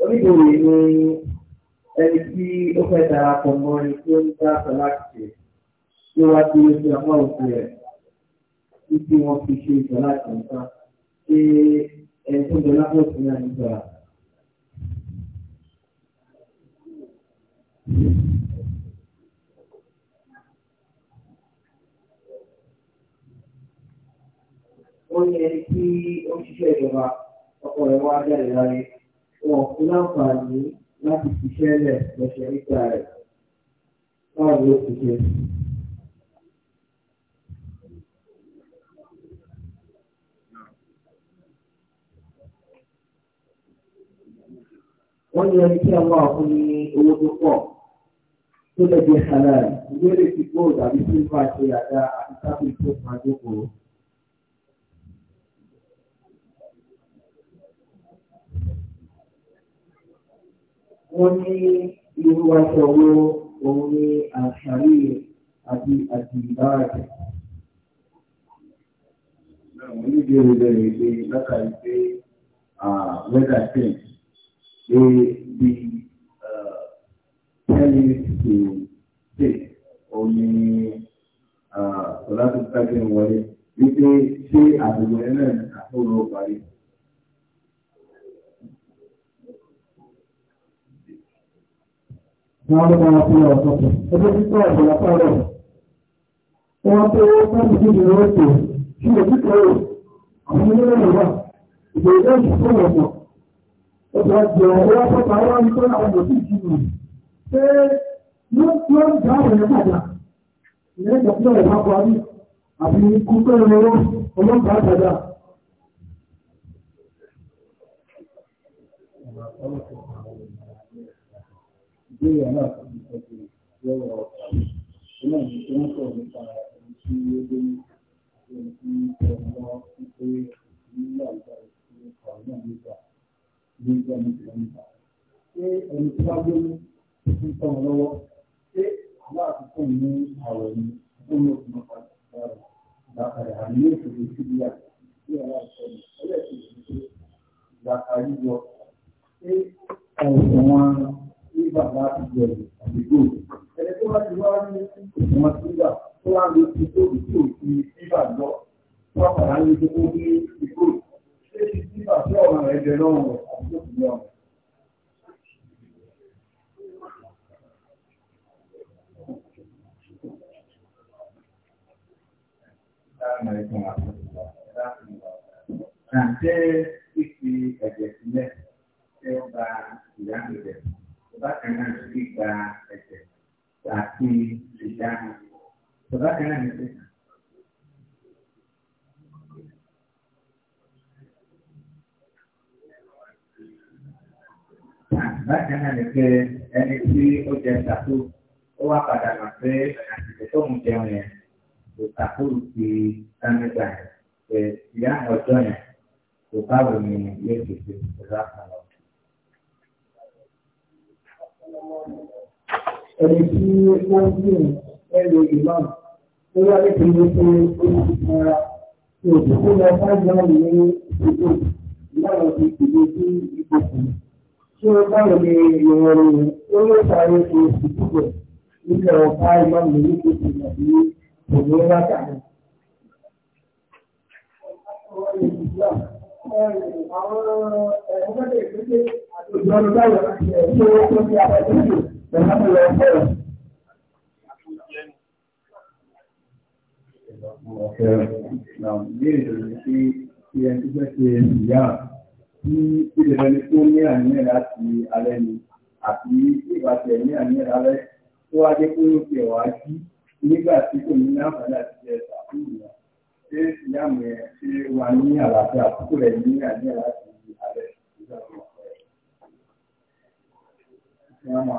oníbòrò ni ẹni tí ó fẹ́ darapọ̀ mọ́ ẹni tí ó ń dá sọ́láàtì tí wá sí ojú apá òkú rẹ̀ títí wọ́n fi ṣe ìsọ̀láàtì nǹkan ṣé ẹni tó ń bẹ sí náà nígbà. ó yẹ kí ó ṣiṣẹ́ ìjọba ọkọ rẹ̀ wá jáde láyé wọn kú láǹfààní láti ṣiṣẹ́ lẹ̀ lọ́sẹ̀ nígbà rẹ̀ báwo ló ti jẹ. wọ́n ní ẹni tí àwọn àwọn ní owó tó pọ̀ tó lè jẹ́ halal ìwé lè fi gold àbí silver ṣe àdá àti tábìlì tó máa jókòó. wọ́n ní irú aṣọ wo òun ni àṣàrí àti àtìbáàdì. Àwọn oníbèrè bẹ̀rẹ̀ pé látàrí pé weather change lè bí ten minutes to six òun ni Sọlá tó dájú wọlé wípé ṣé àbẹ̀wò ẹ̀ náà àtúrò parí. Náà ló máa fi ọ̀rọ̀ sọ̀tọ̀. Ẹgbẹ́ títọ́ ọ̀pọ̀ látàrọ̀. Wọ́n tó mọ́tò sí ìlú ètò sí ètò ìkọ̀rọ̀. Àwọn ilé ìwọ̀n wà. Ìgbèrè ìjọ ìṣòro ọ̀pọ̀. Ó ti wá jẹ ọwọ́ sọ́tọ̀ àwọn ìtọ́ àwọn òbí ìjìnlẹ̀. Ṣé yóò tí ó ń já àwọn ẹ̀yẹ́ padà? Ìyẹn ìjọba ìwà parí àti ikú tó ń lọ ọlọ́pàá àtàdá. Thank you ìbéèrè náà tó ti lọ́wọ́ ọ̀gá náà ní tó ń sọ̀rọ̀ nípa ẹni tí ó dé ní ẹni tí ó ń sọ pé nígbà ìgbà ìṣe ọ̀rọ̀ náà nígbà nígbà nígbà nígbà. ṣé ẹni tí wọ́n gbé ní ti ń lọ́wọ́ ṣé aláàfin fún ní àwọ̀ ni ó ń lò fún ọkọ̀ ìgbàkàrà àmì ètò ìṣúbíyà sí aláàfin ọ̀nà ẹlẹ́sìn ìgbàkàrí yọ ṣé ẹ̀wọ̀n ní bàbá ìjọ àdìgbò ẹni tó bá ti wá ní ìmọ̀ sígbà tó wá lọ sí tó bí tó fi bíbà lọ tó wá padà ní tó kó ní ìgbò ṣé ti bíbà tó ẹ̀jẹ̀ sílẹ̀ tí ó ba ìyá mi kanan tiga etc. Kaki lidah. Sebab kanan itu. Sebab kanan itu energi ujian satu. Owa pada masa itu mungkinnya. Satu di tanah jahat. Yang ujungnya. Kita belum memiliki sesuatu. ẹni tí wọ́n ń gbìn ẹ̀rọ ìmọ̀ tó wá ní kìí ṣe oṣù mara tí òkú tó lọ bá yọ ní ìdìbò ìlànà ti ìdìbò sí ipò kù. Ṣé o báwo ni ìrọ̀rùn ó lè sáré ṣe ìdìbò nílẹ̀ ọ̀pá ìmọ̀ mi ní oṣù tàbí òní rákà? Àwọn ẹ̀rọ mẹ́tẹ̀ẹ̀ẹ́dẹ́gbẹ́ àti ìjọba ìjọba ìjọba ìjọba ìjọba Pẹ̀lú ọ̀pẹ̀rẹ̀. Àti ìbàtẹ̀ ní àníyàn alẹ́ tó wá jẹ́ pé ó fẹ̀ wá sí nígbà tí kò ní láǹfààní àti jẹ ṣàfihàn. Ṣé ìyá mi ṣe wà ní àlàáfíà àkókò rẹ̀ ní àníyàn láti alẹ́ ìjọba? Ìbéèrè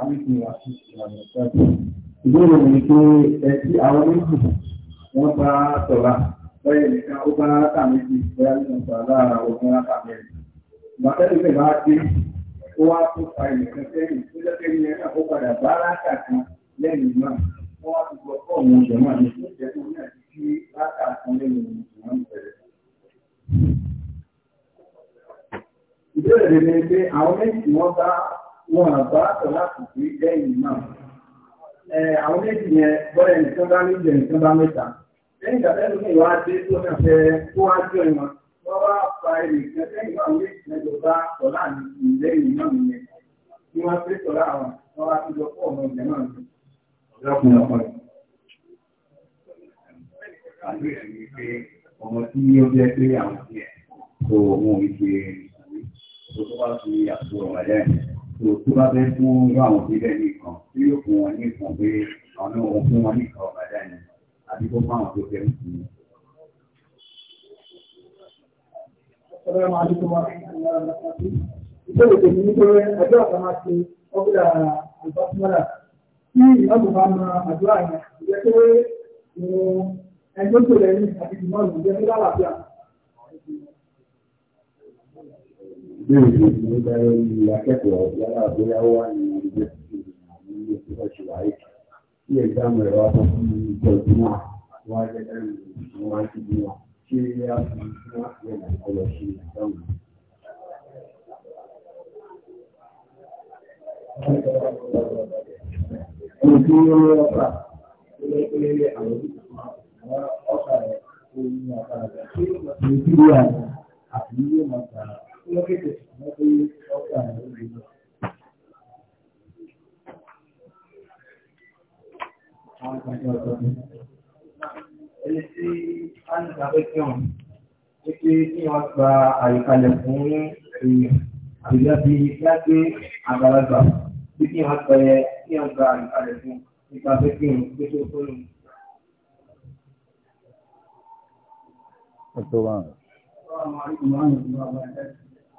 mi ni pé ẹtí àwọn méjì wọ́n bá sọ̀rọ̀ lọ́yẹ̀ nìkan ó bá rákà méjì bóyá nínú sọ̀rọ̀ lára ogun rákà mẹ́rin. Ìgbàtẹ́lẹ̀ bẹ̀ bá dé, ó wá tó fa ìlẹ̀kẹ́ sẹ́yìn tó jẹ́ pé ní ó padà bá rákà kan lẹ́yìn náà. Wọ́n wá ti gbọ́ fọ́ ọ̀hún ọ̀jọ̀ ní ìjẹ́ tó ní àti kí rákà kan lẹ́yìn ìwọ̀n bẹ̀rẹ̀. Ìbéèrè ni pé àwọn méjì wọ́n bá wọn àgbà àtọ̀ láti fi lẹ́yìn náà. Àwọn méjì yẹn bọ́lá nìkan bá méjì nìkan bá mẹ́ta. Lẹ́yìn ìgbà tẹ́lú mi wá dé tó náà fẹ́ kó wá jọ ìwọ̀n. Wọ́n wá fa ẹnìkan lẹ́yìn náà méjì náà ló bá tọ̀lá ní ìlẹ́yìn náà nìyẹn. Bí wọ́n fẹ́ tọ̀lá àwọn, wọ́n wá tó lọ fún ọmọ ìjẹ náà ní. Ọ̀dọ́kùnrin ọkọ Ọmọ tí ó jẹ́ lò tó bá fẹ́ fún irú àwọn bẹ́ẹ̀ nìkan tí yóò fún wọn ní pé àwọn náà fún wọn nìkan ọ̀gá dání àbí kó fún àwọn tó fẹ́ ń fún wọn. máa dúpọ̀ wá ìbéèrè tèmi ní pé ọjọ́ ọ̀sán máa ṣe ọ́gbìnà àgbàsímọ́là tí ìyọ́bù bá mọ àdúrà yẹn ìjẹ́ pé ẹgbẹ́ béèrè ní báyọ̀ ní akẹ́kọ̀ọ́ yálà bóyá ó wà ní yunifásitì ní ilé tí wọ́n ṣe wáyé tí ẹ̀dáàmù ẹ̀rọ afọ́fún ní Ẹni tí a ń gbàgbé kí wọn, wípé kí wọ́n gba àyíkalẹ̀ fún èèyàn, àbílá bí lágbé àgbàlagbà, bí kí wọ́n gba ẹ kí wọ́n gba àyíkalẹ̀ fún nípa pé kí wọ́n gbé tó fóònù. Ọ̀tọ̀ wa. Ọ̀tọ̀ wa.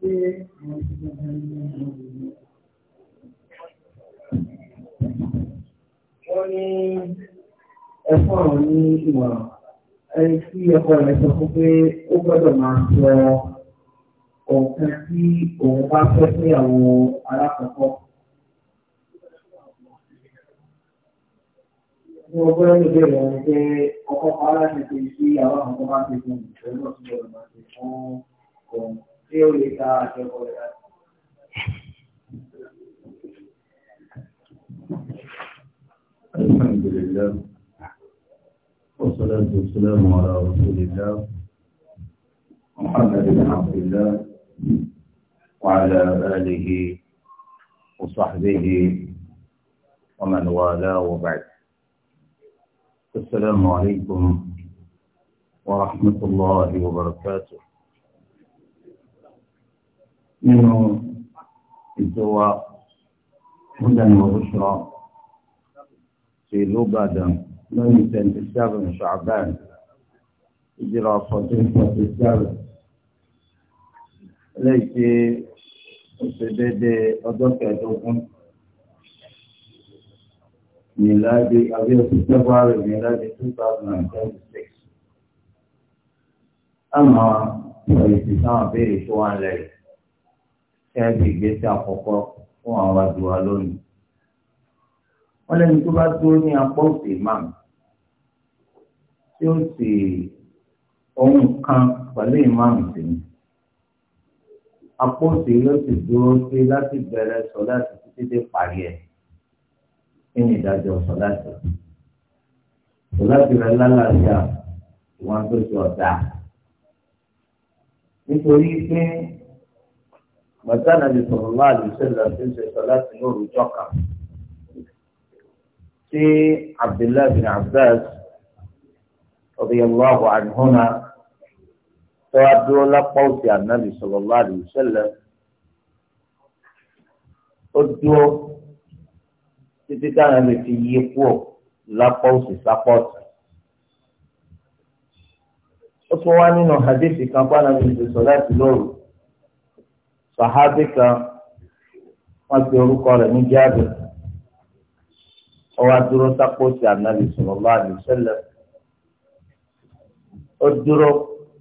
pé àwọn ti gbàgbà ní àwọn ìlú. Wọ́n ní ẹ̀fọ́ àwọn ní ìmọ̀ràn. Ẹni tí ẹ̀kọ́ rẹ̀ sọ fún pé ó gbọ́dọ̀ máa sọ ọ̀kan tí òun bá fẹ́ fún ìyàwó alákọ̀ọ́kọ́. Ní ọgbọ́n ní ìbéèrè wọn pé ọkọ̀ pa aláṣẹ kejì sí àwọn àwọn ọmọ bá ti fún ìṣẹ́ náà tó gbọ́dọ̀ máa ṣe fún òun. الحمد لله والصلاة والسلام على رسول الله محمد بن عبد الله وعلى آله وصحبه ومن والاه وبعد السلام عليكم ورحمة الله وبركاته nínú ètò wa múdàní ọ̀ṣọ́ ti ìlú Ìbàdàn lórí twenty seven ṣàbẹ́n ìjìrà fourteen forty seven lẹ́yìn tí ó ọjọ́ kẹẹ̀ẹ́dógún miladi abiyasi february miladi two thousand and twenty-six. àmọ́ ìfọ̀yìntì táwọn béèrè tó wà lẹ́yìn kẹ́hìn bí ìgbésẹ̀ àkọ́kọ́ fún àwọn àdúrà lónìí. wọ́n lẹ́nu tó bá dúró ní apá òsè imam tí ó sì ohun kan pẹ̀lú imam sí ni. apá òsè ló sì dúró sí láti bẹ̀rẹ̀ sọ́lá títí dé parí ẹ̀ kí ni ìdájọ́ sọ́lá tó. sọ́lá tó rẹ̀ lálàáfíà ìwọ̀n tó ṣe ọ̀dà. nítorí pé gbàtà nàbì sọ̀rọ̀ láàbì sẹ́lẹ̀ tí ń sẹ̀sọ̀ láti ní òrùjọ́ kan tí abdullahi bin abbas radiyallahu anhuma tó wá dúró lápá òsì ànábì sọ̀rọ̀ láàbì sẹ́lẹ̀ ó dúró títí táwọn ẹni fi yí kúọ̀ lápá òsì sápọ̀tì ó tún wá nínú hadith kan pa nàbì láti lóru sàhábì kan wọ́n pe orúkọ rẹ̀ ní jáde ọwọ́ adúró sápò sí ànábì sallallahu alaihi wasallam ó dúró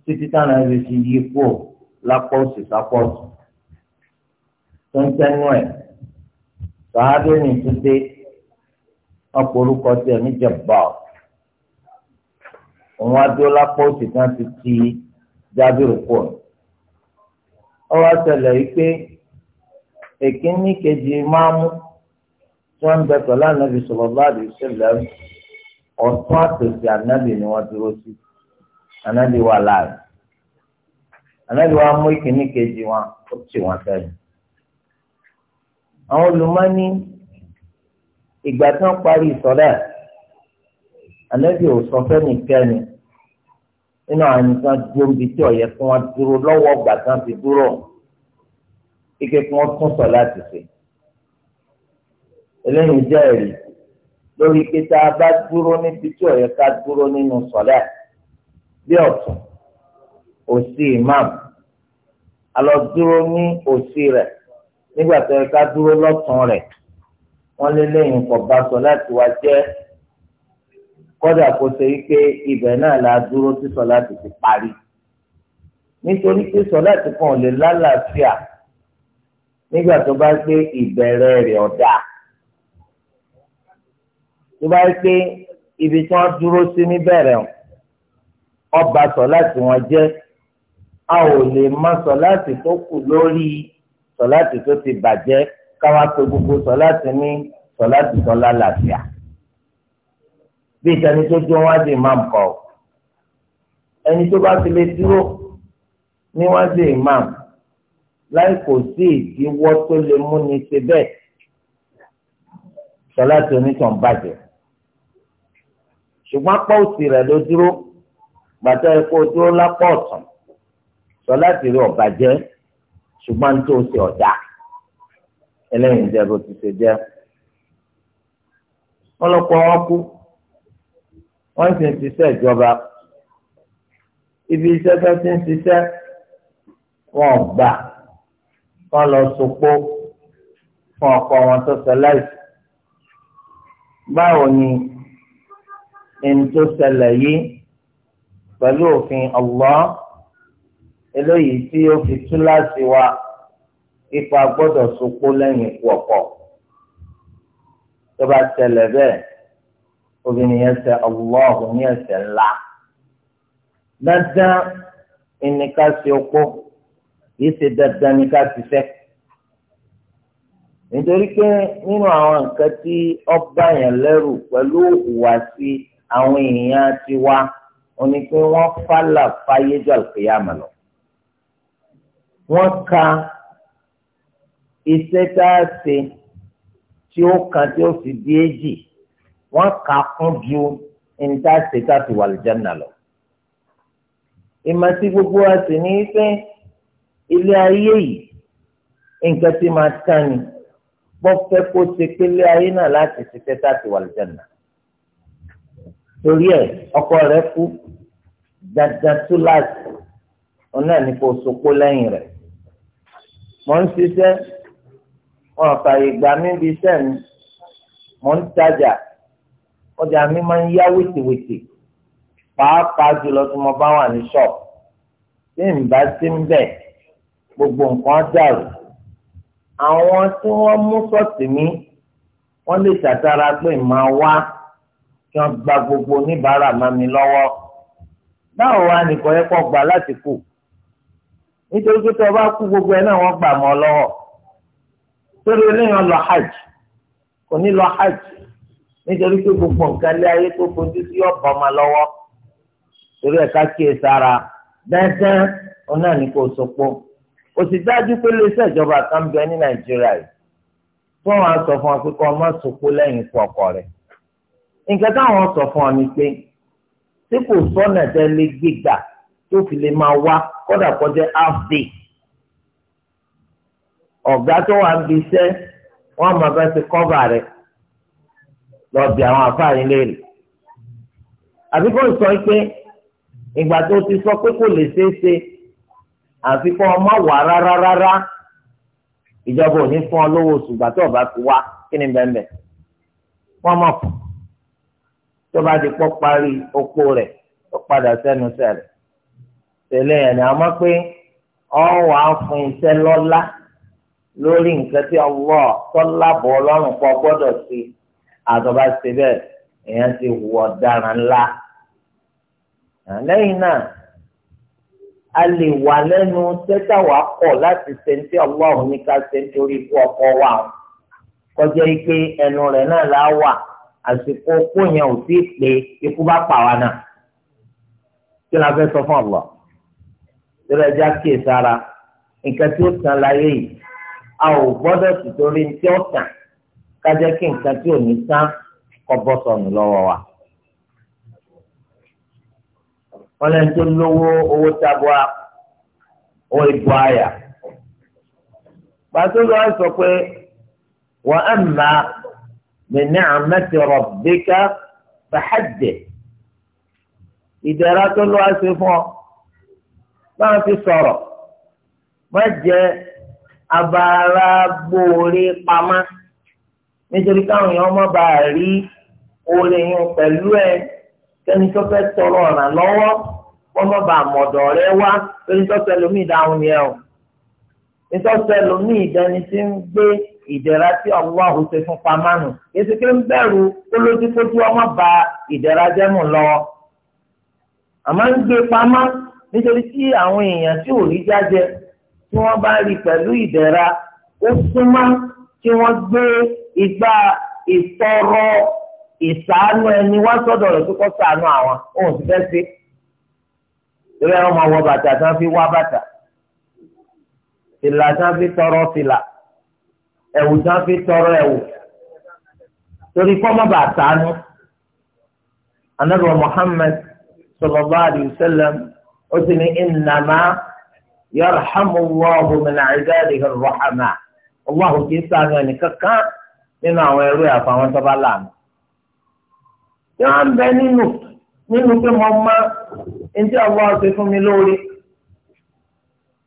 títí táwọn ẹbí fi yí kú lápò sí sápò tó ń tẹnu ẹ̀ sàhábì ní túndé wọ́n pe orúkọ tiẹ̀ ní jẹ̀bà òun adúró lápò kan ti ti jábìrì kú ọwọ́ àtẹlẹ̀ yìí pé èkíní kejì máa mú tí wọ́n ń bẹ pẹ̀lú ànábì sallallahu alaihi wasallam ọ̀tún àtòsí ànábì ni wọ́n dúró sí ànábì wà láàyè ànábì wa mú ìkíní kejì wọn ó tì wọ́n sẹ́yìn. àwọn olùmọ́ni ìgbà tí wọ́n parí ìsọ̀lẹ̀ ànábì ò sọ fẹ́nìkẹ́ni nínú àwọn ènìyàn dúró ibi tí ọ̀yẹ́ kí wọ́n dúró lọ́wọ́ ọgbà tí wọ́n ti dúró kíkẹ́ kí wọ́n tún sọ láti ṣe. eléyìí jẹ́ ẹ̀rí lórí pé tá a bá dúró níbi tí ọ̀yẹ́ ká dúró nínú sọ̀lá bí ọ̀tún òsì ìmáàmù a lọ dúró ní òsì rẹ̀ nígbà tó yẹ ká dúró lọ́tún rẹ̀ wọ́n lé lẹ́yìn kọ̀ bá sọ láti jẹ́ kódà kó ṣe wípé ibẹ̀ náà la dúró tí sọláàtì ti parí nítorí pé sọláàtì kan ò lè lálàáfíà nígbà tó bá gbé ìbẹ̀rẹ̀ rẹ̀ ọ̀dà tó bá gbé ibi tí wọ́n dúró sí níbẹ̀rẹ̀ ọba sọláàtì wọn jẹ́ a ò lè má sọláàtì tó kù lórí sọláàtì tó ti bàjẹ́ káwá pé gbogbo sọláàtì ní sọláàtì tó lálàáfíà bí ìtẹni tó dún wájú imam kọ ẹni tó bá ti lè dúró níwájú imam láì kò sí ìdíwọ́ tó lè múni ṣe bẹ́ẹ̀ sọlá tó onítàn bàjẹ́ ṣùgbọ́n apá òsì rẹ̀ ló dúró gbàtọ́ ẹ̀kọ́ dúró lápá ọ̀tún sọlá ti rí ọ̀bàjẹ́ ṣùgbọ́n tó ṣe ọ̀dà ẹlẹ́yìn jẹ́ bó ti ṣe jẹ́ ọlọ́pàá wọn kú wọ́n sì ń ṣiṣẹ́ ìjọba ibi iṣẹ́ tó ti ń ṣiṣẹ́ wọn gbà wọ́n lọ sopó fún ọkọ wọn tó ṣẹlẹ̀ yìí báwo ni ẹni tó ṣẹlẹ̀ yìí pẹ̀lú òfin Allah eléyìí tí ó fi tú láti wá ipa gbọ́dọ̀ sopó lẹ́yìn ikú ọkọ tó bá ṣẹlẹ̀ bẹ́ẹ̀ obìnrin yẹn ṣe ọlọ́ọ̀hún ní ẹ̀ṣẹ̀ ńlá dandan ìníká ṣe okó kìí ṣe dandan níká ṣiṣẹ́ nítorí pé nínú àwọn nǹkan tí ọba yẹn lẹ́rù pẹ̀lú ìhùwàsí àwọn èèyàn tiwa òní pé wọ́n fàlà fáyéjọ àlùkìyàmà lọ wọ́n ka iṣẹ́ tá a ṣe tí ó kan tí ó fi di èjì wọ́n kà kún ju níta ṣètà ti wà lìjánà lọ. ìmọ̀ tí gbogbo wa sì ní pé ilé ayé yìí nǹkan tí máa tán ni bọ́ fẹ́ kó ṣe pé ilé ayé náà láti ṣe ṣètà ti wà lìjánà. torí ẹ ọkọ rẹ kú dandan tó láti ọ̀nà ní kò sopó lẹ́yìn rẹ̀ mo ń ṣiṣẹ́ wọn fààyè gbà mí bí iṣẹ́ mi ń tajà ọjà mi máa ń yá wètèwètè pàápàá jùlọ tí mo bá wà ní ṣọ́ọ̀bù tí n bá sí ń bẹ̀ gbogbo nǹkan dàrú àwọn tí wọ́n mú sọ́ọ̀tì mi wọ́n lè ṣàtara pé màá wá kí wọ́n gba gbogbo oníbàárà má mi lọ́wọ́ báwo wá nìkan yẹ kó gbà láti kù nítorí pé tí wọ́n bá kú gbogbo ẹ náà wọ́n gbà mọ́ lọ́wọ́ torí eléyàn lọ hajj kò ní lọ hajj nítorí pé gbogbo nǹkan lé ayé tó fojú sí ọ̀bọ̀ ọmọ lọ́wọ́ torí ẹ̀ka kíyè sára dandan òun náà ní kò sopọ̀ ó sì dájú pé iléeṣẹ́ ìjọba kan bẹ ní nàìjíríà yìí tí wọ́n á sọ fún ọ pé kọ́ ọmọ sopọ̀ lẹ́yìn ikú ọkọ rẹ̀ nǹkan táwọn sọ fún ọ ni pé tí kò sọ́nà tẹ́ lé gbígbà tó fi lè máa wá kọ́dà kọjá half day ọ̀gá tó wà ń bi iṣẹ́ wọ́n máa bá ti kọ́bà rẹ̀ lọ́ọ̀bì àwọn afáàrin léèrè àbí kò sọ pé ìgbà tó ti sọ pé kò lè ṣeé ṣe àfi kọ́ ọmọ wà rárá rárá ìjọba ò ní fún ọ lówó oṣù gbà tó o bá fi wá kí ni bẹ́ẹ̀ bẹ́ẹ̀ wọ́n mọ̀ fún tó bá ti pọ́ parí oko rẹ̀ ó padà sẹ́nu sẹ́rẹ̀ tẹ̀lé ẹ̀ ní àmọ́ pé ọ wà á fún iṣẹ́ lọ́lá lórí nǹkan tí ọwọ́ tọ́lá bọ̀ ọlọ́run kọ́ gbọ́dọ̀ sí i àtọ́ba ṣe bẹ́ẹ̀ èèyàn ti wù ọ̀daràn ńlá lẹ́yìn náà a lè wà lẹ́nu tẹ́tà wà kọ̀ láti ṣẹ́ńtì ọlọ́run ní ká ṣẹ́ńtì orí ikú ọkọ wa kọjá ike ẹnu rẹ̀ náà là wà àsìkò kó yẹn ò sí pé ikú bá pa wa náà kí la fẹ́ sọ fún ọ̀lọ́ tẹ́lẹ̀ já kíyèsára nǹkan tí ó tàn láyé yìí a ò gbọ́dọ̀ tìtorí ní tí ó tàn kájẹ́ kí nǹkan tí ò ní tán kọ́ bọ́ sọnù lọ́wọ́ wa. wọ́n lẹ́nu tó lówó owó tabua owó ibú àyà. pàtó lọ́wọ́ sọ pé wa amma bi ni'mati rabbika fahaddith ìdẹ̀ra tó lọ́wọ́ ṣe fún ọ báwọn ti sọ̀rọ̀ má jẹ́ abaragbóore pamá nítorí káwọn èèyàn má bàa rí oore yẹn pẹ̀lú ẹ kẹ́ni tó fẹ́ tọrọ ọ̀ràn lọ́wọ́ wọ́n má bàa mọ̀dọ̀ rẹ wá lórí tọ́sẹ̀ lómi ìdáhùn yẹn o nítọ́sẹ̀ lómi ìdẹni tí ń gbé ìdẹ̀ra tí ọ̀wá òṣè fún pamánu èsì pé ń bẹ̀rù olójúkójú ọmọ ba ìdẹ̀ra jẹ́mù lọ. àmọ́ ń gbé pamọ́ nítorí tí àwọn èèyàn tí ò rí jáde tí wọ́n bá rí pẹ̀lú ìdẹ̀ra ó súnmọ́ kí wọ́n gbé ìgbà ìtọrọ ìsàánú ẹni wá sọ́dọ̀ rẹ̀ kíkọ sàánú àwọn òun ti fẹ́ sí torí ọmọ wọ bàtà tí wọ́n fi wá bàtà fìlà tí wọ́n fi tọrọ fìlà ẹ̀wù tí wọ́n fi tọrọ ẹ̀wù torí kọ́ mọ́ bàa sàánú anabi muhammed sallallahu alayhi wa sallam ó sì ní ìnàmá kì í nínú àwọn ẹrú àfàwọn tó bá lànà. tí wọ́n ń bẹ nínú nínú pé mo máa ń tí ọgbọ́n ṣe fún mi lórí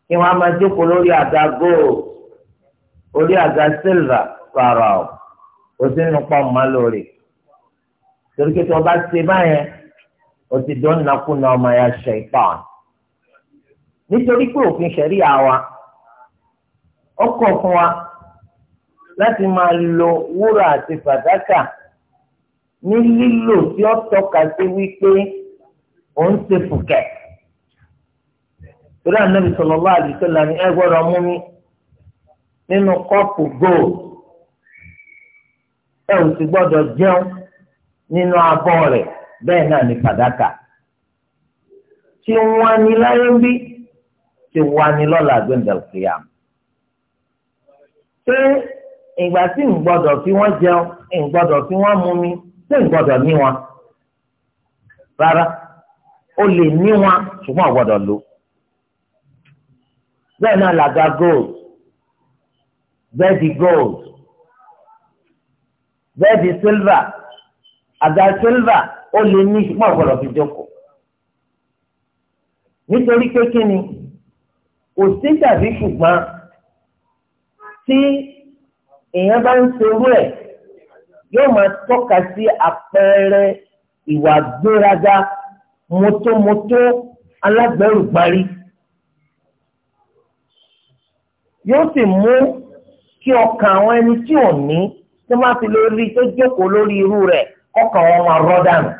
kí wọ́n á máa jókòó lórí àga gold orí àga silver fara o kò sí nínú pọ́n mọ́ lórí. torí pé tí wọ́n bá ṣe báyẹn o ti dán nakúnà ọmọ ya ṣe ìpàn. nítorí pé òfin ṣẹ̀rí àwa ó kọ̀ fún wa láti máa lo wúrà àti fàdákà ní lílò tí ó tọ́ka sí wípé ó ń ṣe fùkẹ́. Torí ànábì sallallahu alaihi wasallam ni ẹ gbọ́dọ̀ mú mi nínú kọ́ọ̀pù gold. Ẹ ò sì gbọ́dọ̀ jẹun nínú abọ́ rẹ̀ bẹ́ẹ̀ náà ni fàdákà. Tí wọ́n ní láyé ń bí, tí wọ́n ní lọ́la gbẹ̀ndẹ̀lùkìyàm. Ṣé ìgbà tí ń gbọ́dọ̀ fi wọ́n jẹun ń gbọ́dọ̀ fi wọ́n mumi tí ń gbọ́dọ̀ ní wọn rárá o lè ní wọn ṣùgbọ́n ò gbọ́dọ̀ lò bẹ́ẹ̀ náà làga gold bẹ́ẹ̀dì gold bẹ́ẹ̀dì silver àga silver o lè ní ṣùgbọ́n ò gbọ́dọ̀ fi jókòó nítorí pé kí ni kò sí tàbí ṣùgbọ́n tí èèyàn bá ń serú ẹ̀ yóò máa tọ́ka sí àpẹẹrẹ ìwà gbéraga mọ́tòmọ́tò alágbẹ̀rù parí yóò sì mú kí ọkàn àwọn ẹni tí ò ní tí wọ́n fi lórí tó jókòó lórí irú rẹ̀ ọkàn wọn máa rọ́ dànù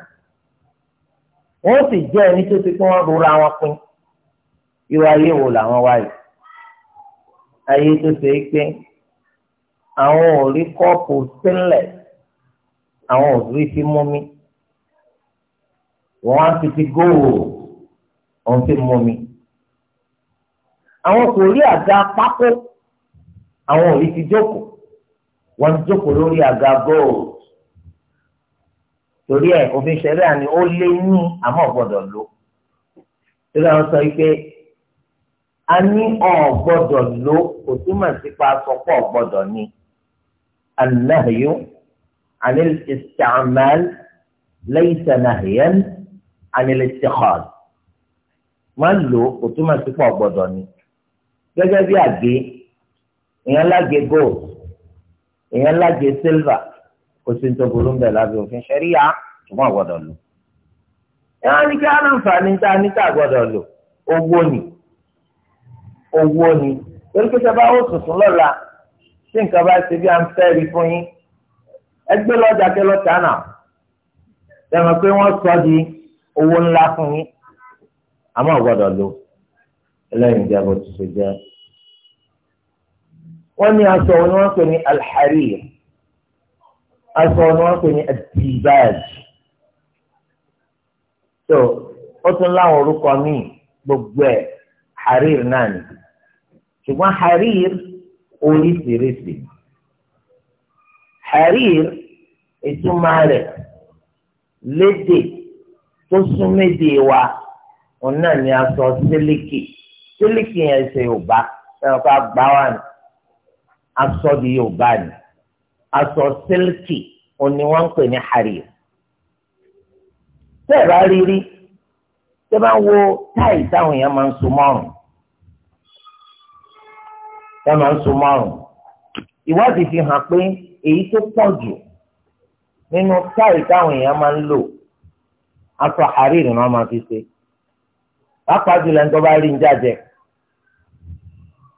wọ́n sì jẹ́ ẹni tó ti kí wọ́n rora wọn pin irú ayé wo làwọn wáyé ayé tó ṣe é pé àwọn ò rí kọ́ọ̀pù stainless àwọn ò rí fi mú mi wọ́n á fi ti góòlù òun fi mú mi àwọn kò rí àga pákó àwọn ò rí ti jókòó wọ́n jókòó lórí àga góòlù torí ẹ̀ òfin ṣẹlẹ̀ àní ó lé ní àmọ́ gbọ́dọ̀ lò torí àwọn sọ pé a ní ọ̀ gbọ́dọ̀ lò kò túmọ̀ sí pa sọ pé ọ̀ gbọ́dọ̀ ni. النهي عن الاستعمال ليس نهيا عن الاتخاذ máa ń lò kò túmọ̀ sí pọ̀ gbọ́dọ̀ ni gẹ́gẹ́ bí àgé èèyàn lágé gold èèyàn lágé silver kò sí nítorí burú bẹ́ẹ̀ lábẹ́ òfin ṣẹ́ríyà túmọ̀ gbọ́dọ̀ lò èèyàn ní kí aláǹfààní tá a ní tá a gbọ́dọ̀ lò owó ni owó ni torí pé sábà ó tuntun lọ́la tí nǹkan bá ṣe bí à ń fẹ́ rí fún yín ẹ gbé lọ́jà kẹ lọ́tà náà tẹ̀mọ̀ pé wọ́n sọ di owó ńlá fún yín àmọ́ ọ̀gbọ́dọ̀ lò ẹlẹ́yìn ìjà bó ti ṣe jẹ́. wọ́n ní aṣọ ni wọ́n pè ní alharir aṣọ ni wọ́n pè ní adibaj tó ó tún láwọn orúkọ míì gbogbo ẹ̀ harir náà ni ṣùgbọ́n harir oríṣiríṣi. Harir ìtumọ̀ rẹ̀ lédè tó súnmédè wa òun náà ni a sọ sílíkì sílíkì yẹn ṣe Yorùbá ẹ̀rọ ká gbá wà ní aṣọ di Yorùbá ni aṣọ sílíkì òun ni wọ́n ń pè ní harir. Tẹ́ẹ̀ bá rírí tẹ́ẹ̀ bá wo táì táwọn èèyàn máa ń so mọ́rùn wọ́n máa ń so márùn ìwádìí fi hàn pé èyí tó pọ̀ jù nínú táì táwọn èèyàn máa ń lò aṣọ àárírì ni wọ́n máa fi ṣe pápá jùlọ ní tó bá rí ń jáde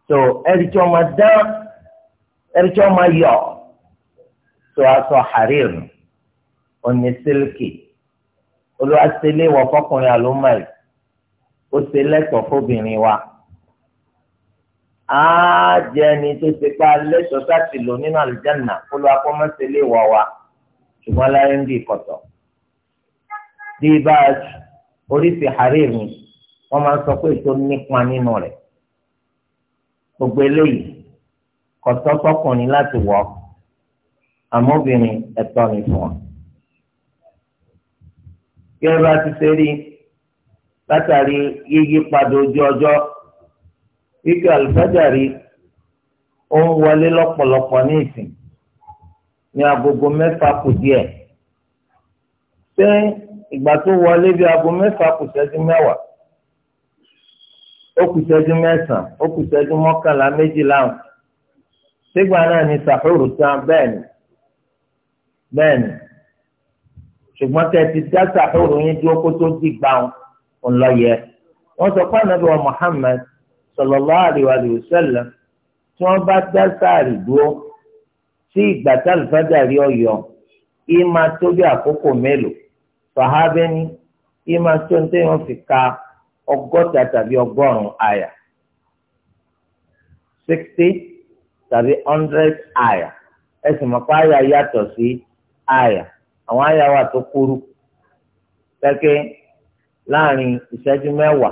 tó ẹni tí wọ́n máa dán ẹni tí wọ́n máa yọ tó aṣọ àárírì oní sílíkì olùwàsílẹ̀ wọ̀ fọkùnrin àlùmọ́ọ̀lì ó ṣe lẹ́tọ̀ọ́ fóbìnrin wa àájẹni tó ṣe pa lẹ́sọ̀ọ́ láti lò nínú àlùjáná kó ló akọ́mọ́sẹ̀ lè wà wá ṣùgbọ́n láyé ń bí ìkọ̀tọ̀. bí bá oríṣi àárẹ̀ mi wọ́n máa ń sọ pé ètò nípa nínú rẹ̀. gbogbo eléyìí kọ̀tọ́ tọkùnrin láti wọ̀ àmọ́bìnrin ẹ̀tọ́ ni fún ọ. kí ẹ bá ti ṣe rí látàrí yíyí padà ojú ọjọ́ ike alifajari ó ń wọlé lọ́pọ̀lọpọ̀ ní ìsìn ní agogo mẹ́fà kù díẹ̀ ṣé ìgbà tó wọlé bí aago mẹ́fà kù ṣẹ́jú mẹ́wàá ó kù ṣẹ́jú mẹ́sàn-án ó kù ṣẹ́jú mọ́kànlá méjìlá sígbà náà ni sàhóòrò tán bẹ́ẹ̀ ni bẹ́ẹ̀ ni ṣùgbọ́n tẹ́ ti dá sàhóòrò yín dúró kó tó dìgbà ń lọ yẹ wọ́n sọ pé ànábì wa Muhammad sallallahu alaihi wa sallam tí wọ́n bá dá sáàrì dúró sí ìgbà tá àlùfáàjàrí ọ̀yọ́ ìmà tó bí àkókò mélòó sàhábẹ́ni ìmà tó ń tẹ́wọ́n fi ka ọgọ́ta tàbí ọgọ́rùn àyà sixty tàbí hundred àyà ẹ̀sìn mọ̀pá àyà yàtọ̀ sí àyà àwọn àyà wà tó kúrú pẹ́kẹ́ láàrin ìṣẹ́jú mẹ́wàá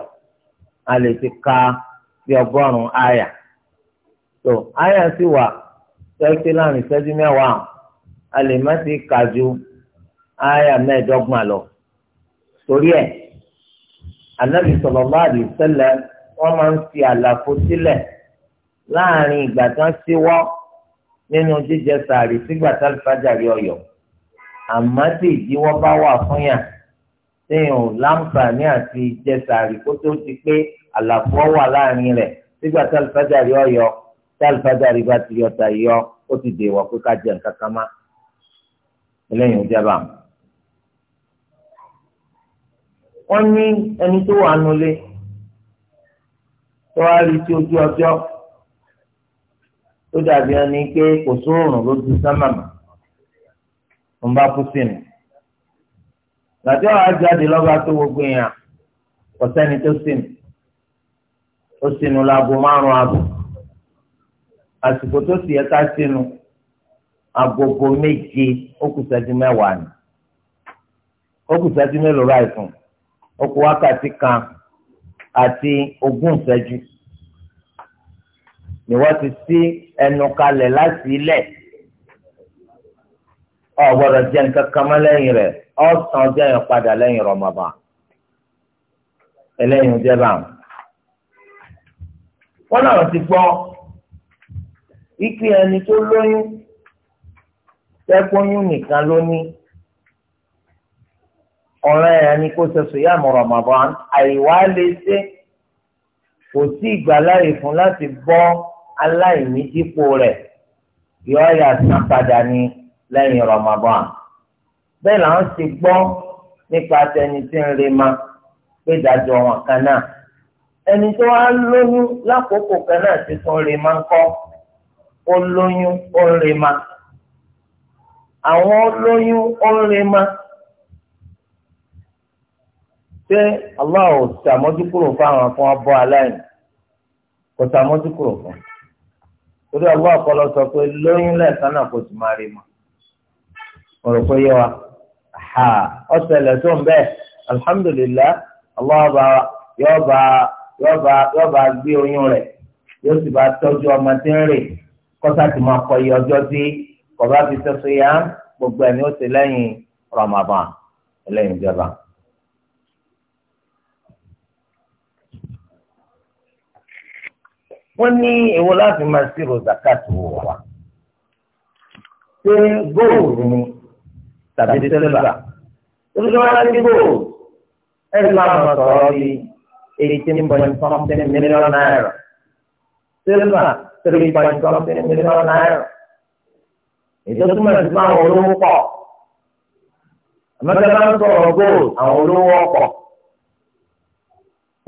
a lè ti ka bí ọgọ́rùn-ún àyà tó àyà sì wà tẹ́tí láàrin ìṣẹ́jú mẹ́wàá a lè má ti kà ju àyà mẹ́ẹ̀ẹ́dọ́gbọ̀n lọ torí ẹ̀ anabi sallallahu alaihi wasallam wọ́n máa ń fi àlàfo sílẹ̀ láàrin ìgbà tí wọ́n ṣíwọ́ nínú jíjẹ sàárì sígbà tí alifájàrí ọyọ̀ àmọ́ tí ìdíwọ́ bá wà fún yàn téèyàn ò láǹfààní àti jẹ sàárì kó tó ti pé àlàfo wà láàrin rẹ̀ nígbà tí alifájàrí ọyọ tí alifájàrí bá ti yọ tàyọ ó ti dèwọ̀ pé ká jẹ nǹkan kan má eléyìí ó jábà. wọ́n ní ẹni tó wà nulẹ̀ tó wá rí tí ojú ọjọ́ tó dàbí ẹni pé kò sóòrùn lójú sámàmà ń bá kú sínú gbàtí ọ̀hún ajáde lọ́ba tó gbogbo yẹn kò sẹ́ni tó sínú ó sínú láago márùn ààbọ̀ àsìkò tó sì yẹ ká sínú agogo méje ó kù sẹ́jú mẹ́wàá ni ó kù sẹ́jú mélòó ráì fún ó kù wákàtí kan àti ogún ìṣẹ́jú ni wọ́n ti sí ẹnu kalẹ̀ láti ilẹ̀ ọ gbọ́dọ̀ nǹkan kan mọ́ lẹ́yìn rẹ̀ ọ sàn yẹn padà lẹ́yìn rọmọba ẹlẹyìn jẹ báwọn wọ́n náà ti gbọ́ ike ẹni tó lóyún tẹ́kọ̀ọ́yún nìkan ló ní ọ̀ràn ẹ̀yà ni kó ṣe sòyà mọ̀rọ̀mọ̀bọ̀ àìwá lè ṣe kò sí ìgbàláyè fún láti bọ́ aláìní dípò rẹ̀ yọ ọ̀yà san padà ní lẹ́yìn rọ̀mọ̀bọ̀ bẹ́ẹ̀ làwọn ti gbọ́ nípa tẹni tí ń rema pé ìdájọ́ wọn kan náà ẹni tó wá lóyún lákòókò kan náà ti tún rè máa ń kọ́ ó lóyún ó ń rè máa àwọn lóyún ó ń rè máa ṣé Allah ò ṣàmójúkúrò fáwọn afọ abọ́ aláìní kò ṣàmójúkúrò fún torí Allah ọ̀pọ̀lọ sọ pé lóyún lẹ́ẹ̀kan náà kò sì máa rè máa mo rò pé yé wa ọ̀sẹ̀ lẹ̀ bẹ́ẹ̀ alhamdulillah Allah ọba yọ̀ọ̀ba yóò bá gbé oyún rẹ̀ yóò sì bá tọ́jú ọmọ tí ń rè kọ́sá ti máa kọ iye ọjọ́ tí kọ̀ọ̀bá fi sọ́sọ́ yá gbogbo ẹ̀ ni ó ti lẹ́yìn Ramadan lẹ́yìn ìjọba. wọ́n ní èwo láti máa ṣírò zakatu wa ṣé góòlù ni tàbí sílvà torí wọ́n á ní góòlù ẹ̀ ń bá wọn sọ̀rọ̀ bíi eighteen point something million naira. Silver three point something million naira. Ètò túmọ̀ sí fún àwọn olówó pọ̀. Àmọ́tẹ́ bá ń sọ̀rọ̀ gold àwọn olówó ọ̀pọ̀.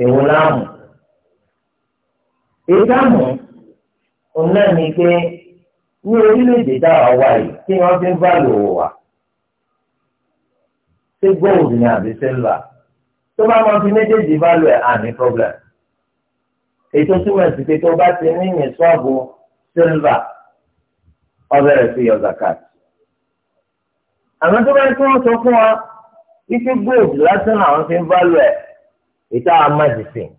Èwo láàmú? Ìdáàmú òun náà ni pé ní orílẹ̀-èdè dára wá yìí kí wọ́n fi ń bá lò wà. Ṣé gold ni àbí silver? tó bá máa fi méjèèjì bá lọ ẹ̀ à problem. ètò túmọ̀ sí pé tó bá ti ní ìyẹn sọ́ọ̀bù sílvà ọbẹ̀ rẹ̀ sí yọ zakat. àmọ́ tó bá tí wọ́n sọ fún wa ife gold lásán làwọn fi ń bá lọ ẹ̀ ìta àmàdìsìn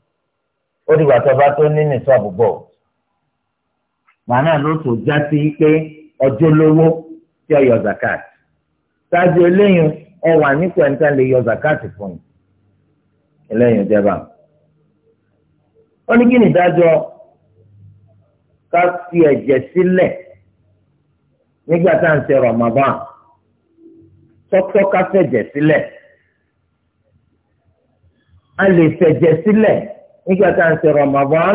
ó dìgbà tó bá tó ní ìyẹn sọ́ọ̀bù bọ̀. màánà ló tó já sí pé ọjọ́ lówó tí ó yọ zakat. ṣáájú eléyìí ẹ wà ní pẹ̀ntẹ́ lè yọ zakat fún yìí ẹlẹ́yìn ìjẹba. ó ní kí ni ìdájọ́ ká fi ẹ̀jẹ̀ sílẹ̀ nígbà tá à ń ṣe Ramadan tọ́tọ́ ká fẹ̀jẹ̀ sílẹ̀ a lè fẹ̀jẹ̀ sílẹ̀ nígbà tá à ń ṣe Ramadan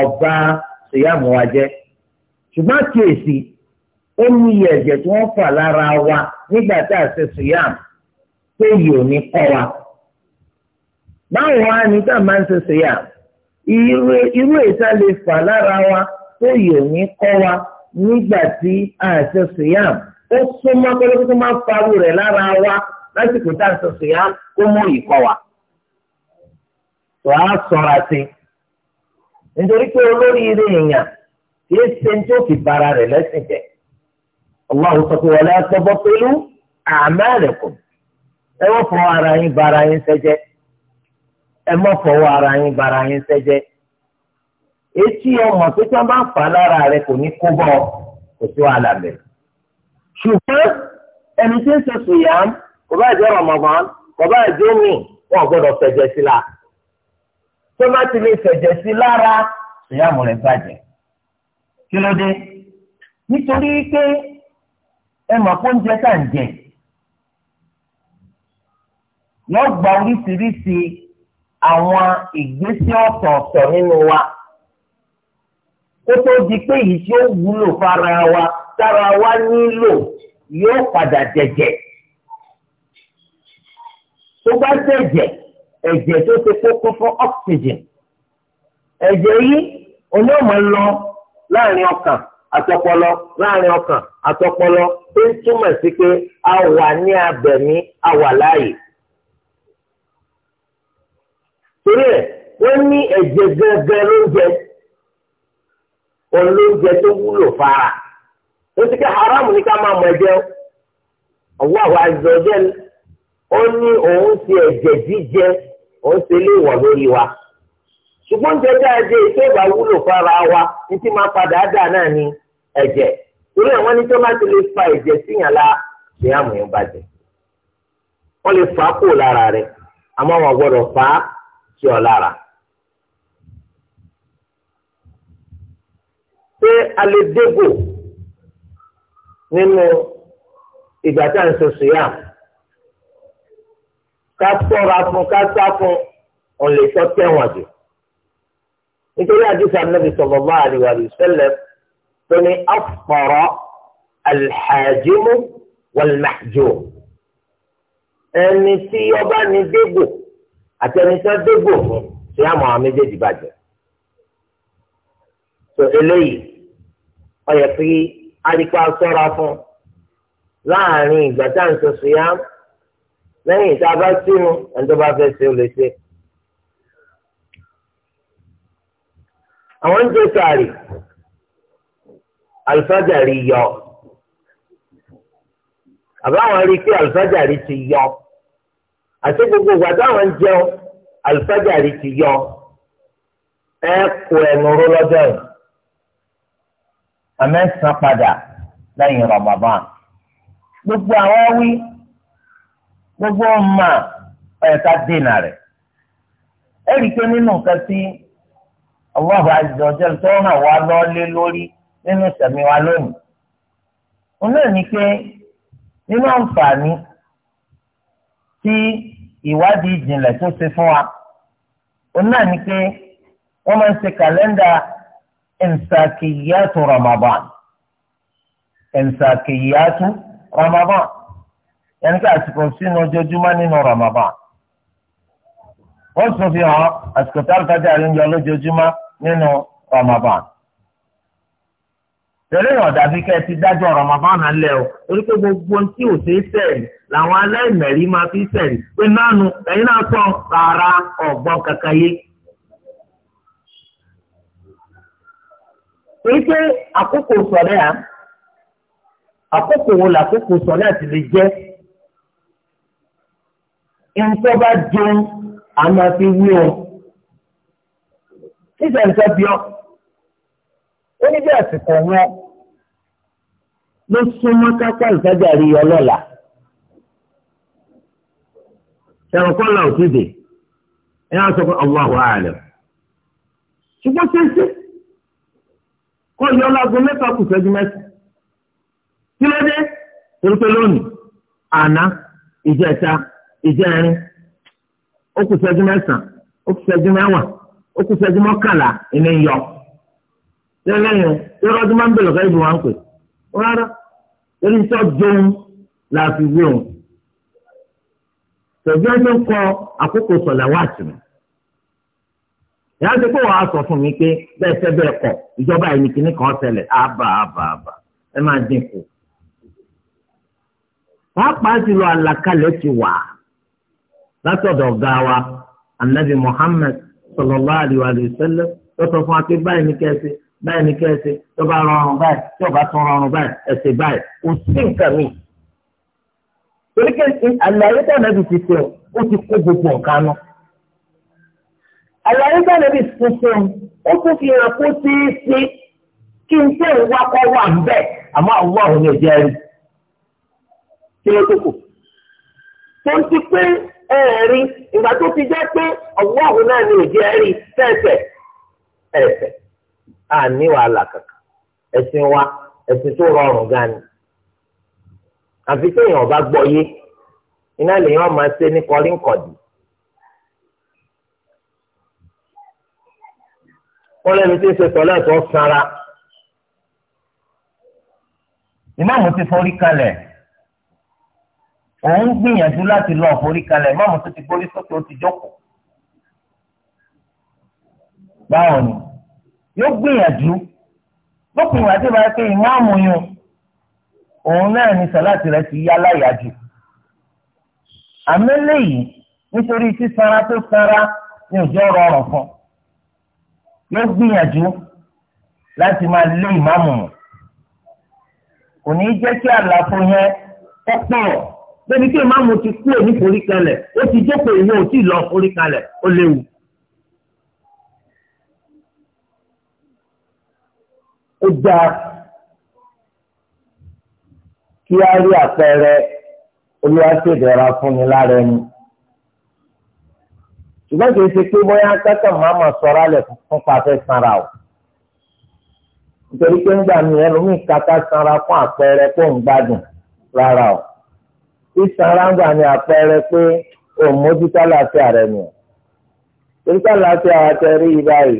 ọba ṣèyàmù wa jẹ́ ṣùgbọ́n kíyèsí ó ní iye ẹ̀jẹ̀ tí wọ́n fà lára wa nígbà tá à ń ṣe ṣèyàmù tó yìí kọ́ wa báwo wá ní tá a máa ń ṣẹṣẹ yà irú ètò lè fà lára wa tó yẹ ní kọ́ wa nígbà tí a ṣẹṣẹ yà ó súnmọ́ pẹ́lẹ́pẹ́ tó máa ń farú rẹ̀ lára wa lásìkò tá a ṣẹṣẹ yà kó mú ìkọ́ wa. tó sọra sí nítorí pé olórí ilé èèyàn kìí ṣe tó fi bara rẹ̀ lẹ́sìn jẹ́ Allah sọ pé wọlé ẹgbẹ́ bọ́ pẹ̀lú àmàlẹ́kùn ẹ wọ́n fọ ara yín bara yín sẹ́jẹ́ ẹ mọ́ fọwọ́ ara yín bara yín sẹ́jẹ́ etí ọmọ tó tí wọ́n bá fà lára rẹ kò ní kó bọ́ kò sí wàhálà bẹ̀. ṣùgbọ́n ẹni tí ń sọ sùyàm kò bá jẹ́ Ramadan kò bá jẹ́ wọn gbọ́dọ̀ fẹ̀jẹ̀ sí la tó bá ti lè fẹ̀jẹ̀ sí lára sùyàm rẹ̀ bàjẹ́ kí ló dé nítorí pé ẹ mọ̀ pé oúnjẹ tá ń jẹ yọ gba oríṣiríṣi àwọn ìgbésí ọ̀tọ̀ọ̀tọ̀ nínú wa kó tó di pé èyí tí ó wúlò fara wa tára wa nílò yóò padà jẹ̀jẹ̀ tó bá jẹ̀jẹ̀ ẹ̀jẹ̀ tó ti kókó fún oxygen ẹ̀jẹ̀ yìí oní ọ̀mọ̀ lọ láàrin ọkàn àtọpọlọ láàrin ọkàn àtọpọlọ tó ń túmọ̀ sí pé a wà ní abẹ̀mí a wà láàyè. torí ẹ wọ́n ní ẹ̀jẹ̀ gẹ́gẹ́ lóúnjẹ olóúnjẹ tó wúlò fara ó ti kẹ́ haram ní ká máa mọ ẹ̀jẹ̀ ọwọ́ àwọn àjọjẹ́ ó ní òun ti jíjẹ òun ti lórí wa ṣùgbọ́n wa ní tí máa padà dà náà ni ẹ̀jẹ̀ torí ẹ̀ wọ́n ní tó máa ti lè fa síyàn la lè fà á kúrò lára wọn fà sí ọ lára. Ṣé a lè dégò nínú ìgbà tá à ń soso yá? Ká sọ́ra fún ká sá fún ọ̀lẹ́sọ tẹ̀wọ̀n jù. Nítorí àdìsí ànábì sallallahu alaihi wa sallam tó ní afqara al-hajimu Ẹni tí ọba ní dégò àti ẹni tí wọ́n dégbò fún ṣé àmọ́ àwọn méjèèjì bàjẹ́. tó eléyìí ó yẹ kí arípa sọ́ra fún láàrin ìgbà tá à ń sọ síyá lẹ́yìn tá a bá sínú ẹni bá fẹ́ ṣe ó lè ṣe. àwọn ń jẹ sàárì alifájàrí yọ àbáwọn rí i pé alifájàrí ti yọ àti gbogbo ìgbà táwọn ń jẹun àlùfájàrí ti yọ ẹ kó ẹnu ró lọ́jọ́ yìí àmẹ́ ń san padà lẹ́yìn Ramadan gbogbo àwọn wí gbogbo ọmọ ẹ̀ka dènà rẹ̀ ẹ rí i pé nínú nǹkan tí Allahu azza wa jalla tó ràn wá lọ́lé lórí nínú ìsẹ̀mí wa lónìí òun náà ní pé nínú àǹfààní tí ìwádìí ìjìnlẹ̀ tó ṣe fún wa òun náà ni pé wọ́n máa ń ṣe kàlẹ́ndà ẹ̀ǹsàkìyàtò Ramadan ẹ̀ǹsàkìyàtò Ramadan yẹn ká àsìkò sínú ojoojúmọ́ nínú Ramadan wọ́n sọ fi hàn àsìkò tá a lè fẹ́ dàrí ń lójoojúmọ́ nínú Ramadan tẹ̀lé ọ̀dà bí kẹ́ ẹ ti dájọ́ Ramadan lẹ̀ o torí pé gbogbo ohun tí ò ṣe é sẹ̀rì làwọn aláìmẹ̀rí máa fi sẹ̀rì pé nánu ẹ̀yin náà sọ rárá ọ̀gbọ́n kankan yé. èyí pé àkókò sọ̀rẹ́ à àkókò wo làkókò sọ̀rẹ́ àti lè jẹ́ nǹkan bá jẹun àmọ́ fi wí o nígbà nǹkan bí ó ní bí àsìkò wọn ló súnmọ́ káká ìfẹ́jàrí ọlọ́la ẹ̀rùn kọ́lá òtúndè ẹ̀ á sọ pé Allahu a'lam ṣùgbọ́n ṣeéṣe kọ́ ìyá ọlọ́gbọ́n mẹ́ta kù sẹ́jú mẹ́ta kí ló dé torí pé lónìí àná ìjẹta ìjẹrin ó kù sẹ́jú mẹ́sàn-án ó kù sẹ́jú mẹ́wàá ó kù sẹ́jú mọ́kànlá ìní yọ lẹ́lẹ́yìn tí ọlọ́dún máa ń bèrè ọ̀gá ìbùwọ̀n pè é. rárá torí la òun. Tẹ̀gbẹ́ ń kọ àkókò Ìyá ti wàá sọ fún mi pé bẹ́ẹ̀ fẹ́ bẹ́ẹ̀ ìjọba kan àbà àbà àbà ẹ máa dín kù. Pàápàá ti àlàkalẹ̀ ti wà látọ̀dọ̀ ọ̀gá Anabi Muhammad fún báyìí ni kí ẹ ṣe tó bá rọrùn báyìí tí ọba tún rọrùn báyìí ẹ ṣe báyìí kò sí nǹkan mi. torí pé àlàyé tó ànábì ti ṣe ó ti kó gbogbo nǹkan nù. àlàyé tó ànábì ti ṣe ó tún fi hàn kó ṣeé ṣe kí n tẹ̀ wá kọ́ wà ń bẹ̀ àmọ́ àwọn àwọn ọ̀hún ẹ̀jẹ̀ rí. kí ló tó kù? tó ń ti pé ẹ̀ẹ̀rí ìgbà tó ti jẹ́ pé ọ̀wọ́ àwọn náà ni ò a ní wàhálà kankan ẹ̀sìn wa ẹ̀sìn tó rọrùn gan ni àfi téèyàn bá gbọ́ yé iná lèèyàn máa ṣe ní kọrínkọ̀dì. wọ́n lẹ́nu tí ń ṣe tọ́lẹ̀ tó sanra. ìmáàmù ti forí kalẹ̀ òun gbìyànjú láti lọ forí kalẹ̀ ìmáàmù tó ti gbórí sókè ó ti jókòó. báwo ni yóò gbìyànjú lópin ìgbà tí wàá pé ìmáàmù yun òun náà ni sàláàtì rẹ ti yá láyàjú àmọ́ lẹ́yìn nítorí sísanra tó sanra ní òjò rọrùn fún yóò gbìyànjú láti máa lé ìmáàmù mọ̀ kò ní jẹ́ kí àlàfo yẹn pọ́pọ́ lórí kí ìmáàmù ti kúrò ní foríkalẹ̀ ó ti jókòó ìwé ò tí ì lọ ó léwu. ó dáa kí á rí àpẹẹrẹ olùwàṣẹ̀dẹ̀ra fúnni lára ẹni. ṣùgbọ́n kì í ṣe pé bóyá akẹ́kọ̀ọ́ màmá sọ̀rọ̀ alẹ̀ fún pàfẹ́ sanra o. nítorí pé ńgbà mi ẹlòmíì kàkà sanra fún àpẹẹrẹ kó ń gbádùn rárá o. sísanra ńgbà ni àpẹẹrẹ pé òun mójútó àlàáfíà rẹ nìyẹn. torí ká àlàáfíà wa tẹ rí i báyìí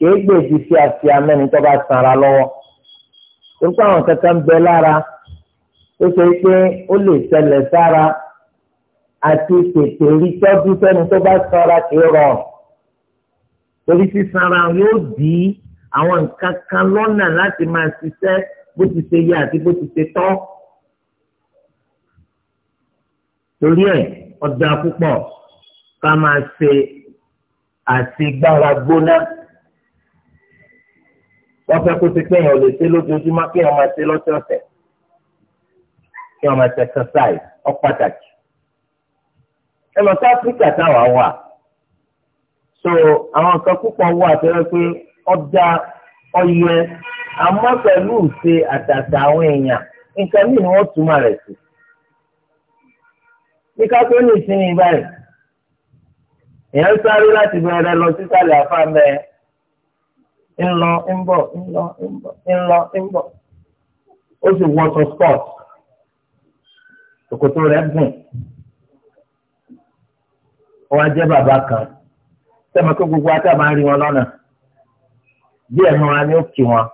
kìí gbèjì sí àti amẹ́ni tó bá sanra lọ́wọ́ nípa àwọn kankan bẹ lára ó ṣe pé ó lè ṣẹlẹ̀ sára àti tètè rí tọ́jú sẹ́ni tó bá sanra kìí rọ̀ torí sísanra yóò dí àwọn nǹkan kan lọ́nà láti máa ṣiṣẹ́ bó ti ṣe yẹ àti bó ti ṣe tọ́ torí ẹ̀ ọ̀dà púpọ̀ ká máa ṣe àṣegbára gbóná wọ́n fẹ́ kó ti kéèyàn lè ṣe lójoojúmọ́ kéèyàn máa ṣe lọ́sọ̀ọ̀sẹ̀ kéèyàn máa ṣe exercise ó pàtàkì. ẹ lọ sí áfíríkà táwa wà so àwọn nǹkan púpọ̀ wà tó yẹ pé ọjà ọyẹ àmọ́ pẹ̀lú ìṣe àtàtà àwọn èèyàn nǹkan mìíràn ni wọ́n túmọ̀ rẹ̀ sí. bí kápẹ́ ní ìsinmi báyìí èèyàn sáré láti bẹ̀rẹ̀ lọ sísàlẹ̀ àfáàmẹ́ ńlọ ńbọ ńlọ ńbọ ńlọ ńbọ ó sì wọṣọ sport òkòtò rẹ̀ gùn ó wá jẹ́ bàbá kan sẹ́mi kó gbogbo ata máa ń rí wọn lọ́nà díẹ̀ nu wa ni ó kì wọn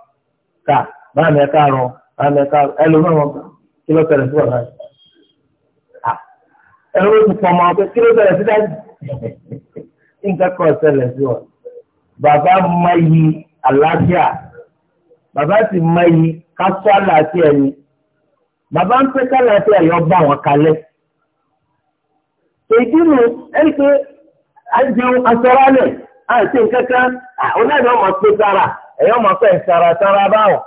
ká máa mi ká rọ máa mi ká rọ ẹlòmíràn wọn kí ló tẹ̀lé sí bàbá ẹlòmíràn ti pọ̀ mọ́ pé kí ló tẹ̀lé sí dájú nǹkan kan ṣẹlẹ̀ sí wọn bàbá máa yí àlàáfíà bàbá ti mọ iyì ká sọ ni bàbá ń pẹ́ kálàáfíà yọ bá wọn kalẹ̀ èyí nù ẹni pé àjẹun asọ́rọ́lẹ̀ àti nkankan ọmọ pé sára ẹ̀yọ́ ọmọ sára sára báwọn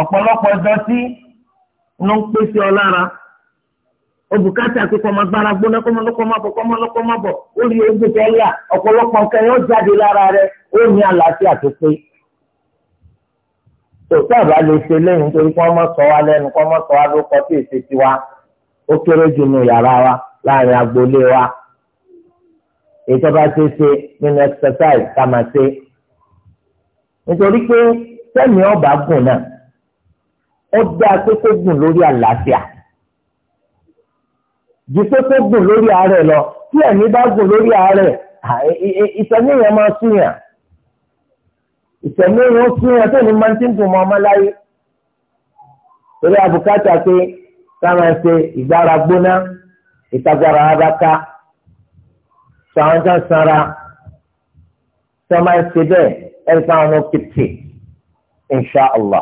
ọ̀pọ̀lọpọ̀ ẹ̀dọ́ ń pèsè ọ lára. òbùkátà pé kọ́mọ gbára gbóná kọ́mọ lọ́kọ́ má bọ̀ kọ́mọ lọ́kọ́ má bọ̀ ó rí ogun tó ń là ọ̀pọ̀lọpọ̀ nǹkan yóò jáde lára rẹ ó ní àlàáfíà tó pé. tòótọ́ àbá lè ṣe lẹ́yìn nítorí kọ́ mọ́ sọ wa lẹ́nu kọ́ mọ́ sọ wa ló kọ́ sí èsì tiwa ó kéré jù nù yàrá wa láàrin agboolé wa. ètò bá ṣe ṣe nínú exercise ká máa ṣe. nítorí pé sẹ́mi ọba gùn náà ó dá pé kó gùn lórí àlàáfíà ju pé kó gùn lórí ààrẹ lọ tí ẹ̀mí bá gùn lórí ààrẹ ìsẹ̀mí yẹn máa súnyàn ìsẹ̀mí yẹn súnyàn tó ní máa ti ń dùn mọ́ ọmọ láyé torí àbùkátà pé ká máa ṣe ìgbára gbóná ìtagbára adaka sọ àwọn tó ń sanra tó máa ń ṣe bẹ́ẹ̀ ẹ̀rí táwọn ọmọ pèpè inṣàlá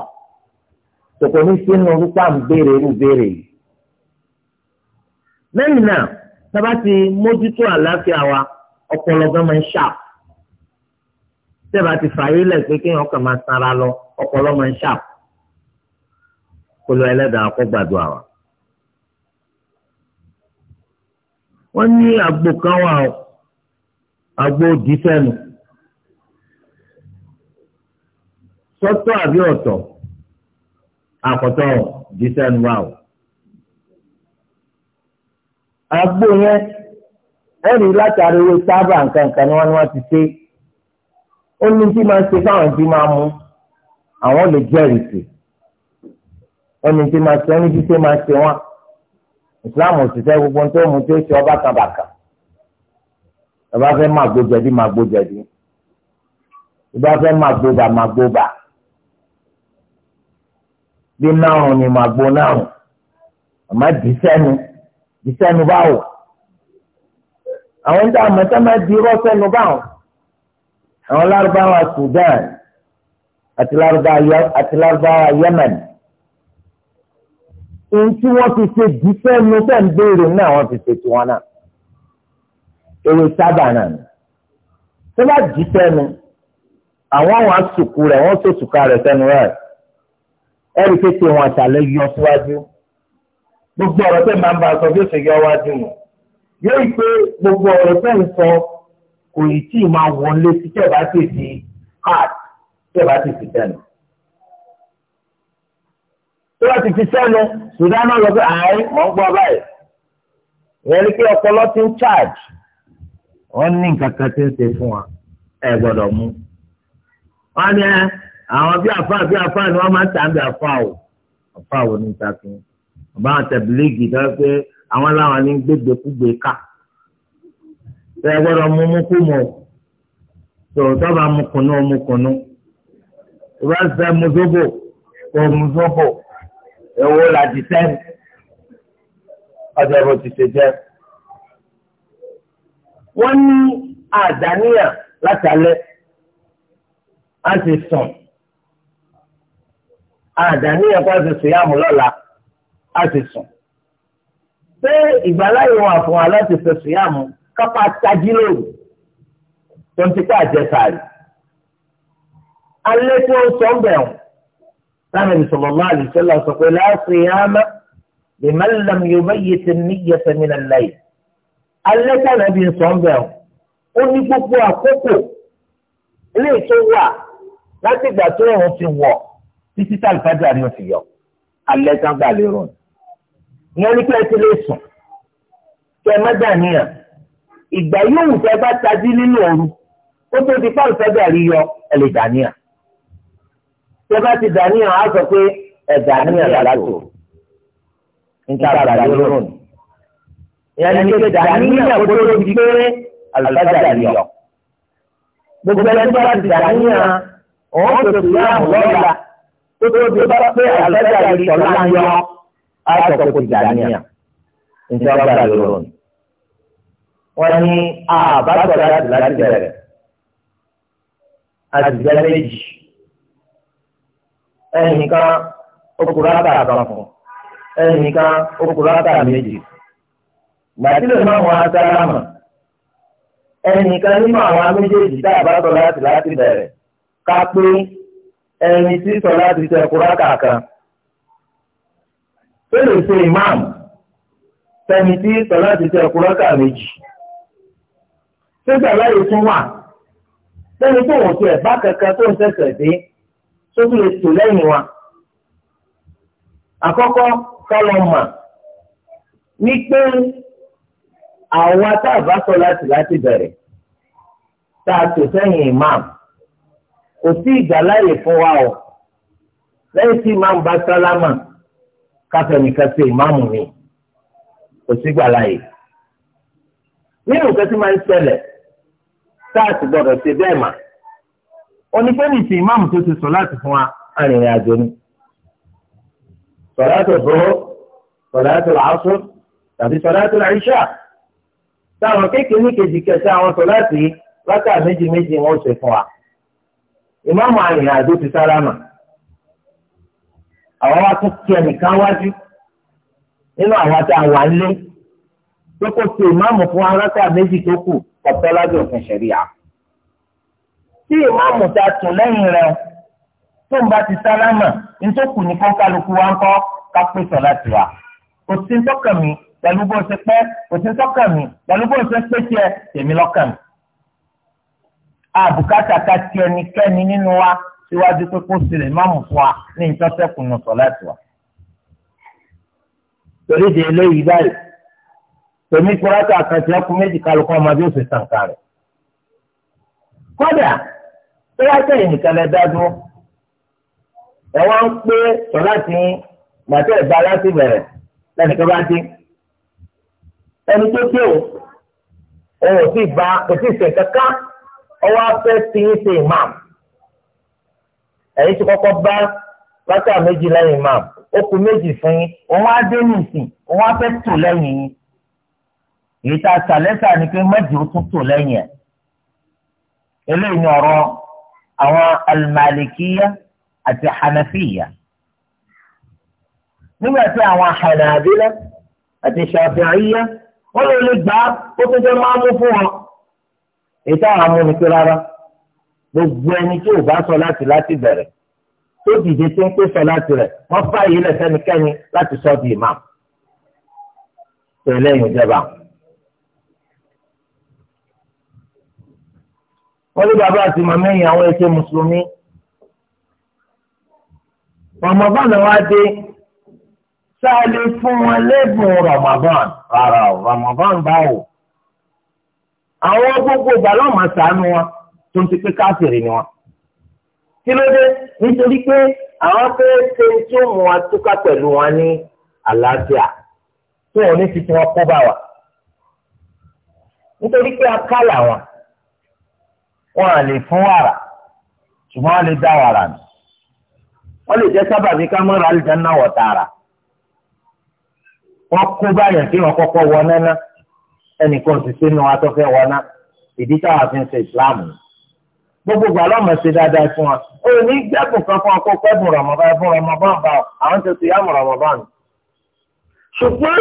tòkò sínú rúpa ń béèrè irú béèrè yìí lẹ́yìn náà sábà ti mójútó àlàáfíà wa ọpọlọ gan máa ń ṣàp sẹ́ẹ̀bà ti fààyè lẹ̀ pé kéèyàn kàn máa sanra lọ ọpọlọ máa ń ṣàp kó lọ ẹlẹ́dàá kó gbàdúrà wa. wọ́n ní àgbo kan wà ó àgbo dìfẹ́nu sọ́tọ̀ àbí ọ̀tọ̀ àkọ́tọ̀ dìfẹ́nu wà ó àgbo yẹn wọ́n rí látàrí owó sábà nǹkan nǹkan ni wọ́n ní wọ́n ti ṣe ó ní tí máa ń ṣe fáwọn tí máa mú àwọn lè jẹ́rìí sí wọ́n ní tí máa ṣe wọ́n ní tí ṣe máa ṣe wọ́n islam òṣìṣẹ́ gbogbo tó mú tó ṣe ọba kan bàkà ọba fẹ́ gbó jẹ̀dí máa gbó jẹ̀dí ọba fẹ́ máa gbó bà máa gbó bà bí náà ni máa gbó náà àmọ́ dì sẹ́nu ìsẹ́nu báwò àwọn tá a mọ̀ tá a máa di irọ́ sẹ́nu báwò àwọn lárúbáwá Sudan àti lárúbáwá Yemen ohun tí wọ́n ti ṣe jù sẹ́nu tẹ̀ ń béèrè náà wọ́n ti ṣe tiwọn náà èrè sábà náà ni tó bá jù sẹ́nu àwọn àwọn asùnkú rẹ̀ wọ́n sòsùkà rẹ̀ sẹ́nu rẹ̀ ẹ̀rí pé tí wọ́n àtàlẹ́ yọ síwájú gbogbo ọ̀rọ̀ tẹ́ máa ń bá a sọ bí ó ṣe yọ wájú nù yóò yí pé gbogbo ọ̀rọ̀ tẹ́ ń sọ kò yìí tí ì máa wọ̀n létí tẹ́ bá ti fi heart tẹ́ bá ti fi sẹ́nu. tí wọ́n ti fi sẹ́nu sudan náà lọ pé àárín mọ̀ ń gbọ́ báyìí ìyẹn ni pé ọpọlọ ti ń charge wọ́n ní nǹkan kan ti ń ṣe fún wa ẹ gbọ́dọ̀ mú. wọ́n ní àwọn bí àfáà bí àfáà ni wọ́n máa ń tà ń bí àfáà o àfáà wo ni ń fún un àbáwọn tẹ̀bílíìgì tó pé àwọn láwọn ní gbégbékúgbé ká tẹ gbọ́dọ̀ mú mú kú mọ tó tọba mú kùnú mú kùnú ìwà sẹ mú sóbò kò mú sóbò èwo làdì tẹn ọjọ́ ìbò ti ṣe jẹ wọ́n ní àdáníyàn látàlẹ́ a ti sùn àdáníyàn kó a ti sùn yàmù lọ́la a sì sùn. ṣé ìgbàláyè wà fún wa láti fẹsùn yá mu kápá tají lóru tó ń tipa àjẹsàrì. alẹ́ tí ó sọ ń bẹ̀ wọ́n sáà ní sallallahu alaihi wasallam sọ pé la siyama liman lam yubayyit an-niyyata min al-layl. alẹ́ sáà bí sọ ń bẹ̀ ó ní gbogbo àkókò eléyìí tó wà láti ìgbà tó ń fi wọ̀ títí tá àlùfáàjà ni ó fi yọ alẹ́ sáà gbà lérò ni ìyẹn ní kí ẹ ti lè sùn kí ẹ má dàníyàn ìgbà yóò wù tẹ bá tají nínú òru ó tó di fáwọn sọjà rí yọ ẹ lè dàníyàn tẹ bá ti dàníyàn á sọ pé ẹ dàníyàn lálàtò níta àgbàdo lónìí ìyẹn ní kí dàníyàn kó tó di pé àlùfáàjà rí yọ gbogbo ẹni bá ti dàníyàn òun tó fi láàmú lọ́la tó tó di pé àlùfáàjà rí yọ láàyò àtọ̀kù tìjànìyà níta ọgbà lóró ni. wọ́n ní àbátọ̀ láti láti bẹ̀rẹ̀ àtijọ́ méjì ẹnìkan okùnrin àtàkàn fún ẹnìkan okùnrin àtàkàn méjì gbàtílẹ̀ máa wọn asálámà ẹnìkan nínú àwọn méjèèjì tá a bá sọ láti láti bẹ̀rẹ̀ ká pé ẹni tí sọ láti tẹ kúrákà kan ó lè ṣe ìmáàmù sẹ́ni tí sọlá ti tẹ ọkùnrọ́kà méjì sígbà láyé tún wà sẹ́ni tó wọ́n ti ẹ̀ bá kankan tó ń tẹ̀sẹ̀ dé sókè lè tò lẹ́yìn wa àkọ́kọ́ kọlọ́mà ní pé àwọn atáàbá sọ láti láti bẹ̀rẹ̀ tá a tò sẹ́yìn imam kò sí ìgbàláyè fún wa o lẹ́yìn tí imam bá sálámà káfẹ́nìkan ṣe ìmáàmù mi kò sí gbàláyè. nínú nǹkan tí máa ń ṣẹlẹ̀ sáà ti gbọdọ̀ ṣe bẹ́ẹ̀ mà onífẹ́ni ti ìmáàmù tó ti sọ láti fún wa arìnrìn àjò ni. sọ̀rọ̀ àtọ̀fọ́ sọ̀rọ̀ àtọ̀làásọ̀ tàbí sọ̀rọ̀ àtọ̀làíṣà táwọn kékeré kejì kẹta àwọn sọ láti lákà méjì méjì wọn ó ṣe fún wa. ìmáàmù arìnrìn àjò ti sára mà àwọn wa tún ti ẹnìkan wájú nínú àwọn àti àwọn ilé pé kó ti ìmáàmù fún arákà méjì tó kù ọ̀pẹ́ lábẹ́ òfin ṣẹ̀ríà. tí ìmáàmù ta tún lẹ́yìn rẹ̀ tó ń bá ti sálámà nítòkù ní kọ́ńkálukú wa ń kọ́ ká pèsè láti wà. kò sí ń mi pẹ̀lú bó ṣe pẹ́ kò sí ń mi pẹ̀lú bó ṣe pé tiẹ̀ tèmi lọ́kàn mi. àbùkátà ká ti ẹnikẹ́ni nínú wa síwájú pé kó sílẹ̀ má mú fún wa ní ìtọ́sẹ́kùn ní sọ láti wà. torí de eléyìí báyìí tèmi kúrẹ́tà àkàtì ọkùn méjì kálukú ọmọ bí ó ṣe tàn kárẹ̀. kódà tó wá sẹ́yìn nìkan lẹ dá dúró ẹ wá ń pé sọ láti gbàtẹ́ ẹ̀dá láti bẹ̀rẹ̀ lẹ́nu tó bá dé. ẹni tó dé o òun ò sì bá kò sì ṣe kankan ọwọ́ afẹ́ tí ń ṣe ìmáàmù ẹ̀yin ti kọ́kọ́ bá rákà méjì lẹ́yìn imam ó kù méjì fún yín òun á dé nìsín òun á fẹ́ tò lẹ́yìn yín èyí tá a sàlẹ́sà ni pé mẹ́jì ó tún tò lẹ́yìn ẹ̀ eléyìí ni ọ̀rọ̀ àwọn alimalikiya àti hanafiya nígbà tí àwọn hanabila àti shafi'iya wọ́n lè gbà ó tún jẹ́ máàmú fún wọn èyí tá a mú ni pé rárá gbogbo ẹni tí ò bá sọ láti láti bẹ̀rẹ̀ tó dìde tó ń pè sọ láti rẹ̀ wọ́n fààyè lẹ̀ sẹ́nikẹ́ni láti sọ di imam tẹ̀lé ìjọba. wọ́n ní bàbá àti màmá ẹ̀yìn àwọn ẹ̀ṣẹ̀ mùsùlùmí. Ramadan wa dé sáàlì fún wọn lẹ́bùn Ramadan rárá Ramadan báwo. àwọn gbogbo ìgbà lọ́mọ sànú wọn tó ń ti pé káfìrì ni wọn. kí ló dé nítorí pé àwọn fẹ́ ṣe tí ó mú wa túká pẹ̀lú wọn ní àlàáfíà tí wọn ní fi tí wọn kó bá wa. nítorí pé akálà wọn wọn à lè fún wàrà ṣùgbọ́n wọn lè dá wàrà nù. wọ́n lè jẹ́ sábàbí ká mọ́ra àlùjáná wọ̀ tààrà. wọ́n kó báyọ̀ kí wọ́n kọ́kọ́ wọ náná ẹnìkan sì sínú atọ́fẹ́ wọ ìdí táwọn fi ń ṣe ìsìláàmù yìí gbogbo ìgbà lọ́mọ ṣe dáadáa fún wa ó ní gbẹ́bùn kan fún ọkọ pẹ́bùn rọ̀mọ́bá ẹ̀bùn rọ̀mọ́bá ọ̀bá àwọn tó ti yàmù rọ̀mọ́bá nù. ṣùgbọ́n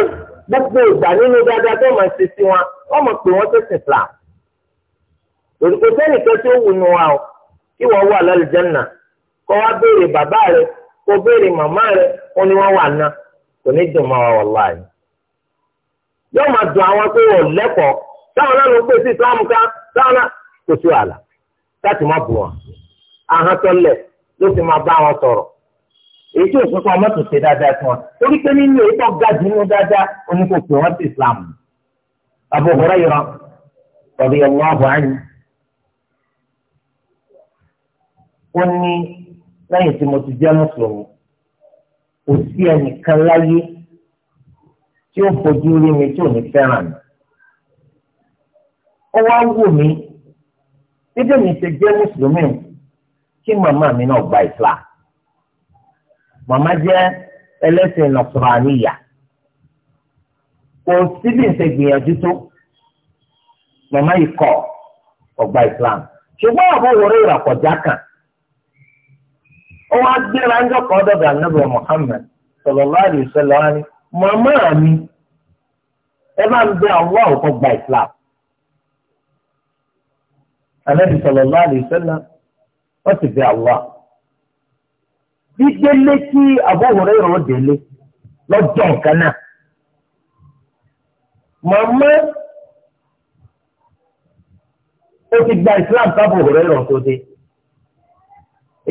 gbogbo ìgbà nínú dáadáa tó máa ṣe sí wọn wọ́n mọ̀ pé wọ́n tó sì fìlà. òdìbò sẹ́nìkan tó wù nù wa o kí wọ́n wà lálùjánnà kó wá béèrè bàbá rẹ kó béèrè màmá rẹ ó ní wọ́n wà ná kò ní dùn mọ́ wa wàláhì láti má bù wọn ahọ́n tọ́lẹ̀ ló ti máa bá wọn sọ̀rọ̀ èyí tí òfin kan mọ́tò ṣe dáadáa fún wọn torí pé nínú èyí tó ga jù nínú dáadáa oníkókò wọn ti Islam Abu Hurairah radiyallahu anhu ó ní lẹ́yìn tí mo ti jẹ́ mùsùlùmí kò sí ẹnìkan láyé tí ó fojú rí mi tí ò ní fẹ́ràn mi ó wá wù mí. bíbí mi ṣe jẹ́ mùsùlùmí kí màmá mi náà gba ìfla màmá jẹ́ ẹlẹ́sìn nọ̀sọ̀ràníyà kò síbi ń gbìyànjú tó màmá yìí kọ̀ ọgbà Islam ṣùgbọ́n àbọ̀ wọlé kan ó wá gbéra ń jọkọ̀ Muhammad sallallahu alaihi wasallam ni màmá mi ẹ bá ń bẹ àwọn àwòkọ́ gba anabi sallallahu alaihi wasallam wọ́n ti fi àwa dídélé tí Abu Hurairah délé lọ́jọ́ nǹkan náà màmá ó ti gba islam tó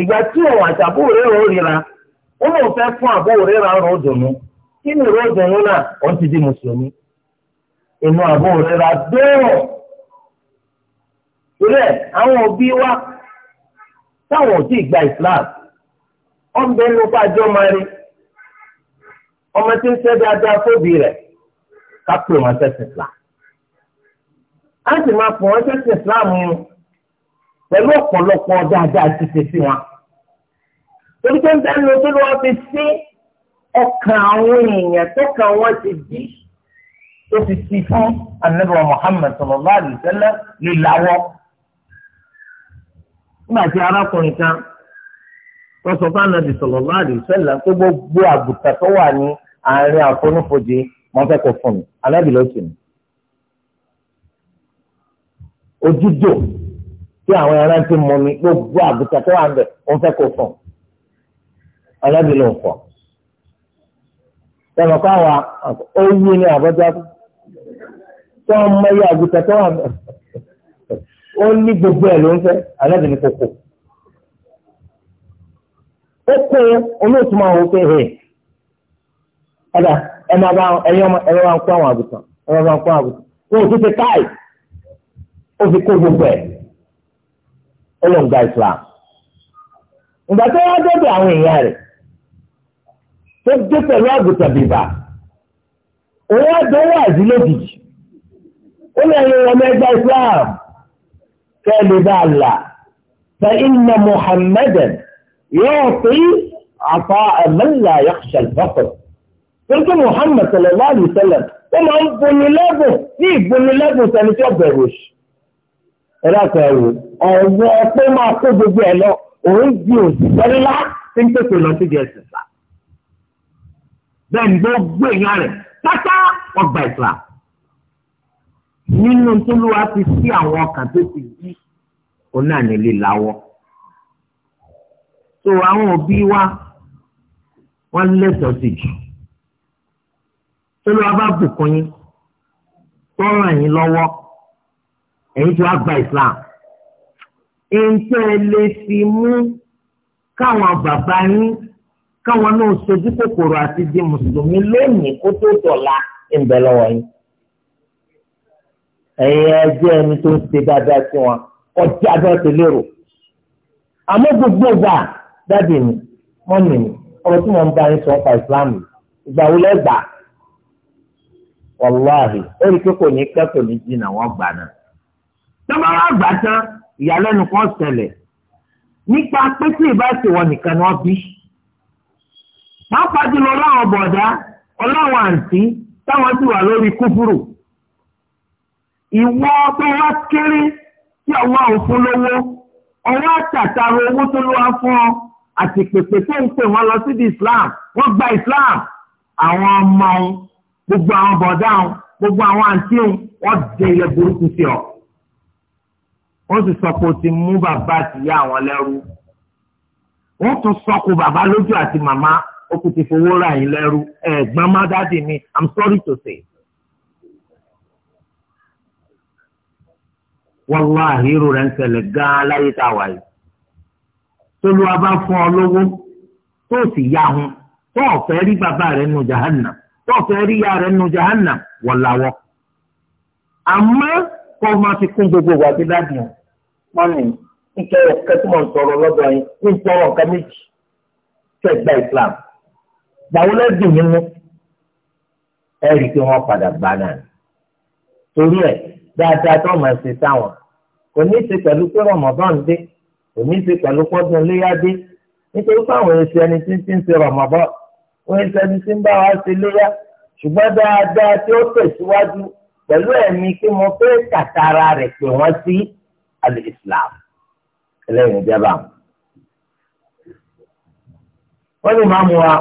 ìgbà tí òun àti Abu Hurairah ríra ó lóun fẹ́ fún Abu kí ni náà ti di mùsùlùmí inú torí ẹ̀ àwọn òbí wa táwọn ò tí ì gba Islam ọ̀nbẹ nínú pàjọ́ máa rí ọmọ tí ń ṣe dáadáa fóbi rẹ̀ ká pè wọ́n sẹ́sìn Islam á sì máa pè wọ́n sẹ́sìn Islam mu pẹ̀lú ọ̀pọ̀lọpọ̀ dáadáa ti ṣe sí wọn torí pé ń bẹ́ẹ̀ lọ tó lọ́wọ́ fi sí ọkàn àwọn èèyàn tó kàn wọ́n ti dì tó ti ti fún anabi Muhammad sallallahu alaihi wasallam lílawọ́ nígbà tí arákùnrin kan tó sọ fún anabi sallallahu alaihi wasallam pé gbogbo àgùntàn tó wà ní àárín àfonífojì wọn fẹ́ kó fún mi anabi ló sì ní. ojúdò tí àwọn ẹran ti mú mi gbogbo àgùntàn tó wà ń bẹ wọn fẹ́ kó fún anabi ló ń fọ. sọ̀rọ̀ káwa ó yí ní tó ń mọ iye àgùntàn tó wà ń bẹ. ó ní gbogbo ẹ̀ ló ń fẹ́ alábìnrin kò ó kó olóòtú máa wọ pé ẹ̀ ọ̀dà ẹ máa bá ẹyọ ẹ máa kó àwọn àgùntàn ẹ máa bá kó àwọn àgùntàn wọn ò tún ti káì ó fi kó gbogbo ẹ̀ ó lọ ń Islam ìgbà tó àwọn èèyàn rẹ̀ tó dé pẹ̀lú àgùntàn bìbà òun á Islam. كالب الله فإن محمدا يعطي عطاء من لا يخشى الفقر تلك محمد صلى الله عليه وسلم وما بني لابو ní ìbùnú lẹ́bùn sẹni tí ó bẹ̀rù òṣì ẹ̀dáàkọ̀ ẹ̀wò ọ̀wọ́ pé máa kó gbogbo ẹ̀ lọ òun di òṣìṣẹ́ ńlá tí ń pèsè lọ sí gẹ̀ẹ́sì sá bẹ́ẹ̀ gbogbo èèyàn rẹ̀ pátá ọgbà ìsìlámù nínú tó ló wá fi sí àwọn ọkàn tó ti jí òun náà ní líláwọ́. tó àwọn òbí wa wọ́n lẹ́tọ̀ọ́ sí jù tó ló wá bá bùkún yín tó ràn yín lọ́wọ́ ẹ̀yin tó wá gba Islam ẹ̀ǹtẹ́ lè fi mú káwọn bàbá yín káwọn náà sojú kòkòrò àti di mùsùlùmí lónìí kó tó dọ̀la ń bẹ ẹ̀yin ẹjẹ́ ẹni tó ń ṣe dáadáa sí wọn ọjà bá lérò àmọ́ gbogbo ìgbà dáàbì mi mọ́mì mi ọ̀rọ̀ tí wọ́n ń bá yín sọ ìgbà wo lẹ́gbà wàláhì ó rí pé kò ní kẹ́kọ̀ọ́ ní jìnnà wọ́n gbà wọn nìkan ni wọ́n bí jùlọ ìwọ tó wá kéré tí ọwọ́ òfin lówó ọwọ́ àtàtàrà owó tó lówó fún ọ àti pèpè tó ń pè wọ́n lọ sí Islam wọ́n gba Islam àwọn ọmọ òun gbogbo àwọn bọ̀dá òun gbogbo àwọn àǹtí òun wọ́n dé ilẹ̀ burúkú sí ọ. wọ́n sì sọ pé o ti mú bàbá àtìyá àwọn lẹ́rú wọ́n tún sọkò bàbá lójú àti màmá ó kù ti fowó ra yín lẹ́rú ẹ̀gbọ́n má dádì mi I'm sorry to say. wàláhì irú rẹ̀ ń ṣẹlẹ̀ gan-an láyé tá a wà yìí. tolúwa bá fún ọ lówó tó sì yá hun tó o fẹ́ rí bàbá rẹ̀ nù jahanna tó o fẹ́ rí ìyá rẹ̀ nù jahanna wọ̀làwọ̀. àmọ́ kó o máa fi kún gbogbo wà bí dáàbì hàn mọ́mì níkẹ́ ọ̀kẹ́ ń tọrọ lọ́dọ̀ yín ní tọrọ nǹkan méjì tẹ̀ gba Islam gbàwó lẹ́dùn nínú ẹ rí i pé wọ́n padà gbà náà torí ẹ̀ dáadáa tó máa ṣe sáwọn kò ní í ṣe pẹ̀lú pé Ramadan dé kò ní í ṣe pẹ̀lú pọ́dún léyà dé nítorí pé àwọn èsì ẹni tí ń ti ń ṣe Ramadan wọn èsì ẹni tí ń bá wa ṣe léyà ṣùgbọ́n dáadáa tí ó tẹ̀síwájú pẹ̀lú ẹ̀mí kí mo fẹ́ tàtàrà rẹ̀ pé wọ́n sí al-Islam ẹlẹ́yìn ìjọba. wọ́n ní máa wa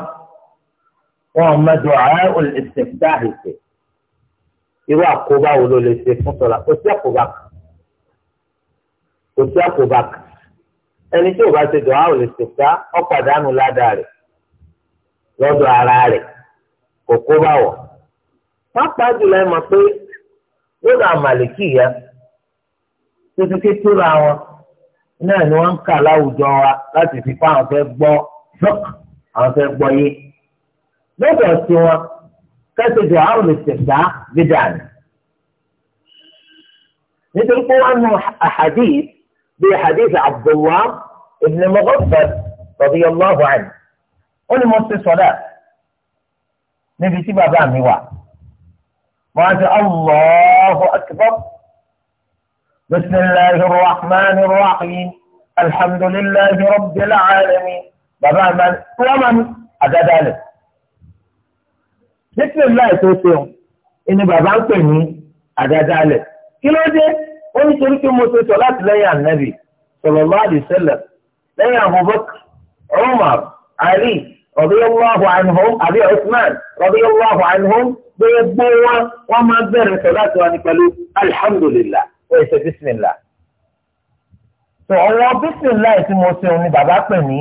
wọn ọmọ ẹ̀dùn ààrẹ olùsèkítà àhìsè irú àkóbá wo ló lè ṣe fún sọ̀rọ̀ kò sí àkóbá kan. kò sí àkóbá ẹni tí ò bá ṣe dùn á ò lè ṣèkà ọ̀pàdánù ládàá rẹ̀ lọ́dọ̀ ara rẹ̀ kò kó bá wọ̀. pápá jùlọ ẹ mọ̀ pé lórí àmàlẹ́kì yá títí ra wọn náà ni wọ́n ń kà láwùjọ wa láti fi fẹ́ gbọ́ àwọn fẹ́ gbọ́ yé. lọ́dọ̀ بحديث عبد الله ابن مغفل رضي الله عنه قل مصر صلاة نبي تبا بامي واحد ما الله أكبر بسم الله الرحمن الرحيم الحمد لله رب العالمين بابا من ومن أدى ذلك بسم الله توسيهم إن بابا كني أدى ذلك كيلو ó ní torí pé mo ṣe sọ láti lẹ́yìn ànábì sallallahu alaihi wasallam lẹ́yìn Abubakar Umar Ali radiyallahu anhum àbí Usman radiyallahu anhum gbogbo wa wọn máa bẹ̀rẹ̀ sọ láti wá ní pẹ̀lú alhamdulillah wọ́n ṣe bísímìlá. tó ọ̀wọ́ bísímìlá tí mo ṣe òun ni bàbá pè ní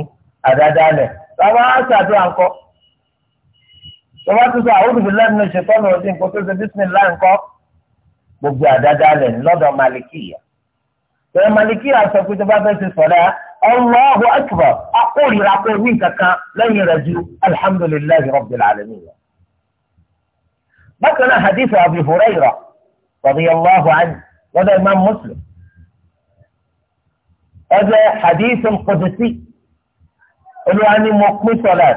àdádálẹ̀ bàbá ṣàdúrà ńkọ́ bàbá tó sọ àwọn òbí gbogbo àdáda rẹ̀ lọ́dọ̀ malikiya tẹ̀lé malikiya sọ pé tó bá fẹ́ ṣe sọ̀rọ̀ Allahu akbar akórira kó ní kankan lẹ́yìn rẹ̀ ju alhamdulillahi rabbil alamin. bákan náà hadith Abi Hurairah radiyallahu anhu lọ́dọ̀ imam Muslim ẹgbẹ́ hadith qudsi olúwa ni mo pín sọ̀rọ̀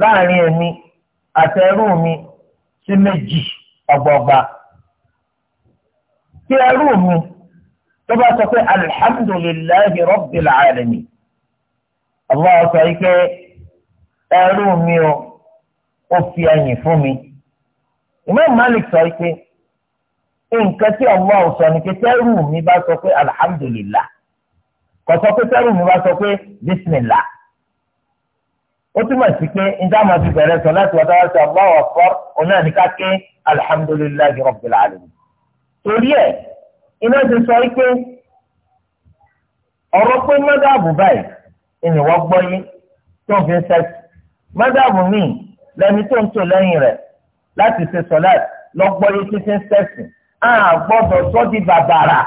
láàrin èmi àtẹrù mi sí méjì ọgbọgba. kí ẹrú mi tó bá sọ pé alihamudulilayi rabbil alamin Allah sọ yìí pé ẹrú mi o ó fi ẹyìn fún mi Imam Malik sọ yìí pé nǹkan tí Allah sọ ni pé tẹ́rù mi bá sọ pé alihamudulilayi kò sọ pé tẹ́rù mi bá sọ pé bisimilah ó túmọ̀ sí pé njẹ́ ti bẹ̀rẹ̀ sọ láti wọ́n dáwọ́ sí Allahu akbar ọ̀nà ní ká ké alihamudulilayi rabbil alamin torí ẹ̀ iná ti sọ pé ọ̀rọ̀ pé mọ́dàbù báyìí ni wọ́n gbọ́ yé tó fi ń sẹ́sì mọ́dàbù míì lẹ́ni tó ń tò lẹ́yìn rẹ̀ láti ṣe sọ̀láàtì lọ́gbọ́ yé títí ń sẹ́sì á gbọ́dọ̀ sọ́ di bàbàrà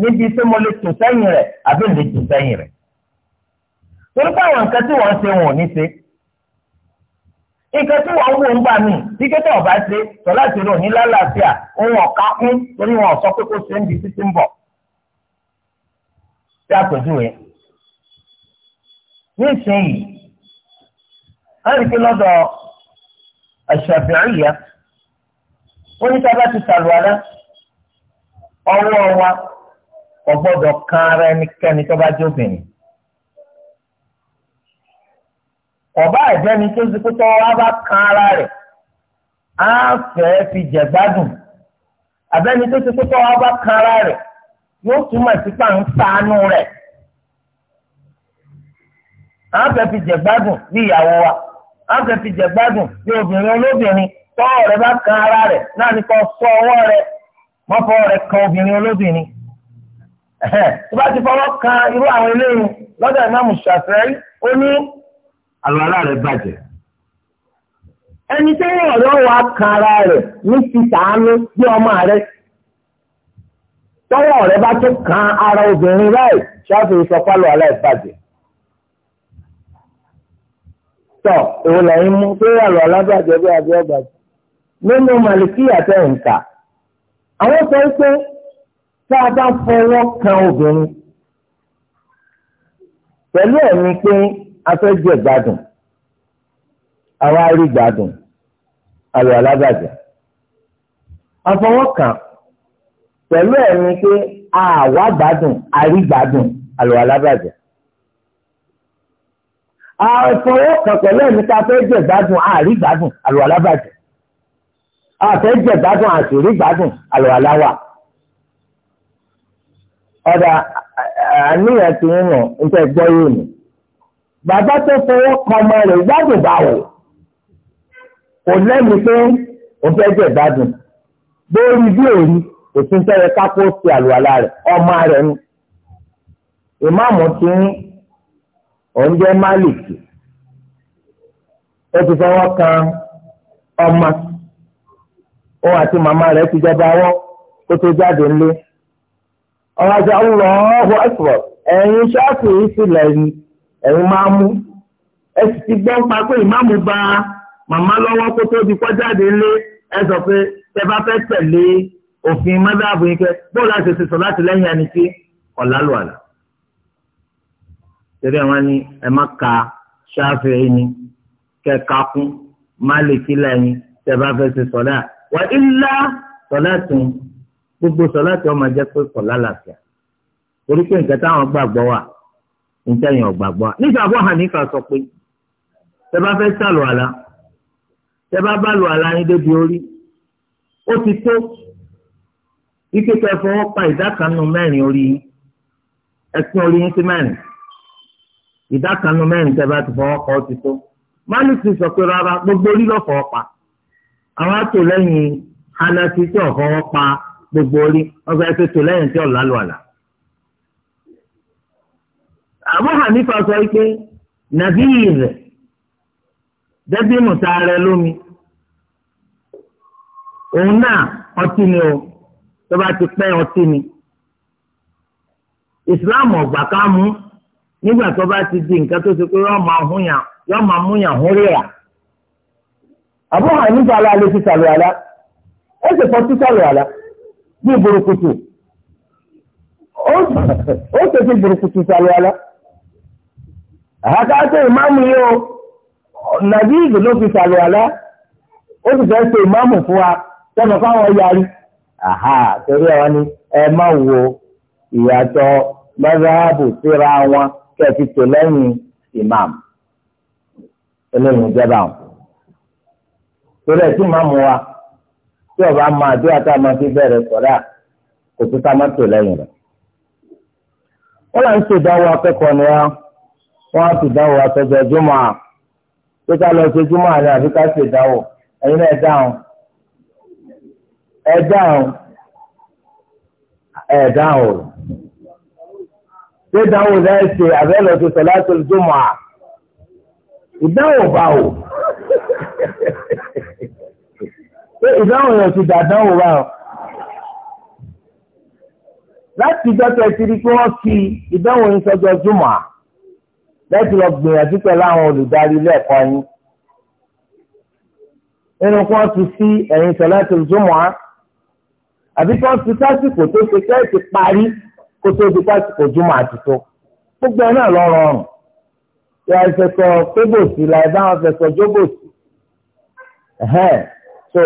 níbi tí mo lè tò sẹ́yìn rẹ̀ àbí lè tò sẹ́yìn rẹ̀ torí pé nǹkan tí wọ́n ṣe wọn ní ṣe nǹkan tí wọ́n wò ń gbà mí kíkẹ́ tó ọ̀bá ṣe sọ láti rò ní lálàáfíà òun ọ̀ka kún torí wọn sọ pé kó ṣe ń di títí ń bọ̀. Ṣé àpèjúwe? Nísìnyí, wọ́n rí i pé lọ́dọ̀ àṣàbíàyà, wọ́n ní sábà ti sàlùwàlá, ọwọ́ wa ọ̀gbọ́dọ̀ kan ara ẹnikẹ́ni tó bá jóbìnrin. ọba àjẹni tó ti kú tọ́wọ́ bá kan ara rẹ̀ á fẹ́ fi jẹ gbádùn abẹni tó ti kú bá kan ara rẹ̀ yóò túmọ̀ sí ń sànú rẹ̀ á fẹ́ fi jẹ gbádùn bí ìyàwó wa á fẹ́ fi jẹ gbádùn bí obìnrin olóbìnrin bá kan ara náà sọ kan obìnrin olóbìnrin tó bá ti fọwọ́ kan irú àwọn eléyìí lọ́dọ̀ ìmáàmù ó ní. àlùwàlá rẹ̀ bàjẹ́. ẹni tẹ́yìn ọ̀rẹ́ wa kan ara rẹ̀ ní ti sàánú bí ọmọ rẹ̀ tọ́wọ́ rẹ̀ bá tún kan ara obìnrin láì ṣáàfù ìsọpá àlùwàlá rẹ̀ bàjẹ́. tọ́ òun lẹ́yìn mú pé àlùwàlá bàjẹ́ bí abẹ́ ọ̀bàjẹ́ nínú màlìkíyà tẹ̀ ń kà àwọn sọ pé tá a bá fọwọ́ kan obìnrin pẹ̀lú ẹ̀mí pé afẹ́jẹ̀ gbádùn àwa rí gbádùn àlọ́ alábàjẹ́ àfọwọ́kàn pẹ̀lú ẹ̀mí pé àwa gbádùn àrí gbádùn àlọ́ alábàjẹ́ àfọwọ́kàn pẹ̀lú ẹ̀mí pé afẹ́jẹ̀ gbádùn àrí gbádùn àlọ́ alábàjẹ́ àfẹ́jẹ̀ gbádùn àṣírí gbádùn àlọ́ aláwà ọ̀dà àníyàn ti ń ràn ń tẹ́ gbọ́ yóò bàbá tó fọwọ́ kọmọ rẹ̀ gbádùn báwò kò lẹ́nu pé òun fẹ́ jẹ́ ìgbádùn lórí bí òri òfin tẹ́lẹ̀ kápó ti àlùwàlá rẹ̀ ọmọ rẹ̀ ni ìmáàmù ti ń òun jẹ́ máàlìkì ó ti fọwọ́ kan ọmọ òun àti màmá rẹ̀ ti jọba wọ́ kó tó jáde ńlé ọ̀rọ̀ àti àwọn ọ̀rọ̀ ọ̀hún ẹ̀sùn ẹ̀yìn ṣáàpù yìí sì lẹ́yìn ẹ̀yin máa mú ẹ sì ti gbọ́n pa pé ìmáàmù ba màmá lọ́wọ́ kó tó di kọ́jáde lé ẹ sọ pé tẹ bá fẹ́ tẹ̀lé òfin mọ́dàbọ̀ yìí kẹ́ bó la ṣe sọ láti lẹ́yìn ẹni tí ọ̀la lò àlà. torí àwọn ni ẹ má ka ṣáfẹ́ ẹni kẹ́ka kún má lè kí lẹ́yìn tẹ bá fẹ́ ṣe sọ̀lá wà ilá sọ̀lá tún gbogbo sọ̀lá tí máa jẹ́ pé kọ̀lá làṣà torí pé nǹkan táwọn gbàgbọ́ wà nítẹ̀yìn ọ̀gbàgbọ́ nígbà Abu Hanifa sọ pé tẹ bá fẹ́ sàlù àlá tẹ bá bá lù àlá yín débi orí ó ti tó ike kẹ fọwọ́ pa ìdá kan nínú mẹ́rin orí yín ẹ̀sìn orí yín sí mẹ́rin ìdá kan nínú mẹ́rin tẹ bá ti fọwọ́ pa ó ti tó Málìkì sọ pé rárá gbogbo orí ló fọwọ́ pa àwọn àtò lẹ́yìn Hanafi tí ò fọwọ́ pa gbogbo orí wọ́n fẹ́ ṣètò tí ò lálù àlá. Abụghị Hanifa sọ rẹ̀ rẹ lómi òun náà ọtí ni o tó bá ti pẹ́ ọtí ni ìsìláàmù ọ̀gbà ká mú nígbà tó bá ti di nǹkan tó pé máa hún yàn máa mú yàn hún rírà ti sàlẹ̀ àlá ó sì fọ́ sí sàlẹ̀ àlá bí burúkutu ó àkàtà ìmáàmù yìí o nàbí ìgbè ló fi sàlẹ̀ àlá ó sì fẹ́ ṣe ìmáàmù fún wa sọ́nà fáwọn yarí àhà torí ẹ̀ wá ní ẹ má wo ìyàtọ̀ mọ́sáàbù síra wọn kẹ́ẹ̀fi tò lẹ́yìn ìmáàmù eléyìí ìjọba àwọn torí ẹ̀ tí ìmáàmù wa tí ọba máa dé àtàwọn fi bẹ̀rẹ̀ sọ̀rọ̀ kò tún ká má tò lẹ́yìn rẹ̀ wọ́n là ń ṣèdánwò akẹ́kọ̀ọ́ ni wọ́n wọ́n á sì dáwọ́ àtọ́jọ́ jùmọ̀ à pé ká lọ ṣe jùmọ̀ àná àbí ká ṣe dáwọ́ ẹ̀yin náà ẹ dáhùn ẹ dáhùn ẹ dáhùn o ṣé dáhùn náà ṣe àbẹ́ lọ ṣe sọ̀láṣọ jùmọ̀ à ìdáhùn bá o pé ìdáhùn yẹn ti dàdáhùn bá o láti gbọ́tẹ̀ ti di pé wọ́n fi ìdáhùn yìí sọ́jọ́ jùmọ̀ à lẹ́tì lọ gbìyànjú pẹ̀lú àwọn olùdarí ilé ẹ̀kọ́ yín nínú kí wọ́n ti sí ẹ̀yìn sọ̀láṣẹ́ ìjùmọ̀ á àbí kí wọ́n ti sásìkò tó ṣe kẹ́ ti parí kó tó di sásìkò jùmọ̀ àtìtò gbogbo ẹ̀ náà lọ rọrùn ìyá ìfẹsọ̀ kébòsì la ìbá wọn fẹsọ̀ jóbòsì so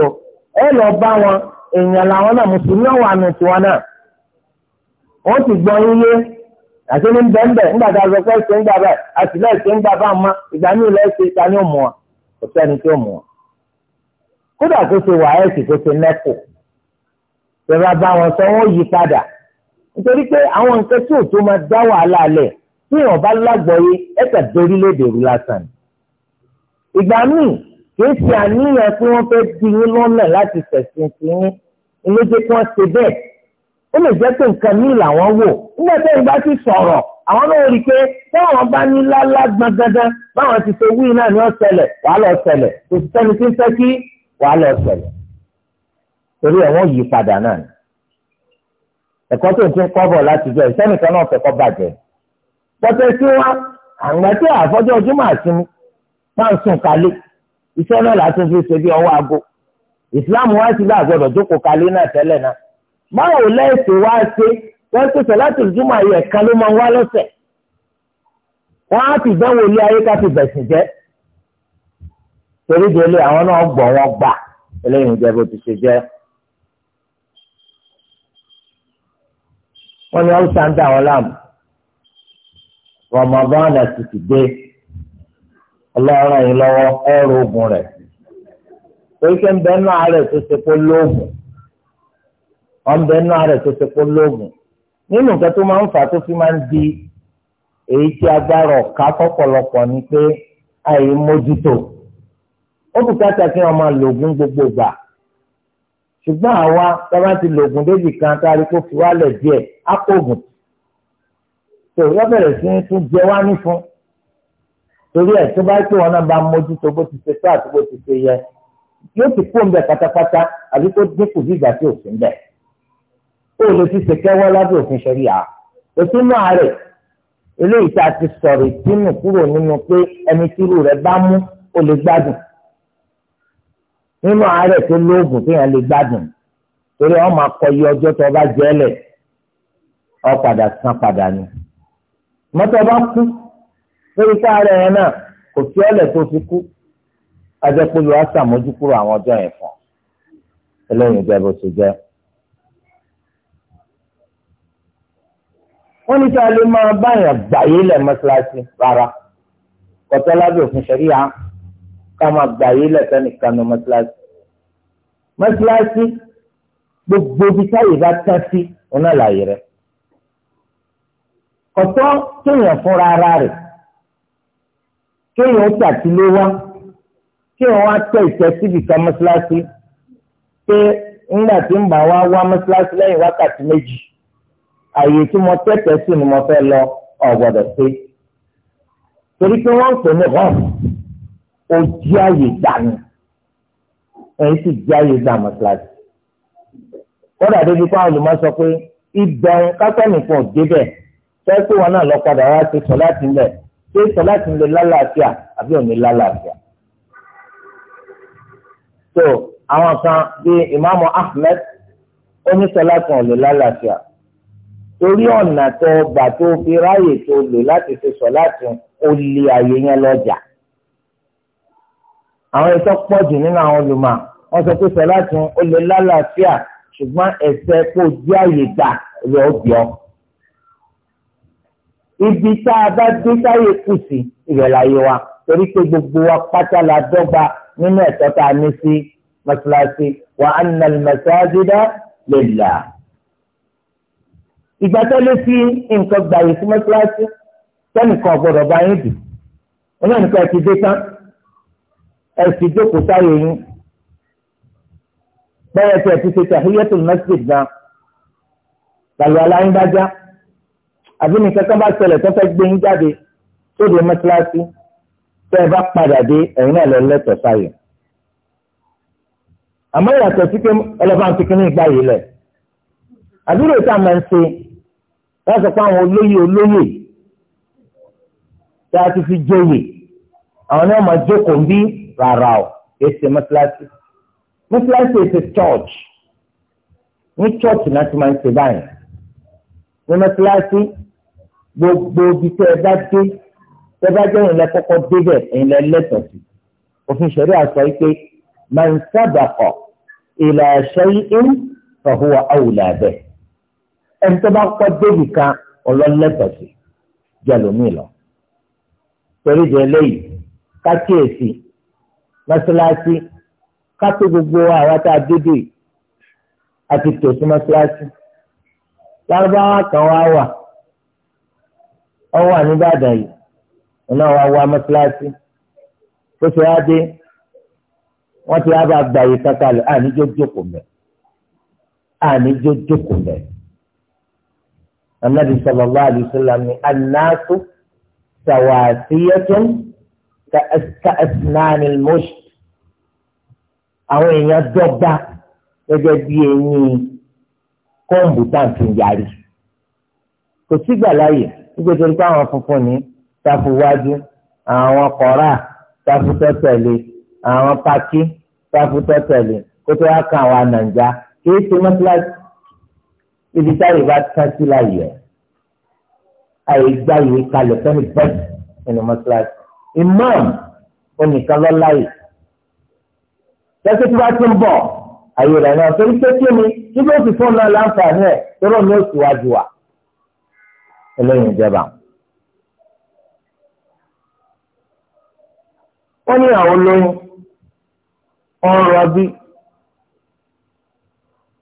ẹ lọ bá wọn èèyàn làwọn náà mùsùlùmí ọ̀wà nù tiwọn náà wọ́n ti gbọ́ yín lé àti ní bẹ́ẹ̀nbẹ́ẹ̀ nígbà tá a sọ pé ṣe ń gbà báyìí a sì lẹ́ẹ̀ ṣe ń gbà bá ma ìgbà míì lẹ́ẹ̀ ṣe ta ni ó mọ̀ ọ́ kò sẹ́ni tí ó mọ̀ ọ́. kódà kó ṣe wàhálà kó ṣe nẹ́kù ìjọba bá wọn sọ wọn yí padà nítorí pé àwọn nǹkan tí òtún máa dá wàhálà lẹ̀ tí wọn bá lágbọ̀ọ́yé ẹ̀ka dorí lédè rú lásán. ìgbà míì kì í ṣe àníyàn tí wọ́n fẹ́ di yín lọ́nà láti tẹ̀sìn sí yín ilé ó lè jẹ́ pé nǹkan míì làwọn wò nígbà tó ìgbà ti sọ̀rọ̀ àwọn náà rí i pé táwọn bá ní lálá gbọ̀ngàngàn báwọn ti ṣe wí náà ni ó ṣẹlẹ̀ wàá lọ ṣẹlẹ̀ kò sì sẹ́ni tí ń fẹ́ kí wàá lọ ṣẹlẹ̀ torí ẹ̀ wọ́n yí padà náà ni ẹ̀kọ́ tó ń tún kọ́ bọ̀ láti jọ ìsẹ́nìkan náà fẹ́ bàjẹ́ pọ́tẹ́ sí wa àgbà tí àfọ́jọ́ ojúmọ̀ àsìmú máa ń sùn kalẹ̀ iṣẹ́ náà láti fi ṣe bí ọwọ́ aago ìsìláàmù wa ti gbà gbọ́dọ̀ jókòó kalẹ̀ náà tẹ́lẹ̀ náà báwo lẹ́sìn wá ṣe wọ́n pèsè láti ìjùmọ̀ ayé ẹ̀ka ló máa ń wá lọ́sẹ̀ wọ́n á fi ìdánwò ilé ayé ká fi bẹ̀sìn jẹ́ torí délé àwọn náà gbọ̀ wọ́n gbà eléyìí ń jẹ́ bó ti ṣe jẹ́. wọ́n ní haúsá ń dà wọ́n rọmọbọ́n àti ti ọlọ́run yìí lọ́wọ́ ẹ̀rọ ogun rẹ̀ torí bẹ́ẹ̀ náà rẹ̀ tó ṣe pé lóògùn ọ̀nbẹ náà rẹ̀ tó ti kó lóògùn nínú nǹkan tó máa ń fà tó fi máa ń di èyí tí agbára ọ̀ka fọ́pọ̀lọpọ̀ ni pé àì mójútó ó bùkátà kí wọn máa lògùn gbogbo gbà ṣùgbọ́n àwa tábà ti lògùn débì kan tá a rí kó fi wálẹ̀ díẹ̀ á kóògùn tó yọ bẹ̀rẹ̀ sí ní tún jẹ wá ní fún torí ẹ̀ tó bá tó wọn náà bá mójútó bó ti ṣe tó àti bó ti ṣe yẹ yóò ti kó ń bẹ pátápátá àbí kó dínkù bí ìgbà tí ò sí ń bẹ ó lè fi ṣèkẹ́ wọ́n lábẹ́ òfin ṣẹ̀ríà òtún náà rẹ̀ eléyìí tá a ti sọ̀rọ̀ ìtínú kúrò nínú pé ẹni tírú rẹ̀ bá mú ó lè gbádùn nínú àárẹ̀ tó lóògùn téèyàn lè gbádùn torí wọn máa kọ iye ọjọ́ tó bá jẹ́ lẹ̀ ọ padà san padà ni mọ́tò bá kú lórí káàárẹ̀ yẹn náà kò sí ọ̀lẹ̀ tó fi kú ajẹ́pọ̀lù á ṣàmójúkúrò àwọn ọjọ́ yẹn fún ọ eléyìí jẹ́ jẹ́. wọ́n ní kí a lè máa báyàn gbàyé lẹ̀ mọ́ṣáláṣí rárá kọ́tọ́ lábẹ́ òfin ṣẹ̀ríya ká máa gbàyé lẹ̀ sẹ́nìkan ní mọ́ṣáláṣí. mọ́ṣáláṣí gbogbo ibi táyé bá tán sí ọ̀nà àlàyé rẹ̀ kọ́tọ́ kéèyàn fúnra ara rẹ̀ kéèyàn ṣàtìlé wá kéèyàn wá tẹ̀ ìtẹ́ síbi kan mọ́ṣáláṣí pé ńgbà tí ń bá wá wá mọ́ṣáláṣí lẹ́yìn wákàtí méjì àyè tí mo tẹ́tẹ̀ẹ́ sí ni mo fẹ́ lọ ọ̀gbọ̀dọ̀ sí. torí pé wọ́n ń pè ní hàn ojú àyè dànù ẹ̀yìn sì jẹ́ àyè dàmọ̀ kíláàsì. kódà débi pé àwọn olùmọ̀ sọ pé ìbẹ̀rù kátẹ́nìkan ò débẹ̀ fẹ́ pé wọn náà lọ padà wá sí sọ láti lẹ̀ ṣé sọ láti lè lálàáfíà àbí òní lálàáfíà. so àwọn kan bíi ìmáàmù Ahmed oníṣẹ́ láti wọn lè lálàáfíà torí ọ̀nà tó gbà tó fi ráàyè tó lò láti fi sọ láti ó lé ayé yẹn lọ́jà. àwọn ẹ̀tọ́ pọ̀ jù nínú àwọn olùmọ̀ wọ́n sọ pé sọ̀láàtì ó lè lálàáfíà ṣùgbọ́n ẹ̀sẹ̀ kó jẹ́ àyè gbà rẹ̀ ó bíọ́. ibi tá a bá dé sáyè kù sí ibẹ̀ láyé wa torí pé gbogbo wa pátá la dọ́gba nínú ẹ̀tọ́ tá a ní sí mọ́ṣáláṣí wa anna al-masajida lillah ìgbà tó lé sí nǹkan gbàyè sí mọ́sálásí tẹ́nìkan ọ̀gbọ́dọ̀ bá yín dùn olóòníkan ẹ ti dé tán ẹ sì jókòó sáyé yín bẹ́ẹ̀ tí ẹ ti ṣe tahiyatul masjid gan làlù aláyín bá já àbí ní kankan bá ṣẹlẹ̀ tó fẹ́ gbé yín jáde sóde mọ́sálásí tẹ́ ẹ bá padà dé ẹ̀yin náà lọ lẹ́tọ̀ọ́ sáyé àmọ́ ìyàtọ̀ sí pé ẹlẹ́fàá ti kíní ìgbà yìí lẹ̀ àdúrà tá a máa ń ṣe wọ́n sọ pé àwọn olóyè olóyè tí a ti fi jòyè àwọn náà máa jókòó bí rárá o kì í ṣe mọ́tíláṣí mọ́tíláṣí ṣe church ní church náà ti máa ń ṣe báyìí ní mọ́tíláṣí gbogbo ibi tí ẹ bá dé tí ẹ bá jẹ́ ìrìnlẹ̀ kọ́kọ́ débẹ̀ ìrìnlẹ̀ lẹ́tọ̀ọ́ sí òfin ṣẹ̀rí àṣọ yìí pé man sabaqa ila shay'in fahuwa awla bihi ẹni tó bá kọ́ débì kan ọlọ́lẹ́tọ̀sí jẹ́ lómi lọ. torí jẹ eléyìí ká kíyèsí mọ́ṣáláṣí ká tó gbogbo àwọn tá a dédè àti tòsí mọ́ṣáláṣí. lárúbáwá kan wá wà ọ wà nígbàdàn yìí iná wa wá mọ́ṣáláṣí tó ṣe á dé wọ́n ti á bá gbàyè kankan lẹ̀ àníjó jókòó mẹ́ àníjó jókòó mẹ́ anabi sallallahu alayhi wa sallam ni anaasu sawasiyatun ka asnani mush àwọn èèyàn dọ́gba gẹ́gẹ́ bí eyín kọ́ǹbù táǹkì yarí kò sígbà láàyè nítorí pé àwọn funfun ní tafu wájú àwọn kọ́ra tafu tọ́tẹ̀lé àwọn paki tafu tọ́tẹ̀lé kótó wá kan àwọn nàìjà kí é ṣe mọ́tíláṣí ibi táyì bá tán sí láàyè ẹ̀ àyè gbá ìwé kalẹ̀ fẹ́ni bẹ́ẹ̀ nínú mọ́ṣáláṣí imam onìkan lọ́láyè tẹ́sí tí wọ́n ti ń bọ̀ àyè rẹ̀ náà torí pé kí ni níbi ó sì fún un náà láǹfààní ẹ̀ tọ́rọ̀ ní oṣù wájú wa ẹlẹ́yìn ìjọba. wọ́n ní àwọn olóyún ọ̀rọ̀ bí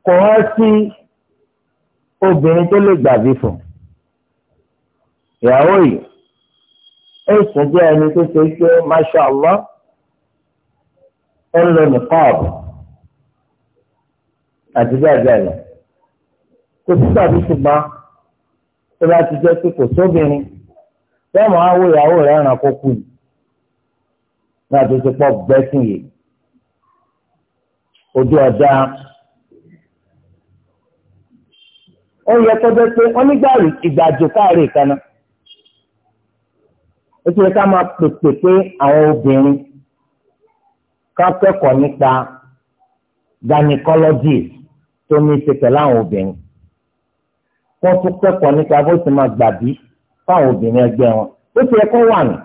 kò wọ́n sí obìnrin tó lè gbàbí fún ìyàwó yìí ẹ̀sùn jẹ́ ẹni tó ṣe pé masha allah ń lọ nìkọ́ọ̀bù àti bẹ́ẹ̀ bẹ́ẹ̀ lọ kò sí tàbí ṣùgbọ́n tó bá ti jẹ́ pé kò sóbìnrin bẹ́ẹ̀ mọ́ àwọ̀ ìyàwó rẹ̀ ràn kó kù ní àtúnṣe pọ̀ bẹ́sìn yìí ojú ọjà. ó yẹ kó bẹ pé wọn nígbà ìgbàjò káàárẹ̀ kaná ó ti yẹ ká máa pèpè pé àwọn obìnrin ká kẹ́kọ̀ọ́ nípa gynecology tó ní í ṣe pẹ̀lú àwọn obìnrin wọ́n tún kẹ́kọ̀ọ́ nípa bó ti máa gbàbí fáwọn obìnrin ẹgbẹ́ wọn ó ti yẹ kó wà ní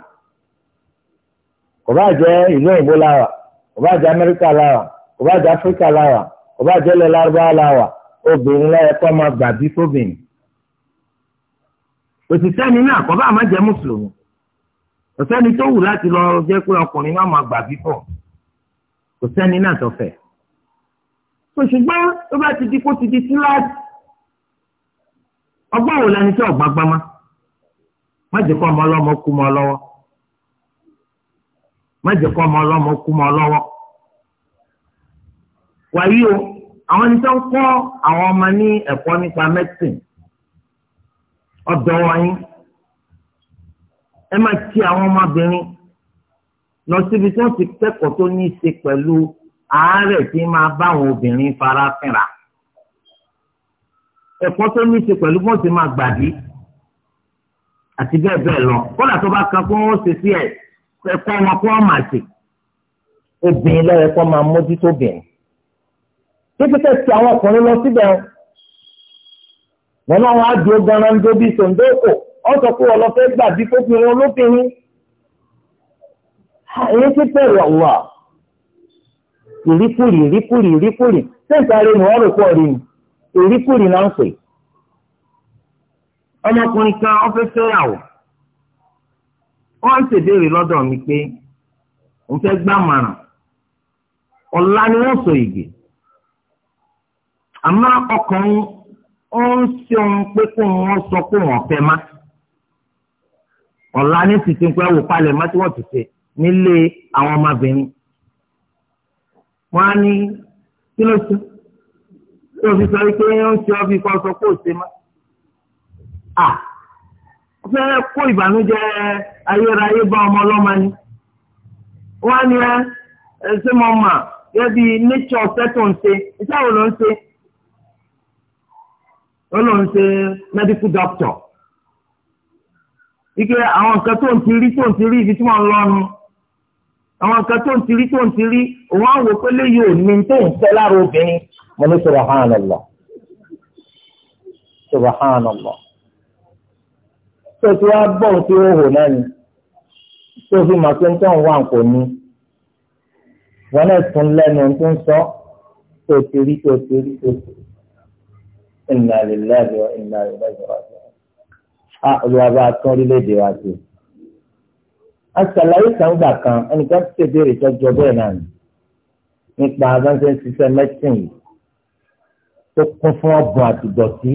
kò bá jẹ́ ìlú òyìnbó lára kò bá jẹ́ Amẹ́ríkà lára kò bá jẹ́ Áfíríkà lára kò bá jẹ́ ilẹ̀ Lárúbáwá lára. obìnrin lọ́yẹ kọ́ máa gbàbí fóbìnrin òṣìṣẹ́ ni náà kọ́ bá má jẹ́ mùsùlùmí òṣìṣẹ́ni lọ jẹ́ pé ọkùnrin má máa gbàbí pọ̀ òṣìṣẹ́ni náà bá ti di wo lẹni tí ọgbà gbámá má jẹ́ kọ́ ọmọ ọlọ́mọ kú mọ́ lọ́wọ́ má jẹ́ kọ́ ọmọ àwọn ẹni tó ń kọ́ àwọn ọmọ ní ẹ̀kọ́ nípa mẹ́tìn ọ̀dọ̀ wọ̀nyí ẹ máa ti àwọn ọmọbìnrin lọ síbi tí wọ́n ti kẹ́kọ̀ọ́ tó ní í ṣe pẹ̀lú àárẹ̀ tí máa bá àwọn obìnrin fara fínra ẹ̀kọ́ tó ní í ṣe pẹ̀lú bọ́ọ̀ ti máa gbàdí àti bẹ́ẹ̀ bẹ́ẹ̀ lọ kódà tó bá kan kó wọ́n ṣe sí ẹ̀ ẹ̀kọ́ wọn kó wọ́n máa ṣe obìnrin lọ́yẹ̀ kó máa mójútó obìnrin dókítà ti àwọn ọkùnrin lọ síbẹ̀ o mọ̀nà wọn á di ogaran ń dóbi sòǹdókò ọ sọ pé wọn lọ fẹ́ gbà bí fóbìnrin olóbìnrin èyí ti bẹ̀rù ọ̀wà ìríkùrì ìríkùrì ìríkùrì sẹ́ǹtàrí ni wọ́n rò pọ̀ rí ni náà ń pè ọmọkùnrin kan fẹ́ wọ́n ṣèbéèrè àmọ́ ọkùnrin ó ń ṣe ohun pé kó wọ́n sọ pé wọ́n fẹ́ má ọ̀la ní títí pé wò palẹ̀ má tí wọ́n ti ṣe nílé àwọn ọmọbìnrin wọ́n á ní kí ló ṣe tí o fi sọ pé ó ń ṣe ọ́ fi kọ́ sọ pé ò ṣe má à fẹ́ kó ìbànújẹ́ ayérayé bá ọmọ ọlọ́mọ ni wọ́n á ní ẹ ṣé mo mà gẹ́gẹ́ bí nature ṣẹ́tò ṣe iṣẹ́ wo ló ń ṣe ó lóun ṣe medical doctor ike àwọn nǹkan tó ń ti rí tó ń ti rí ibi tí wọ́n ń lọ́nu àwọn nǹkan tó ń ti rí tó ń ti rí òun á wò pé léyìí ò ní tó ń fẹ́ lára obìnrin mo ní subhanallah subhanallah tó ti wá bọ̀ tí ó hò náà ni tó fi ń tọ́ wà kò ní wọn náà tún lẹ́nu tó ń sọ tó rí tó rí tó rí inna lillahi wa inna ilaihi raji'un. a ah, olùwàbà tún orílẹ̀-èdè wa sí. a ṣàlàyé sàǹgbà kan ẹnìkan ti ṣèbéèrè tọ́jọ́ bẹ́ẹ̀ náà ni nípa abáńṣe ń ṣiṣẹ́ mẹ́sìn yìí tó kún fún ọ̀bùn àtìdọ̀tí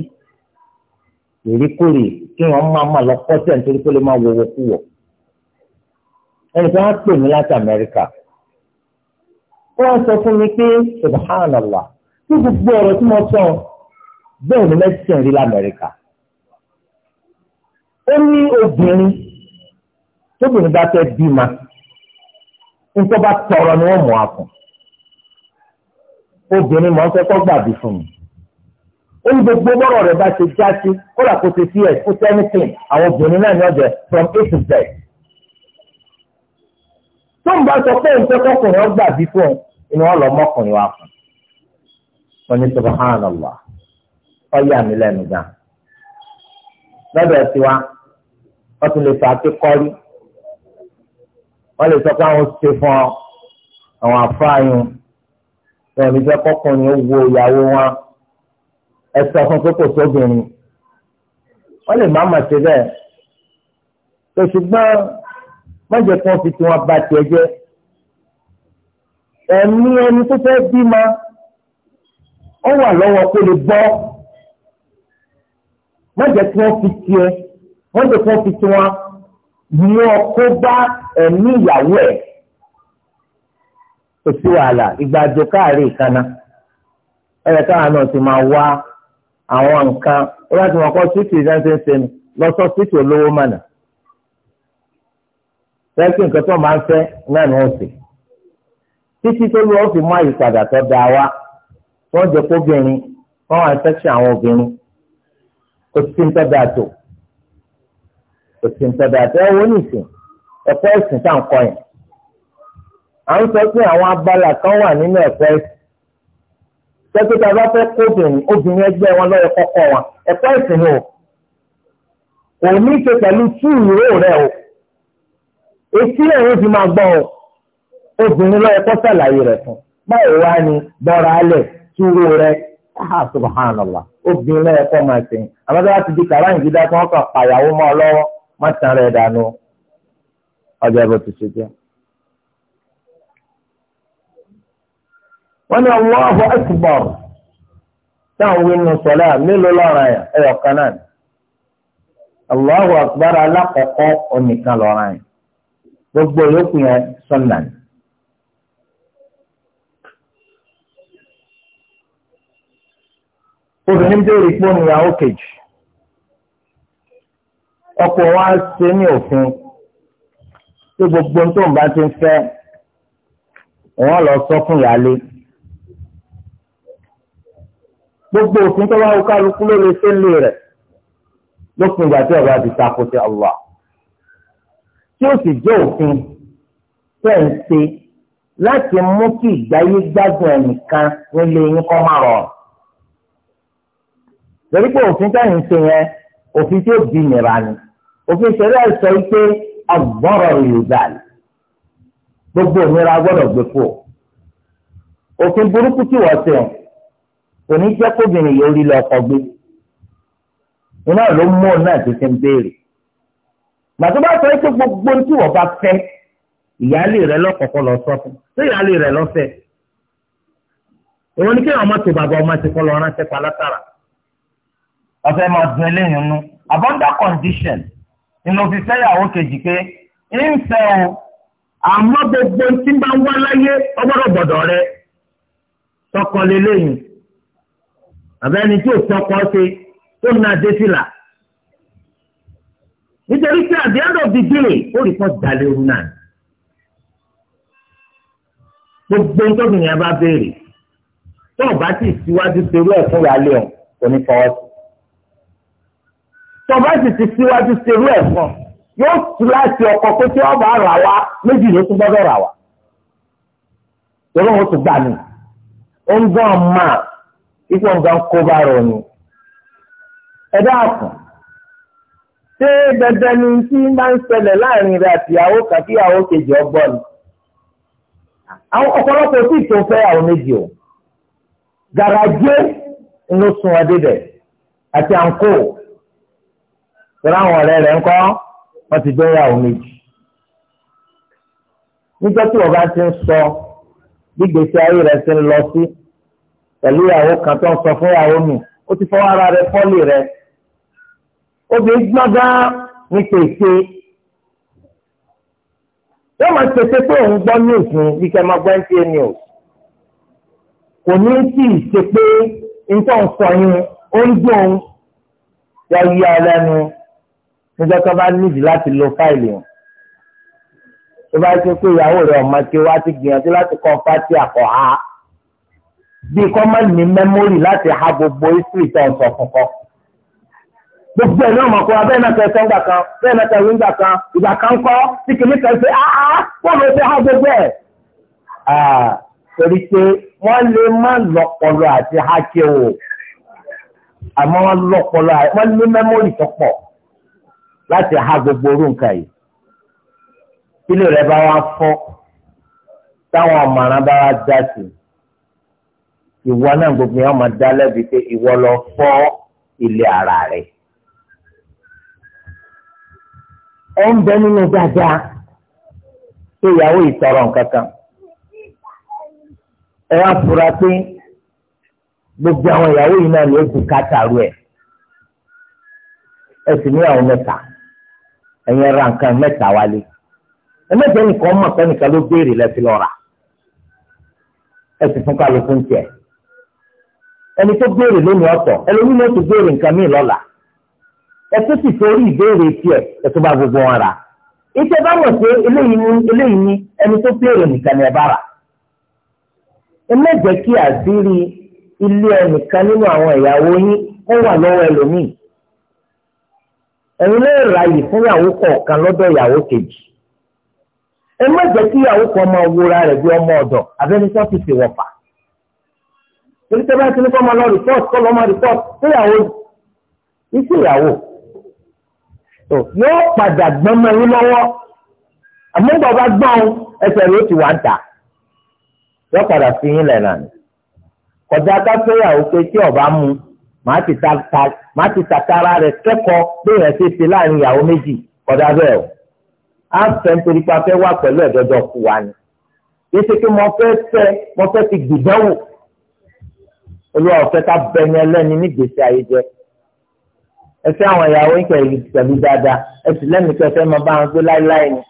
ìríkòrè kí wọ́n máa máa lọ kọ́sẹ̀ nítorí pé lè máa wọwọ́ kú wọ̀. ẹnìkan á pè mí láti Amẹ́ríkà wọ́n sọ fún mi pé subhanallah tí gbogbo ọ̀rọ̀ tí mo sọ bẹ́ẹ̀ ni mẹ́sìn rí lamẹ́ríkà ó ní obìnrin tóbìnrin bá fẹ́ bímọ nítorí bá tọrọ ni wọ́n mọ̀ á fún obìnrin mọ̀ ń fẹ́ kọ́ gbàdúrà fún mi ó ní gbogbo bọ́rọ̀ rẹ̀ bá ṣe já sí kódà kó ṣe cs kó ṣe anything àwọn obìnrin náà ní ọ̀jẹ̀ from a to z tó ń bá sọ pé nǹkan kọkùnrin ọgbà bí fún un ni wọ́n lọ mọ́kùnrin wa fún un wọ́n ní subhanallah ọyà mi lẹ́nu gan lọ́dọ̀ tiwa wọ́n tún lè fa akíkọrí wọ́n lè sọ pé àwọn ṣe fún ọ àwọn àfáàyàn wọn ní fẹ́ kọkùnrin wo ìyàwó wọn ẹ sọ fún pé kò sóbìnrin wọ́n lè má mà ṣe bẹ́ẹ̀ tó ṣùgbọ́n mọ̀jẹ̀ kan fi tiwọn ba tiẹ̀ jẹ́ ẹ̀mí ẹni tó fẹ́ bímọ ó wà lọ́wọ́ kó lè gbọ́. wọ́n jẹ́ kí wọ́n fi tiẹ̀ wọ́n jẹ́ kí wọ́n fi tiwọn mú bá ẹ̀mí ìyàwó ẹ̀ kò sí wàhálà ìgbàjọ káàárẹ̀ ìkànnà ẹ̀rẹ̀ káwọn náà ti máa wá àwọn nǹkan ó bá ti wọn kọ́ ni olówó mànà kí nǹkan tó máa ń fẹ́ títí tó lọ́ọ́ fi mú àyípadà tó wọ́n jẹ́ wọ́n wá ń àwọn obìnrin. kò sí ní tọ́jà tó kò sí ní tọ́jà tó ẹ wo nìsín ẹ̀kọ́ ẹ̀sìn tá à ń kọ́ yẹn à ń sọ pé àwọn abala kan wà nínú ẹ̀kọ́ ẹ̀sìn sẹ́kítà bá fẹ́ kóbìnrin obìnrin ẹgbẹ́ wọn lọ́yọ̀ kọ́kọ́ wọn ẹ̀kọ́ ẹ̀sìn ni o kò ní ṣe pẹ̀lú tú ìró rẹ o etí ẹ̀rín fi máa gbọ́ o obìnrin lọ́yọ̀ kọ́ sàlàyé rẹ̀ fún báwo wá ni bọ́ra alẹ̀ túró rẹ̀ ha ah, subhanallah obìnrin náà ẹ̀kọ́ máa ti di kàrá wọ́n kàn mọ́ ọ lọ́wọ́ má tàn rẹ̀ dànù ọjà ìbò ti jẹ́. wọ́n ní obìnrin béèrè pé òun ìyàwó kejì ọkọ wa ṣe ní òfin tí gbogbo tó ń bá ti ń fẹ́ wọ́n lọ sọ fún ìyáálé gbogbo òfin tó bá wù kálukú ló lè ṣe ń lè rẹ̀ lópin ìgbà tí ọba ti takò sí Allah tí ó sì jẹ́ òfin tẹ̀ ń ṣe láti mú kí ìgbáyé gbádùn ẹnìkan nílé yín kọ́ máa rọrùn torí pé òfin táyì ń ṣe yẹn òfin tí ó di nira ni òfin ìṣẹ̀lẹ̀ sọ pé agbọ́rọ̀ yorùbáàlì gbogbo òmìnira gbọ́dọ̀ gbé fò òfin burúkú tí wọ́n ṣe kò ní jẹ́ kóbìnrin yóò rí lọ́kọ gbé iná ló mú òun náà tó ti ń béèrè màtó bá sọ pé gbogbo tí wọ́n bá fẹ́ ìyáálé rẹ lọ́kọ̀ọ̀kọ̀ lọ sọ fún ṣé ìyáálé rẹ lọ́fẹ̀ẹ́ ìwọ ni kí àwọn ọmọ tó bàbá ọmọ ti kọ́ lọ ránṣẹ́ pa látara. ọ̀fẹ́ máa dùn eléyìn nù abọ́ndà condition nínú fífẹ́ ìyàwó kejì pé ń o àmọ́ gbogbo tí bá ń wá láyé ọgbọ́dọ̀ gbọ́dọ̀ rẹ tọkọ lélẹ́yìn àbẹ́ni tí ò tọkọ ṣe tó ń dé sílà nítorí pé at the end of ó rí dalẹ̀ òun gbogbo yẹn bá béèrè tó o bá ti tọba sì ti síwájú serú ẹ̀ fún yóò tún láti ọkọ̀ pé tí ọba rà wá méjì ló tún gbọ́dọ̀ rà wá torí wọn tún gbà mí ó ń gbọ́n máa ipò ń gbọ́n kó bá rọ ni ẹ dáàkùn ṣé dandan ni tí máa ń ṣẹlẹ̀ láàrin rẹ̀ àtìyàwó kàkíyàwó kejì ọgbọ́n ni àwọn ọ̀pọ̀lọpọ̀ sì tó fẹ́ àwọn méjì o gàràjé ló sun adé bẹ̀ àti àǹkó tọ́lá àwọn ọ̀rẹ́ rẹ̀ ńkọ́ wọ́n ti jẹ́ ìyàwó méjì. níjọ́ tí wọ́n bá ti ń sọ gbígbèsè ayé rẹ̀ ti ń lọ sí pẹ̀lú ìyàwó kan tó ń sọ fún ìyàwó mi ó ti fọwọ́ ara rẹ̀ pọ́lì rẹ̀ obìnrin gbọ́dá ní pèsè wọ́n máa pèsè pé òun gbọ́ ní òfin bí kẹ́ máa gbọ́ ní ẹni o kò ní kí ì ṣe pé nǹkan sọ yín ó ń dùn yọ yí ọ lẹ́nu níjọ́ tó bá nídìí láti lo fáìlì wọn tó bá ṣe pé ìyàwó rẹ̀ ọmọ kí wá ti gbìyànjú láti kọ́ fáti àkọ́ ha bí kọ́ má ní mẹ́mórì láti ha gbogbo history tó ń sọ fún kọ́ gbogbo ẹ̀ náà mọ̀ kó abẹ́ náà kẹsàn-án gbà kan bẹ́ẹ̀ náà kẹsàn-án gbà kan ìgbà kan kọ́ tí kìíní kan ṣe áá wọ́n lọ sí ha gbogbo ẹ̀ torí pé wọ́n lè má lọ́pọlọ àti hákẹ́ o àmọ́ wọ́n lọ́pọlọ wọ́n ní mẹ́mórì tó pọ̀ láti ha gbogbo orú nǹkan yìí ilé rẹ bá wá fọ́ táwọn ọ̀mọ̀ràn bá wá dá sí ìwọ náà gbogbo yẹn máa dá lẹ́bi pé ìwọ lọ fọ́ ilé ara rẹ. ẹ ń bẹ nínú dáadáa pé ìyàwó ìtọrọ nǹkan kan ẹ wá fura pé gbogbo àwọn ìyàwó yìí náà ló ti ká tàrú ẹ ẹ sì ní àwọn mẹ́ta ẹ̀yin ra nǹkan mẹ́ta wálé ẹ̀mẹ́ta nìkan mọ̀ sẹ́nìkan ló béèrè lẹ́sí lọ́ra ẹ sì fún kálukú ń tiẹ̀ ẹni tó béèrè lónìí ọ̀tọ̀ ẹlòmíì ló ti béèrè nǹkan míì lọ́la ẹ tó sì torí ìbéèrè tiẹ̀ ẹ tó bá gbogbo wọn rà iṣẹ́ bá mọ̀ pé eléyìí ní eléyìí ní ẹni tó béèrè nìkan ni ẹ bá rà ẹ mẹ́jẹ̀ kí àṣírí ilé ẹnìkan nínú àwọn ìyàwó yín ó wà lọ́wọ́ ẹlòmíì ẹ̀yin lè ráàyè fún ìyàwó kọ̀ọ̀kan lọ́dọ̀ ìyàwó kejì ẹ má jẹ́ kí ìyàwó kan máa wúra rẹ̀ bí ọmọ ọ̀dọ̀ abẹ́ni sọ́fíìsì wọ̀fà torí tẹ́ bá ti ní kọ́ máa lọ rìpọ́t kọ́ lọ máa rìpọ́t síyàwó iṣẹ́ ìyàwó yóò padà gbọ́n mọ́ ẹni lọ́wọ́ àmọ́ bàbá gbọ́n ẹsẹ̀ ló ti wà ń tà yóò padà fi yín lẹ̀ nàní kọjá ká màá ti tàtàrà rẹ̀ kẹ́kọ̀ọ́ bí èèyàn ṣe ṣe láàrin ìyàwó méjì kódà bẹ́ẹ̀ o á fẹ́ nítorí pé a fẹ́ wà pẹ̀lú ẹ̀dọ́dọ̀ kù wa ni yéṣe pé mo fẹ́ fẹ́ mo fẹ́ ti gbìdánwò olúwa ọ̀fẹ́ ká bẹni ẹlẹ́ni nígbèsè ayé jẹ ẹ àwọn ìyàwó ń kẹ̀lé pẹ̀lú dáadáa ẹ sì lẹ́nu kẹfẹ́ bá wọn gbé láéláé ni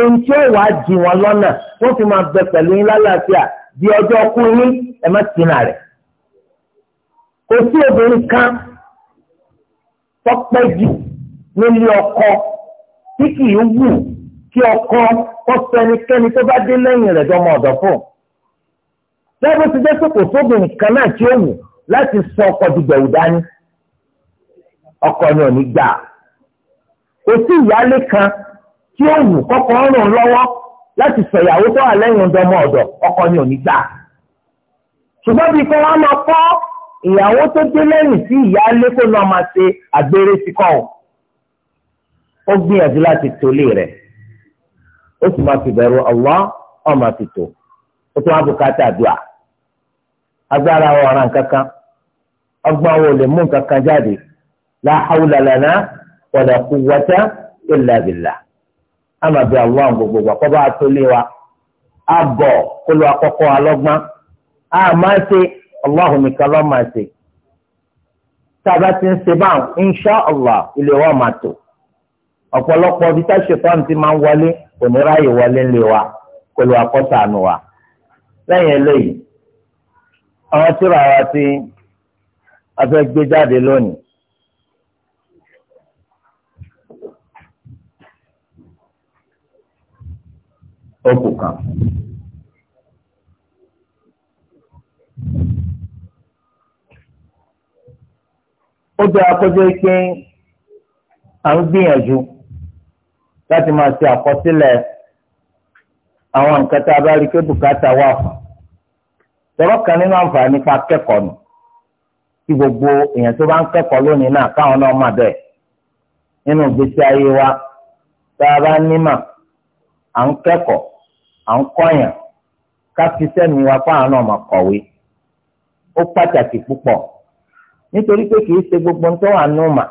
ohun tí ó wàá di wọn lọ́nà wọ́n fi máa bẹ pẹ̀lú yín lálàáfíà di ọjọ́ ọkùnrin yín ẹ má tì náà rẹ̀ kò sí obìnrin kan tọ́pẹ́ jù nílé ọkọ tí kì í wù kí ọkọ ọ̀sẹ̀ ẹnikẹ́ni tó bá dé lẹ́yìn rẹ̀ dọ́mọ ọ̀dọ̀ fún un. lẹ́bí ti dé sọ́kò sóbìnrin kan náà tí ó wù láti sọ ọkọ dìgbẹ̀wò dání ọkọ ni ò ní gbà. kò sí ìyáálé kan tí ó wù kọ́kọ́ rùn lọ́wọ́ láti sọ ìyàwó tó wà lẹ́yìn dọ́mọ ọ̀dọ̀ ọkọ ni ò ní gbà. ṣùgbọ́n bí kò wá lọ kọ́ ìyàwó tó dé lẹ́yìn sí ìyáálé kó lọ máa ṣe àgbèrè sí kọ́ ọ. ó gbìyànjú láti tolé rẹ̀ ó sì máa fi bẹ̀rù Allah ọ̀ fi tò ó tún wá bùkátà dùà agbára ọ̀ràn kankan ọgbọ́n wo lè mú kankan jáde la hawla wa kọ́ bá tolé wa ọlọ́hun nìkan ló máa ṣe tá a bá ti ń ṣe báwọn insha allah ilé wa máa tò ọ̀pọ̀lọpọ̀ bí táṣetán ti máa ń wọlé kò ní wọlé ńlẹ̀ wa kò àkọ́tà àánú wa lẹ́yìn eléyìí àwọn tíra wa ti a fẹ́ gbé jáde lónìí. ó kù ó jẹ́ akọ́jọ́ pé à ń gbìyànjú láti máa ṣe àkọsílẹ̀ àwọn nǹkan tá a bá rí pé bùkátà wà fún sọ̀rọ̀ kan nínú àǹfààní nípa kẹ́kọ̀ọ́ nù kí gbogbo èèyàn tó bá ń kẹ́kọ̀ọ́ lónìí náà káwọn náà mà bẹ́ẹ̀ nínú ìgbésí ayé wa tá a bá nímà à ń kẹ́kọ̀ọ́ à ń kọ́yàn ká fi sẹ́mi wa fáwọn náà mà kọ̀wé ó pàtàkì púpọ̀ nítorí pé kì í ṣe gbogbo tó wà nù mà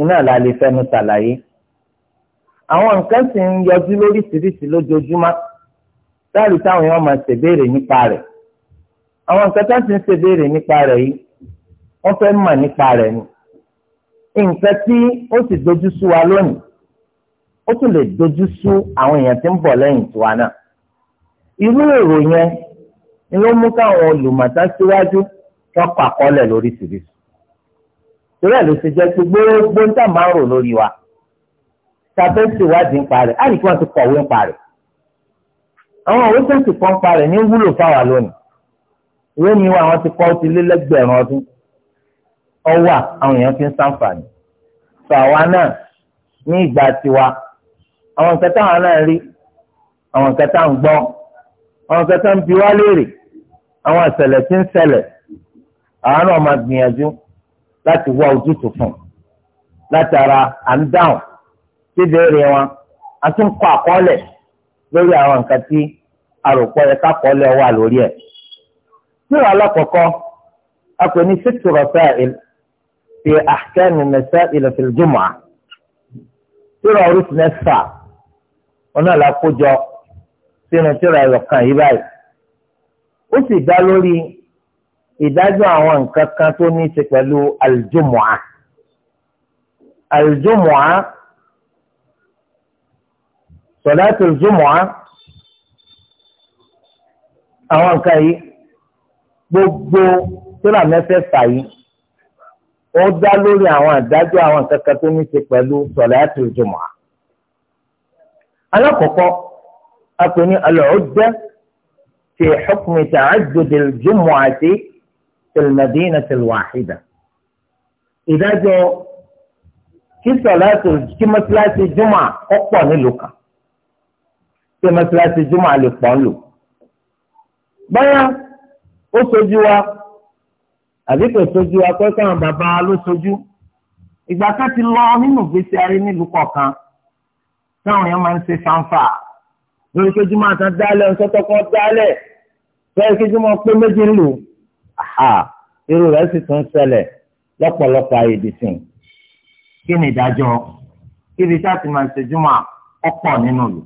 iná là lè fẹnu ṣàlàyé àwọn nǹkan sì ń yọjú lóríṣiríṣi lójoojúmọ́ láàrin táwọn èèyàn máa ṣèbéèrè nípa rẹ̀ àwọn nǹkan tó ti ń ṣèbéèrè nípa rẹ̀ yìí wọ́n fẹ́ mọ̀ nípa rẹ̀ ni nǹkan tí ó sì dojú sú wa lónìí ó tún lè dojú sú àwọn èèyàn tí ń bọ̀ lẹ́yìn tiwa náà irú èrò yẹn ni ló mú káwọn olùmọ̀tá síwájú. Si wọ́n kọ́ àkọọ́lẹ̀ lóríṣiríṣi torí ẹ̀ ló ṣe jẹ́ pé gbogbo níta máa ń rò lórí wa tàbí ṣèwádìí ń parẹ́ á ní kí wọ́n ti kọ̀wé ń parẹ́ àwọn òwe tó ń sì pọ́n parẹ́ ní wúlò fáwa lónìí ìwé mi wá àwọn ti kọ́ ó ti lé lẹ́gbẹ̀rún ọdún ọwà àwọn èèyàn fi ń ṣàǹfààní sọ àwa náà ní ìgbà tiwa àwọn nǹkan táwọn náà rí àwọn nǹkan táwọn gbọ́ àwọn nǹkan táwọn bi wá léèrè àwọn ìṣẹ̀lẹ̀ tí ń ṣẹlẹ̀ àwọn náà máa gbìyànjú láti wá ojútùú fún látara à ń dáhùn síbèrè wọn a tún kọ àkọọ́lẹ̀ lórí àwọn nǹkan tí àròpọ̀ yẹ kákọọ́lẹ̀ wà lórí ẹ̀. síra alákọ̀ọ́kọ́ a pè ní six rasail fi ahkam masail fil jumu'ah síra orísun ẹ̀fà wọn náà la kó jọ sínú síra yìí báyìí ó sì dá lórí ìdájọ́ àwọn nǹkan kan tó ní í ṣe pẹ̀lú aljumua aljumua sọ̀dáàtì aljumua àwọn nǹkan yìí gbogbo tíra mẹ́fẹ̀ẹ̀fà yìí ó dá lórí àwọn àdájọ́ àwọn nǹkan kan tó ní í ṣe pẹ̀lú sọ̀dáàtì aljumua alákọ̀ọ́kọ́ a pè ní al-udda fi hukmi ta'addud al-jumu'ati tìlmẹ̀dínà tìlwàhídà ìdájọ́ kí sọ̀láṣì kí mọ́sálásí jùmọ̀ ọ̀pọ̀ nílùú kan kí mọ́sálásí jùmọ̀ lè pọ̀ ńlò báyà ó sojú wa àbí kò sojú wa pé káwọn bàbá ló sojú ìgbà kan ti lọ nínú gbèsè ayé nílùú kọ̀ọ̀kan táwọn yẹn máa ń ṣe fanfa lórí kejì máa tán dálẹ̀ ń sọ́tọ̀ kan dálẹ̀ fẹ́ẹ́ kejì máa pé méjì ńlò irú rẹ̀ sì tún ṣẹlẹ̀ lọ́pọ̀lọpọ̀ àyèdèsìn kí ni ìdájọ́ kíbi tá a ti máa ṣèjúmọ́ ọ̀pọ̀ nínú ìlú.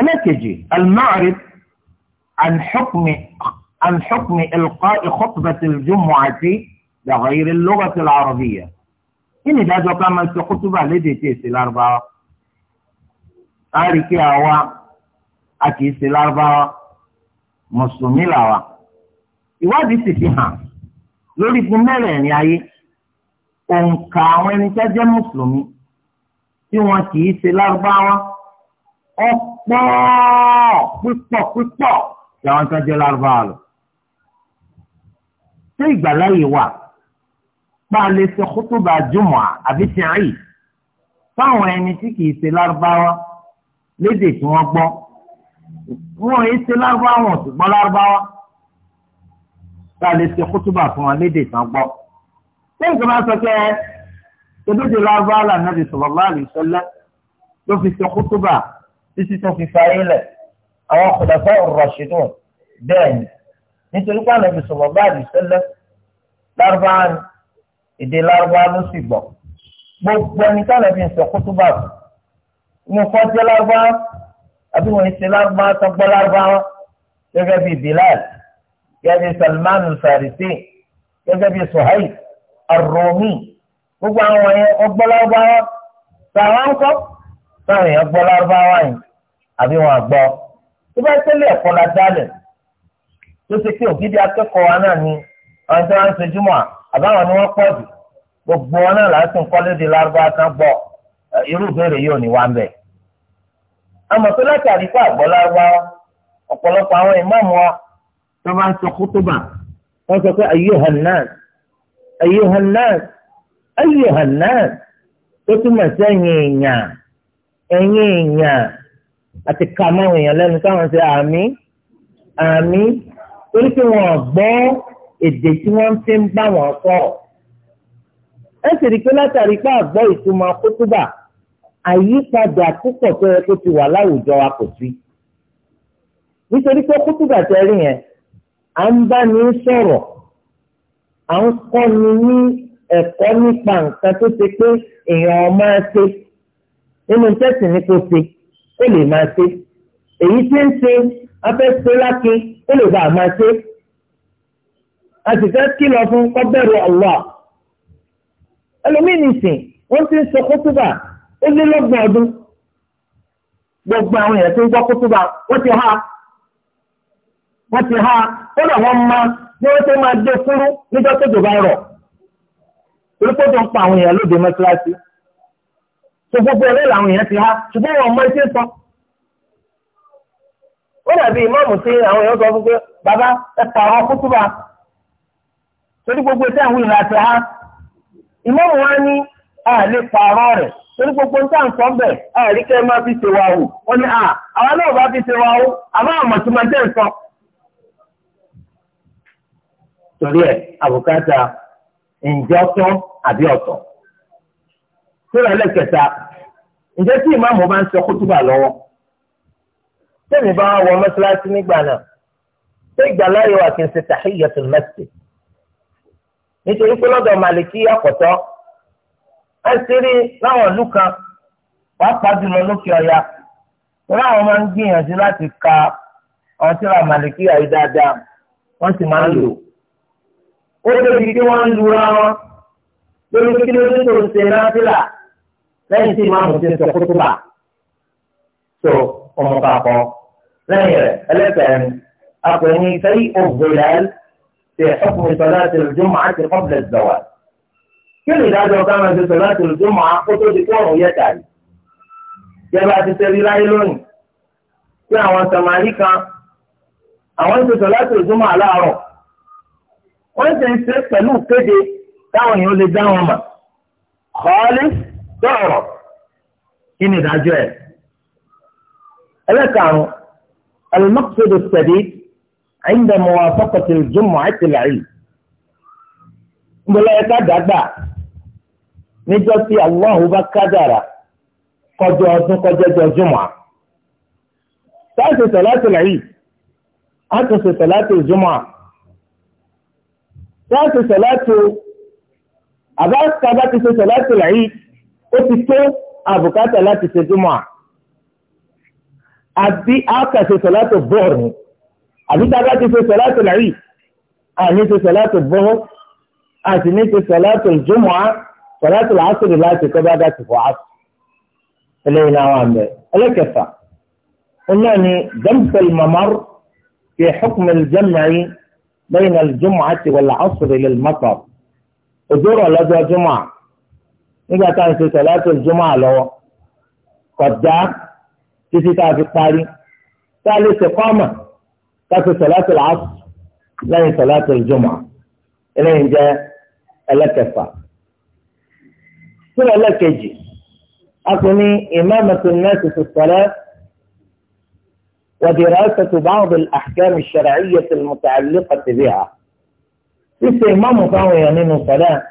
ẹlẹ́kejì al-ma'rif an hukmi an hukmi ilqa'i khutbati al-jumu'ati bi ghayri al-lughati al-arabiyyah kí ni ìdájọ́ ká máa ṣe kútúbà lédè tí èsì lárúbáwá. a rí kí àwa a kì í ṣe lárúbáwá mùsùlùmí làwa ìwádìí sì fi hàn lórí igun mẹ́rẹ̀ẹ̀rin ayé òǹkà àwọn ẹni tó jẹ́ mùsùlùmí tí wọn kì í ṣe lárúbáwá ọ̀pọ̀ púpọ̀ púpọ̀ làwọn tó jẹ́ lárúbáwá lọ. ṣé ìgbàláyè wà bá a lè sọ kútùbà jùmọ̀ àbí tìrì fáwọn ẹni tí kì í ṣe lárúbáwá lédè tí wọ́n gbọ́ wọn ò ṣe lárúbáwá wọn ò sì gbọ́ lárúbáwá tá a lè ṣe kútùbà fún wa lédè tán gbọ́. lẹ́yìn tó bá sọ pé ìdóde lágbára nàbì sallallahu alaihi wasallam ló fi ṣe kútùbà títí tó fi fàyè lẹ̀ àwọn khulafa ar-rashidun bẹ́ẹ̀ ni nítorí pé ànàbì sallallahu alaihi wasallam lárúbáwá ni èdè lárúbáwá ló sì gbọ́ gbogbo ẹni tí ànàbì ń ṣe kútùbà fún ní kọ́jẹ́ lárúbáwá àbí wọ́n ń gẹ́gẹ́ Salman Farisi gẹ́gẹ́ bí Suhaib Ar-Rumi gbogbo àwọn yẹn ọgbọ́lárúbáwá sàwọn ńkọ́ sàwọn yẹn ọgbọ́lárúbáwá yìí àbí wọn àgbọ́ tó bá tẹ́lẹ̀ ẹ̀kọ́ la dálẹ̀ tó ti pé ògidì akẹ́kọ̀ọ́ wa náà ni àwọn tí wọ́n ń sojúmọ́ àbáwọn ni wọ́n pọ̀ jù gbogbo wọn náà láti ń kọ́lé di lárúbáwá kan gbọ́ irú ìbéèrè yóò ní wá ń bẹ̀. àmọ́ tó látàrí pé àgbọ́lárúbáwá ọ̀pọ̀lọpọ̀ àwọn ìmáàmù wa tó bá ń sọ kútúbà wọ́n sọ pé ayyuhan nas ayyuhan nas ayyuhan nas tó túmọ̀ sí ẹ̀yin èèyàn ẹ̀yin èèyàn àti kàmáwọn èèyàn lẹ́nu táwọn ṣe àmì àmì torí pé wọ́n gbọ́ èdè tí wọ́n fi ń bá wọn sọ. ẹ sì rí i pé látàrí pé àgbọ̀ ìtumọ̀ kútúbà àyípadà púpọ̀ tó yẹ kó ti wà láwùjọ wa nítorí pé kútúbà tẹ́rí yẹn à ń bá ní sọ̀rọ̀ à ń kọ́ni ní ẹ̀kọ́ nípa nǹkan tó ṣe pé èèyàn máa ṣe nínú tẹ́sí ní kò ṣe ó lè máa ṣe èyí tí ń ṣe afẹ́ṣe lákin ó lè bá máa ṣe a sì fẹ́ kìlọ̀ fún kọ́bẹ̀rù Allah ẹlòmíì nìsín wọ́n ti ń sọ kótóbà ó lé lọ́gbọ̀n ọdún gbogbo àwọn èèyàn tó ń gbọ́ kótóbà wọ́n ti há wọ́n ti ha kódà wọ́n ma bí wọ́n ti máa dé fúrú níjọ́ tó jọba rọ̀ torí pé ó ń pa àwọn èèyàn lóde mọ́tíláṣí tó gbogbo ẹ̀rẹ́ làwọn èèyàn ti ha ṣùgbọ́n wọn mọ iṣẹ́ sọ. ó dàbí ìmáàmù sí àwọn èèyàn sọ fún pé bàbá ẹ pààrọ̀ kútùbà torí gbogbo iṣẹ́ àwọn ìlà ti ha ìmáàmù wa ní a lè pààrọ̀ rẹ̀ torí gbogbo ń tàn sọ bẹ́ẹ̀ a rí kẹ́ máa fi ṣèwà o wọ́n ní a àwọn náà bá fi ṣèwà o àbá àmọ̀tí máa jẹ́ nǹkan torí ẹ̀ àbùkátà ǹjẹ́ ọ̀tọ̀ àbí ọ̀tọ̀. síra ẹlẹ́kẹta ǹjẹ́ tí ìmáàmù bá ń sọ kútùbà lọ́wọ́ tẹ̀mí bá wọ mọ́ṣáláṣí nígbà náà ṣé ìgbà láyé wà kí n ṣe tahiyyatul masjid nítorí pé lọ́dọ̀ màlìkí àkọ́tọ́ ẹ ti rí láwọn ìlú kan wàá pàdé lọ lókè ọ̀yà wọ́n àwọn máa ń gbìyànjú láti ka ọtí ra màlìkí àyè dáadáa wọ́n sì máa ń lò ó débi pé wọ́n ń lura wọn lórí kí ló dé tó ń ṣe náfìlà lẹ́yìn tí màmú ti sọ kótó bá tó ọmọ bá kọ́ lẹ́yìn rẹ̀ ẹlẹ́sẹ̀rin akọni sẹ́yìn ògbélẹ́l ti ẹ̀fọ́kùn ìsọ̀lá ti lùdúmọ̀ àti kọ́bìlẹ̀ zọ̀wà kí lè dájọ́ káwọn ti sọ̀lá ti lùdúmọ̀ àkótó ti kó ọ̀rùn yẹ̀tà yìí yẹ́bà ti sẹ́rí láyé lónìí tí àwọn sàmárì kan àwọn ti sọ̀lá ti lùdúmọ̀ aláàárọ̀ wọ́n ti ń ṣe pẹ̀lú kéde táwọn èèyàn lè dá wọn mọ̀ kọ́ọ́lé dọ̀rọ̀ kí ni ìdájọ́ ẹ̀. ẹlẹ́karùn-ún alimọ́kùsọ̀dọ̀ sẹ̀dí àyíndàmọ́ afọ́kọ̀tì ìjùmọ̀ àti làrí. nbọ̀lá ẹ̀ka dàgbà níjọ́ tí aláwo bá kádàrà kọjọ ọdún kọjọ jọ jùmọ̀ à. sáà ṣe sọ̀ láti làrí àtúnṣe sọ̀ láti ìjùmọ̀ à láti sọ̀láàtò àbáṣà bá ti ṣe sọ̀láàtò làyí ó ti tó àbùkátà láti ṣe jùmọ̀ à. àbí àkàṣe sọ̀láàtò bọ́ọ̀rù àbí tá a bá ti ṣe sọ̀láàtò làyí àní ṣe sọ̀láàtò bọ́ọ̀ àti ní ṣe sọ̀láàtò jùmọ̀ à sọ̀láàtò làásìrì láti kọ́ bá fọ́ àṣù. eléyìí náà wà mẹ́ ẹlẹ́kẹfà ó ni dẹ́mpẹ̀lì mamar fi xukumẹ̀lì jẹ́mẹ̀rin. بين الجمعة والعصر للمطر أجر لدى جمعة إذا كان في ثلاثة الجمعة لو قد في ستة في الثاني ثالث إقامة في ثلاثة العصر لين ثلاثة الجمعة إلين جاء لك الصلاة سؤال لك يجي أقني إمامة الناس في الصلاة ودراسة بعض الأحكام الشرعية المتعلقة بها تسي ما مفاوية من صلاة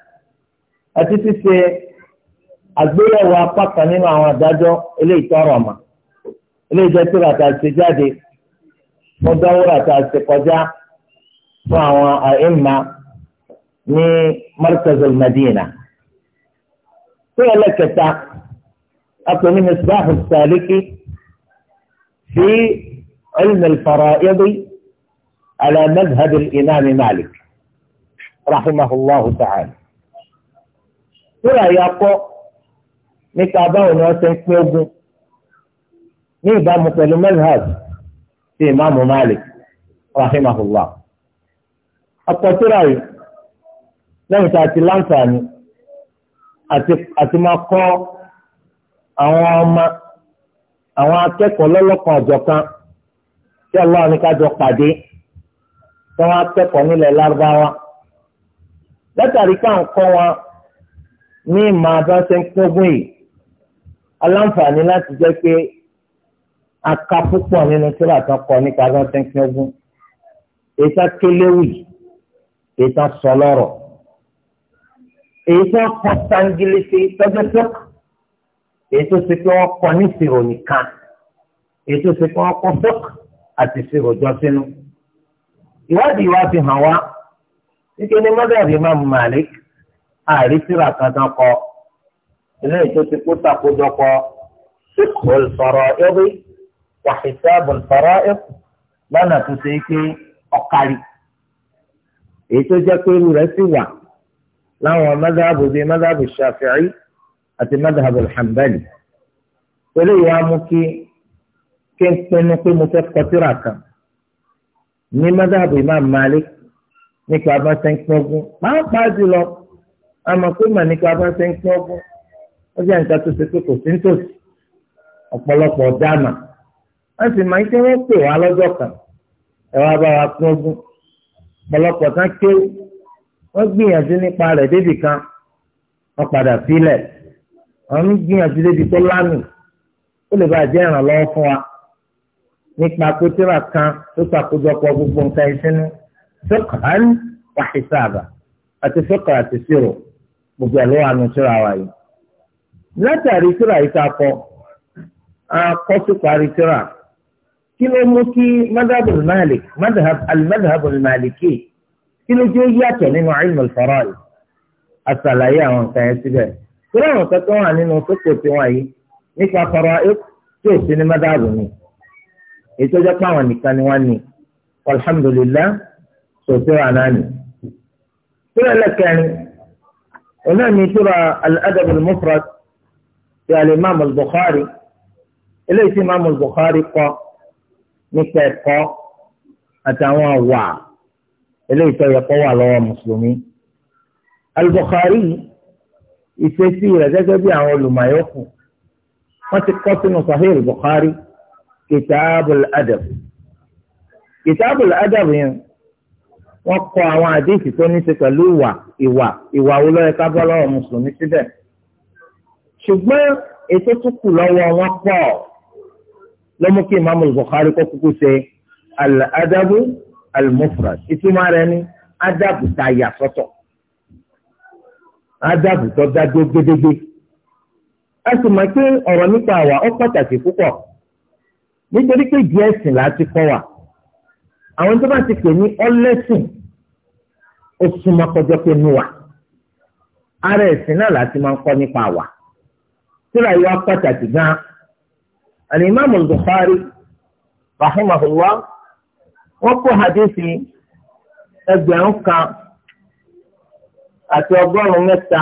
أتسي أدوية وقفة من عوادادو إلي ترمى إلي جاترة السجادة مدورة السقجاء فهو أئمة ni markazu madina tó yẹ lẹkẹta a tó ní misbahu saliki fi علم الفرائض على مذهب الإمام مالك رحمه الله تعالى ترى يقو nípa báwo ni wọ́n ṣe ń pín ogún ní ìbámu pẹ̀lú mazhab ti ìmáàmù Malik rahimahullah akọtúrà yìí lẹ́yìn tí a ti láǹfààní àti máa kọ́ àwọn ọmọ àwọn akẹ́kọ̀ọ́ lọ́lọ́kan ọ̀jọ̀kan tí Allah ní ká jọ pàdé tí wọ́n á kẹ́kọ̀ọ́ nílẹ̀ lárúbáwá látàrí ká ń kọ́ wọn ní ìmọ̀ abáṣe ń kógun yìí aláǹfààní láti jẹ́ pé a ka púpọ̀ nínú tíra kan kọ nípa abáṣe ń kógun èyí tá kéléwì èyí tá sọlọ́rọ̀ èyí tó kọ sangilisi tọ́jú èyí tó ṣe pé wọ́n kọ ní ìṣirò nìkan èyí tó ṣe pé wọ́n kọ tók àti ìṣirò jọ sínú. ìwádìí wa fi hàn wá nítorí mọ́dàbí Imam Malik àrísíra kankan kọ ilé ìjọ ti kó sàkójọpọ̀ fiqhul fara'id wa hisabul fara'id lọ́nà tó ṣe pé ọ̀kàrí èyí tó jẹ́ pé irú rẹ̀ sì wà láwọn mọ́dàbù bíi mọ́dàbù Shafi'i àti mọ́dàbù Hanbali pẹ̀lú ìwà mú kí kí n pinnu pé mo fẹ́ kọtíra kan ní mọ́dàbọ̀ imam malik nípa bá ṣe ń pín ogún pàápàá jùlọ àmọ́ pé mà nípa bá ṣe ń pín ogún ó jẹ́ nǹkan tó ṣe pé kò sí nítòsí ọ̀pọ̀lọpọ̀ dáàmà wọ́n sì máa ń kí wọ́n pè wá lọ́jọ́ kan ẹ wá bá wa pín ogún ọ̀pọ̀lọpọ̀ tán ké wọ́n gbìyànjú nípa rẹ̀ débì kan wọ́n padà sílẹ̀ wọ́n gbìyànjú débi tó lánàá ó lè bá jẹ́ ìrànlọ́wọ́ fún wa nípa pé tíra kan tó ṣàkójọpọ̀ gbogbo nǹkan ìsinú sọ́kàn wà hìsáàbà àti sọ́kàn àti sírò gbogbo ẹ̀ ló wà nù tíra wa yìí. látàrí tíra yìí ta kọ akọ́sùparí tíra kí ló mú kí madhabu malik alimadhabu maliki kí ló jẹ́ yàtọ̀ nínú ilmu al-fara'id àṣàlàyé àwọn nǹkan yẹn síbẹ̀. tíra àwọn kankan wà nínú sọ́kàn tiwọn yìí nípa fara'id tí ò sí ní madhabu mi ètò ọjọ́ pàwọn nìkan ni wọ́n ní alhamdulillah sọ̀tún ànáni. sọ́dọ̀ lẹ́kẹ̀rin ọ̀nà ni sọ́dọ̀ al-adab al-mufrad ti al-imam al-bukhari eléyìí tí imam al-bukhari kọ nípa ẹ̀kọ́ àtàwọn àwà eléyìí tó yẹ kó wà lọ́wọ́ mùsùlùmí. al-bukhari ìfesí rẹ̀ gẹ́gẹ́ bí àwọn olùmọ̀ yòókù wọ́n ti kọ́ sínú sahih bukhari kìtàbùl adab kìtàbùl adab yẹn wọ́n kọ àwọn àdéhìí tó ní ṣe pẹ̀lú ìwà ìwà ìwà wo ló yẹ ká bọ́ lọ́wọ́ mùsùlùmí síbẹ̀ ṣùgbọ́n ètò tó kù lọ́wọ́ wọn pọ̀ ló mú kí imaamu Bukhari kó kúkú ṣe al-adabu al-mufrad ni adabu tá a yà sọ́tọ̀ adabu tó dá dó a sì mọ̀ pé ọ̀rọ̀ nípa àwa ó pàtàkì púpọ̀ nítorí pé ìdí ẹ̀sìn là á ti kọ́ wa àwọn tó bá ti pè ní ọlẹ́sìn ó súnmọ́ kọjọ́ pé nú wa ara ẹ̀sìn náà là á ti máa ń kọ́ nípa wa síra yìí pàtàkì gan-an alimami Bukhari rahimahullah wọ́n kó hadithi ẹgbẹ̀rún kan àti ọgọ́rùn-ún mẹ́ta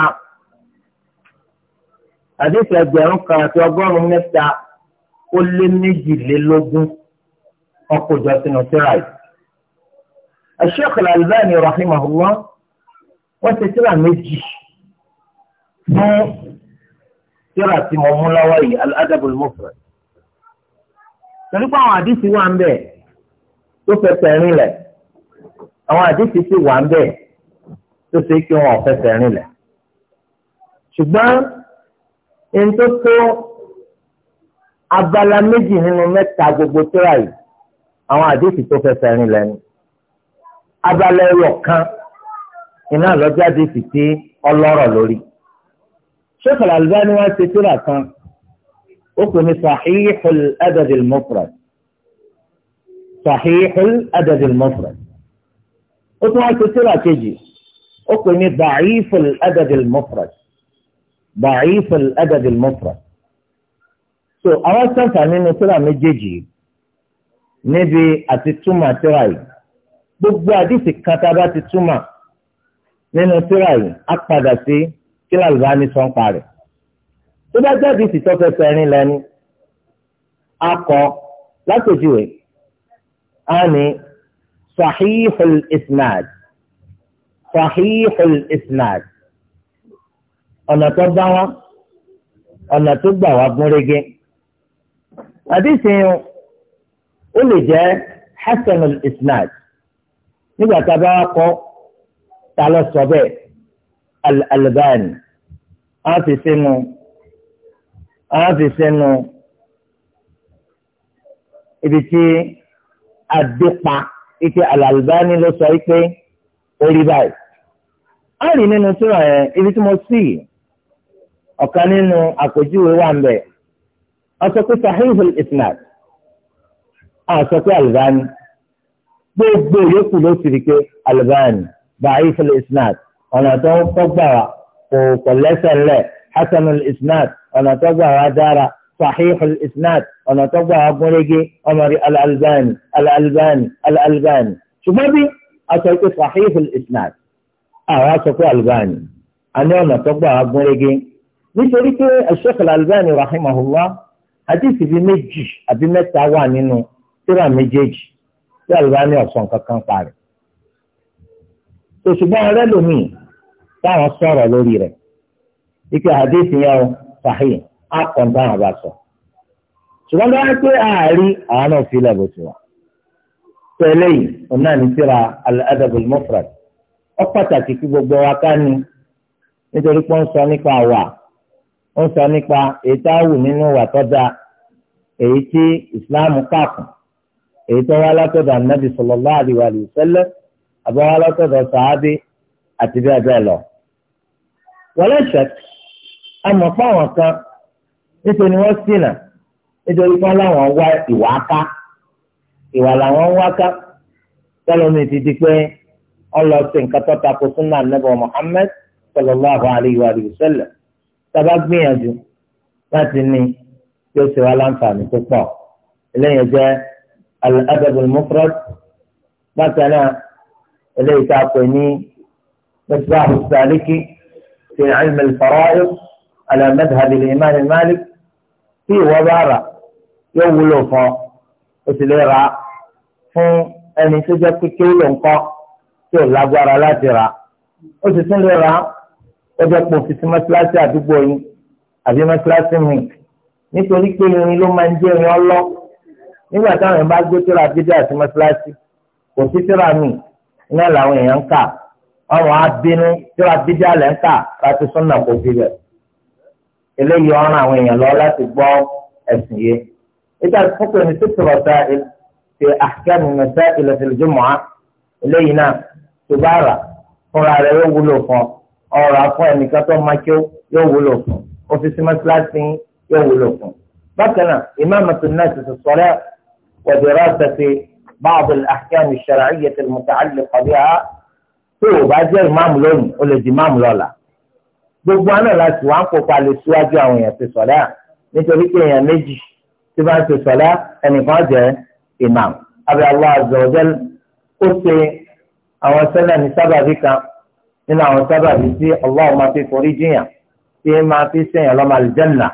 hadithi ẹgbẹ̀rún kan àti ọgọ́rùn-ún mẹ́ta ó lé méjìlélógún ọkọjọ sínú tíra yìí. Al-Sheikh Al-Albani rahimahullah wọ́n ti tíra méjì fún tíra tí mo mú lọ́wọ́ yìí Al-Adab al-Mufrad. torí pé àwọn àdìsí wà ń bẹ̀ tó fẹsẹ̀ rinlẹ̀ àwọn àdìsí sì wà ń bẹ̀ tó ṣe kí wọn fẹsẹ̀ rinlẹ̀. ṣùgbọ́n ẹni tó tó abala méjì nínú mẹ́ta gbogbo tírà yìí àwọn àdéhùn tó fẹsẹ̀ rìn lẹ́nu abala ẹyọ kan iná lọ́jáde sì ti ọlọ́rọ̀ lórí. Sheikh Al-Albani wá ṣe tírà kan ó pè ní Sahihul Adab al-Mufrad Sahihul Adab ó tún wá ṣe tírà kejì ó pè ní Da'iful Adab al-Mufrad Da'iful Adab so àwọn sẹ́ǹtà nínú tíra méjèèjì níbi àti túmọ̀ tíra yìí gbogbo àdìsí kan tá a bá ti túmọ̀ nínú tíra yìí á padà sí kílà lùbá ní sọ́ńpa rẹ̀ tó bá jáde sì tọ́ fẹsẹ̀ rin lẹ́nu akọ látòjúwe á ní sahihul isnad sahihul isnad ọ̀nà tó bá wọn ọ̀nà tó gbà wá gúnrégé àdìsí ó lè jẹ́ hasan al-isnad nígbà tá a bá kọ́ ta lọ sọ bẹ́ẹ̀ al-albani á fi sínú á fi sínú ibi tí adépa ike al-albani ló sọ pé ó báyìí á rí nínú tíra yẹn ibi tí mo sì ọ̀kan nínú àpèjúwe wà ń bẹ̀ aṣọ pé sahihul isnad aṣọ pé albani gbogbo yòókù ló ti rí pé albani da'iful isnad ọ̀nà tó kọ́ gbà wá kò kò lẹ́sẹ̀ lẹ̀ hasanul isnad ọ̀nà tó gbà wá dára sahihul isnad ọ̀nà tó gbà wá gúnrégé ọmọrí al-albani ṣùgbọ́n bí aṣọ pé isnad àwọn aṣọ pé albani ọ̀nà tó gbà wá nítorí pé al-sheikh al-albani àdìsí bíi méjì àbí mẹ́ta wà nínú síra méjèèjì tí àlùbáni ọ̀sán kankan parí. òṣùgbọ́n ọ̀rẹ́ lòmìn táwọn sọ̀rọ̀ lórí rẹ̀ ike àdìsí yẹn sàhìn àkọ́ńtà àbá sọ. ṣùgbọ́n bá wá pé àárí àwọn náà fi lẹ̀ bó ti wà. pẹ̀lú yìí òun náà ní síra al-adab al pàtàkì kí gbogbo wa ká ní nítorí pé nípa àwa ó sọ nípa èyí tá a wù nínú ìwà tọ́jà èyí tí islam kàkùn èyí tó wá látọ̀dọ̀ anabi sallallahu alaihi wa sallam àbọ̀wá látọ̀dọ̀ sàábì àti bẹ́ẹ̀ bẹ́ẹ̀ lọ. wọlé ṣẹk àmọ́ fáwọn kan nítorí wọ́n ṣìnà nítorí pé láwọn wá ìwà ká ìwà làwọn wá ká tẹ́lómi ti di pé ọlọ́sìn kátó takò súnà nàbọ̀ Muhammad sallallahu alaihi wa sallam tàbá gbìyànjú láti ní yóò ṣe wá láǹfààní tó pọ̀ eléyìí jẹ́ al-adabul mufrad bákan náà eléyìí tá a pè ní misbah saliki fi ilmi al-fara'id ala madhhab al-imam malik tí ìwọ bá rà yóò wúlò fún ọ sì lè rà fún ẹni tó jẹ́ kékeré ló ń kọ́ tí ò lágbára láti rà o sì tún lè rà lọ́jọ́ pé òfin sí mọ́ṣáláṣí àdúgbò yín àbí mọ́ṣáláṣí mi nítorí pé irin ló máa ń jẹ́ irin ọlọ́ nígbà táwọn èèyàn bá gbé tíra bídé àti mọ́ṣáláṣí kò sí tíra mi iná làwọn èèyàn ń kà ọrùn abínú tíra bídé àlẹ́ ń kà láti súnà kò fi rẹ̀ eléyìí ọ̀ràn àwọn èèyàn lọ láti gbọ́ ẹ̀sìn yé ìgbà fúnpẹ̀ ní sísọ̀rọ̀ ta ṣe àkẹ́mi mẹ́ta ìlọsílẹ̀ eléyìí náà tó bá rà fúnra rẹ̀ yóò wúlò fún ọ ọ̀rọ̀ afọ ẹnìkan tó máa kí ó yóò wúlò fún ọ́fíìsì mọ́sálásí yóò wúlò fún. bákan náà ìmáàmù tó náà ti sọ̀rọ̀ wọ̀dẹ̀rọ̀ àtẹ̀sí báàbù àkíyàmù ìṣẹ̀rẹ̀ àyẹ̀tẹ̀ mùtàlẹ̀ kọ̀dé a tó o bá jẹ́ ìmáàmù lónìí o lè di ìmáàmù lọ́la. gbogbo àná láti wá ń kópa lè síwájú àwọn èèyàn ti sọ̀rọ̀ à nítorí pé èèyàn méjì tí bá ń ti sọ̀rọ̀ ẹnìkan jẹ́ nínú àwọn sábàbí tí Allah máa fi forí jiyàn tí máa fi sẹ́yìn ọlọ́mọ àlùjànnà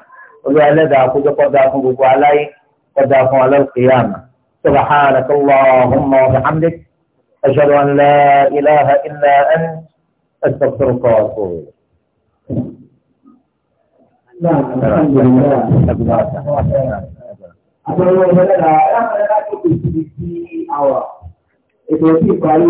olúwa ẹlẹ́dàá àkójọ kọ́dà fún gbogbo aláyé kọ́dà fún al-qiyamah subhanaka Allahumma wa bihamdik ashhadu an la ilaha illa anta astaghfiruka wa atubu ilayk. Àgbẹ̀wò ìgbẹ́lẹ́dà, ẹ̀rọ ìgbẹ́lẹ́dà tó ti di ti àwà, ètò ìparí.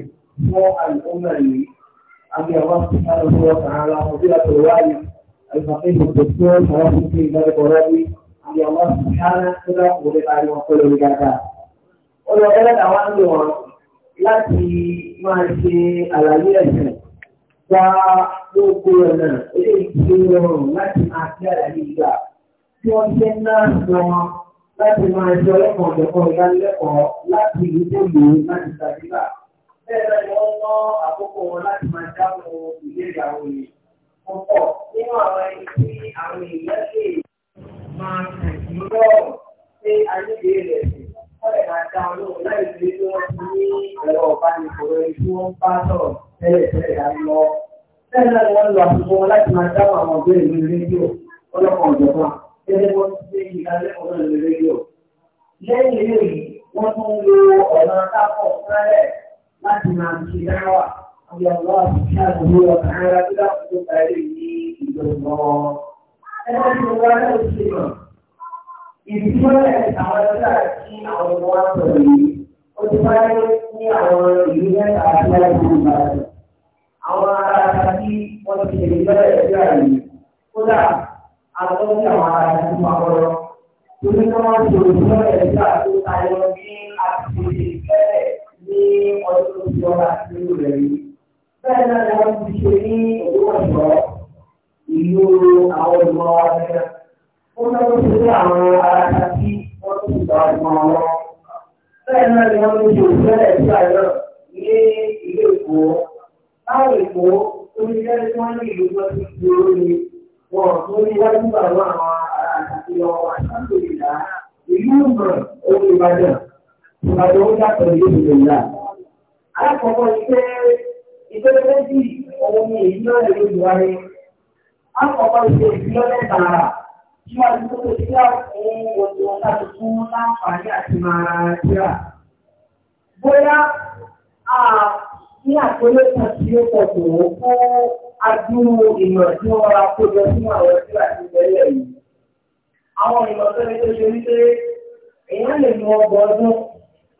هو الأمة اللي أن الله سبحانه وتعالى فضيلة الوالد الفقيه الدكتور فوافق في ذلك ورابي أن الله سبحانه كذا ولقاء وقوله بكذا ولو قالت أوان دون láti máa ṣe àlàyé ẹ̀sẹ̀ gba gbogbo ọ̀nà eléyìí tí ó rọrùn láti máa ṣe àlàyé ìgbà tí wọ́n ṣe ń ná wọn láti máa ṣe ọlọ́kan ọ̀dọ̀kan ìdánilẹ́kọ̀ọ́ láti ìlú tó lò ó láti ṣàdíbà bẹ́ẹ̀ ni wọ́n àkókò láti máa dáhùn ìbéèrè àwọn èèyàn. Mo pọ̀ nínú àwọn ẹni tí àwọn èèyàn lè máa tàn sí lọ́rùn pé a ní ìbéèrè Wọ́n lè máa dá wọn lóhùn láì fi bí wọ́n ti ní ẹ̀rọ ìbánisọ̀rọ̀ ẹni tí wọ́n bá sọ̀rọ̀ tẹ́lẹ̀ tẹ́lẹ̀ lọ. Bẹ́ẹ̀ náà ni wọ́n lo àkókò wọn láti máa dáhùn àwọn ìbéèrè lórí rédíò ọlọ́kan ọ̀jọ̀gbọ́n gẹ́gẹ́ bó wọ́n tún láti máa ṣe dáwà àbí àwọn àṣìṣàmù ní ọ̀tàn ara tó dákun tó parí ní ìjọba. Ẹgbẹ́ tí mo wá náà ṣe mọ̀, ìdílé àwọn ọjà tí àwọn ọmọ wa sọ̀rọ̀ yìí, ó ti wáyé ní àwọn ìlú mẹ́ta àti láti Ìbàdàn. Àwọn ará tí wọ́n ti ṣe ìjọba ẹ̀jẹ̀ àyè, kódà àwọn ọjà àwọn ará tí wọ́n ti ṣe ìjọba ẹ̀jẹ̀ àti ọdún tó ti ọba àti ìlú rẹ̀ yìí. Bẹ́ẹ̀ náà ni wọ́n ti ṣe ní Ògbómọ̀ṣọ́ ìlú àwọn ìmọ̀ abẹ́rẹ́. Ó náà ló ṣe àwọn ará tàbí wọ́n ti gba ìmọ̀ wọn. Bẹ́ẹ̀ náà ni wọ́n ti ṣe òṣèlè sí àyọ̀ ní ilé Èkó. Láwọn Èkó, oníṣẹ́ tí wọ́n ní ìlú tó ti di orí wọn tó ní wájú àwọn àwọn ará tàbí ọwọ́ àtàkùn ìlú mọ̀ òun Ìbàdàn. Ìbàdàn ó yàtọ̀ ní ìlú Ìlú Àkọ́kọ́ iṣẹ́ ìpele méjì òun ni èyí náà lè lò wáyé. Àkọ́kọ́ iṣẹ́ ìfilọ́lẹ̀ tààrà tí wọ́n ti kókó sí àwọn oṣù ọ̀tá tuntun láǹfààní àti màrà kíra. Bóyá ní àpẹẹrẹ kan tí ó pọ̀ tó fún adúrú ìmọ̀ tí wọ́n ra kó jọ sínú àwọn kíra ti tẹ́lẹ̀ yìí. Àwọn ìmọ̀ tó ní tó ṣe wípé èèyàn lè mú ọgbọ̀n ọdún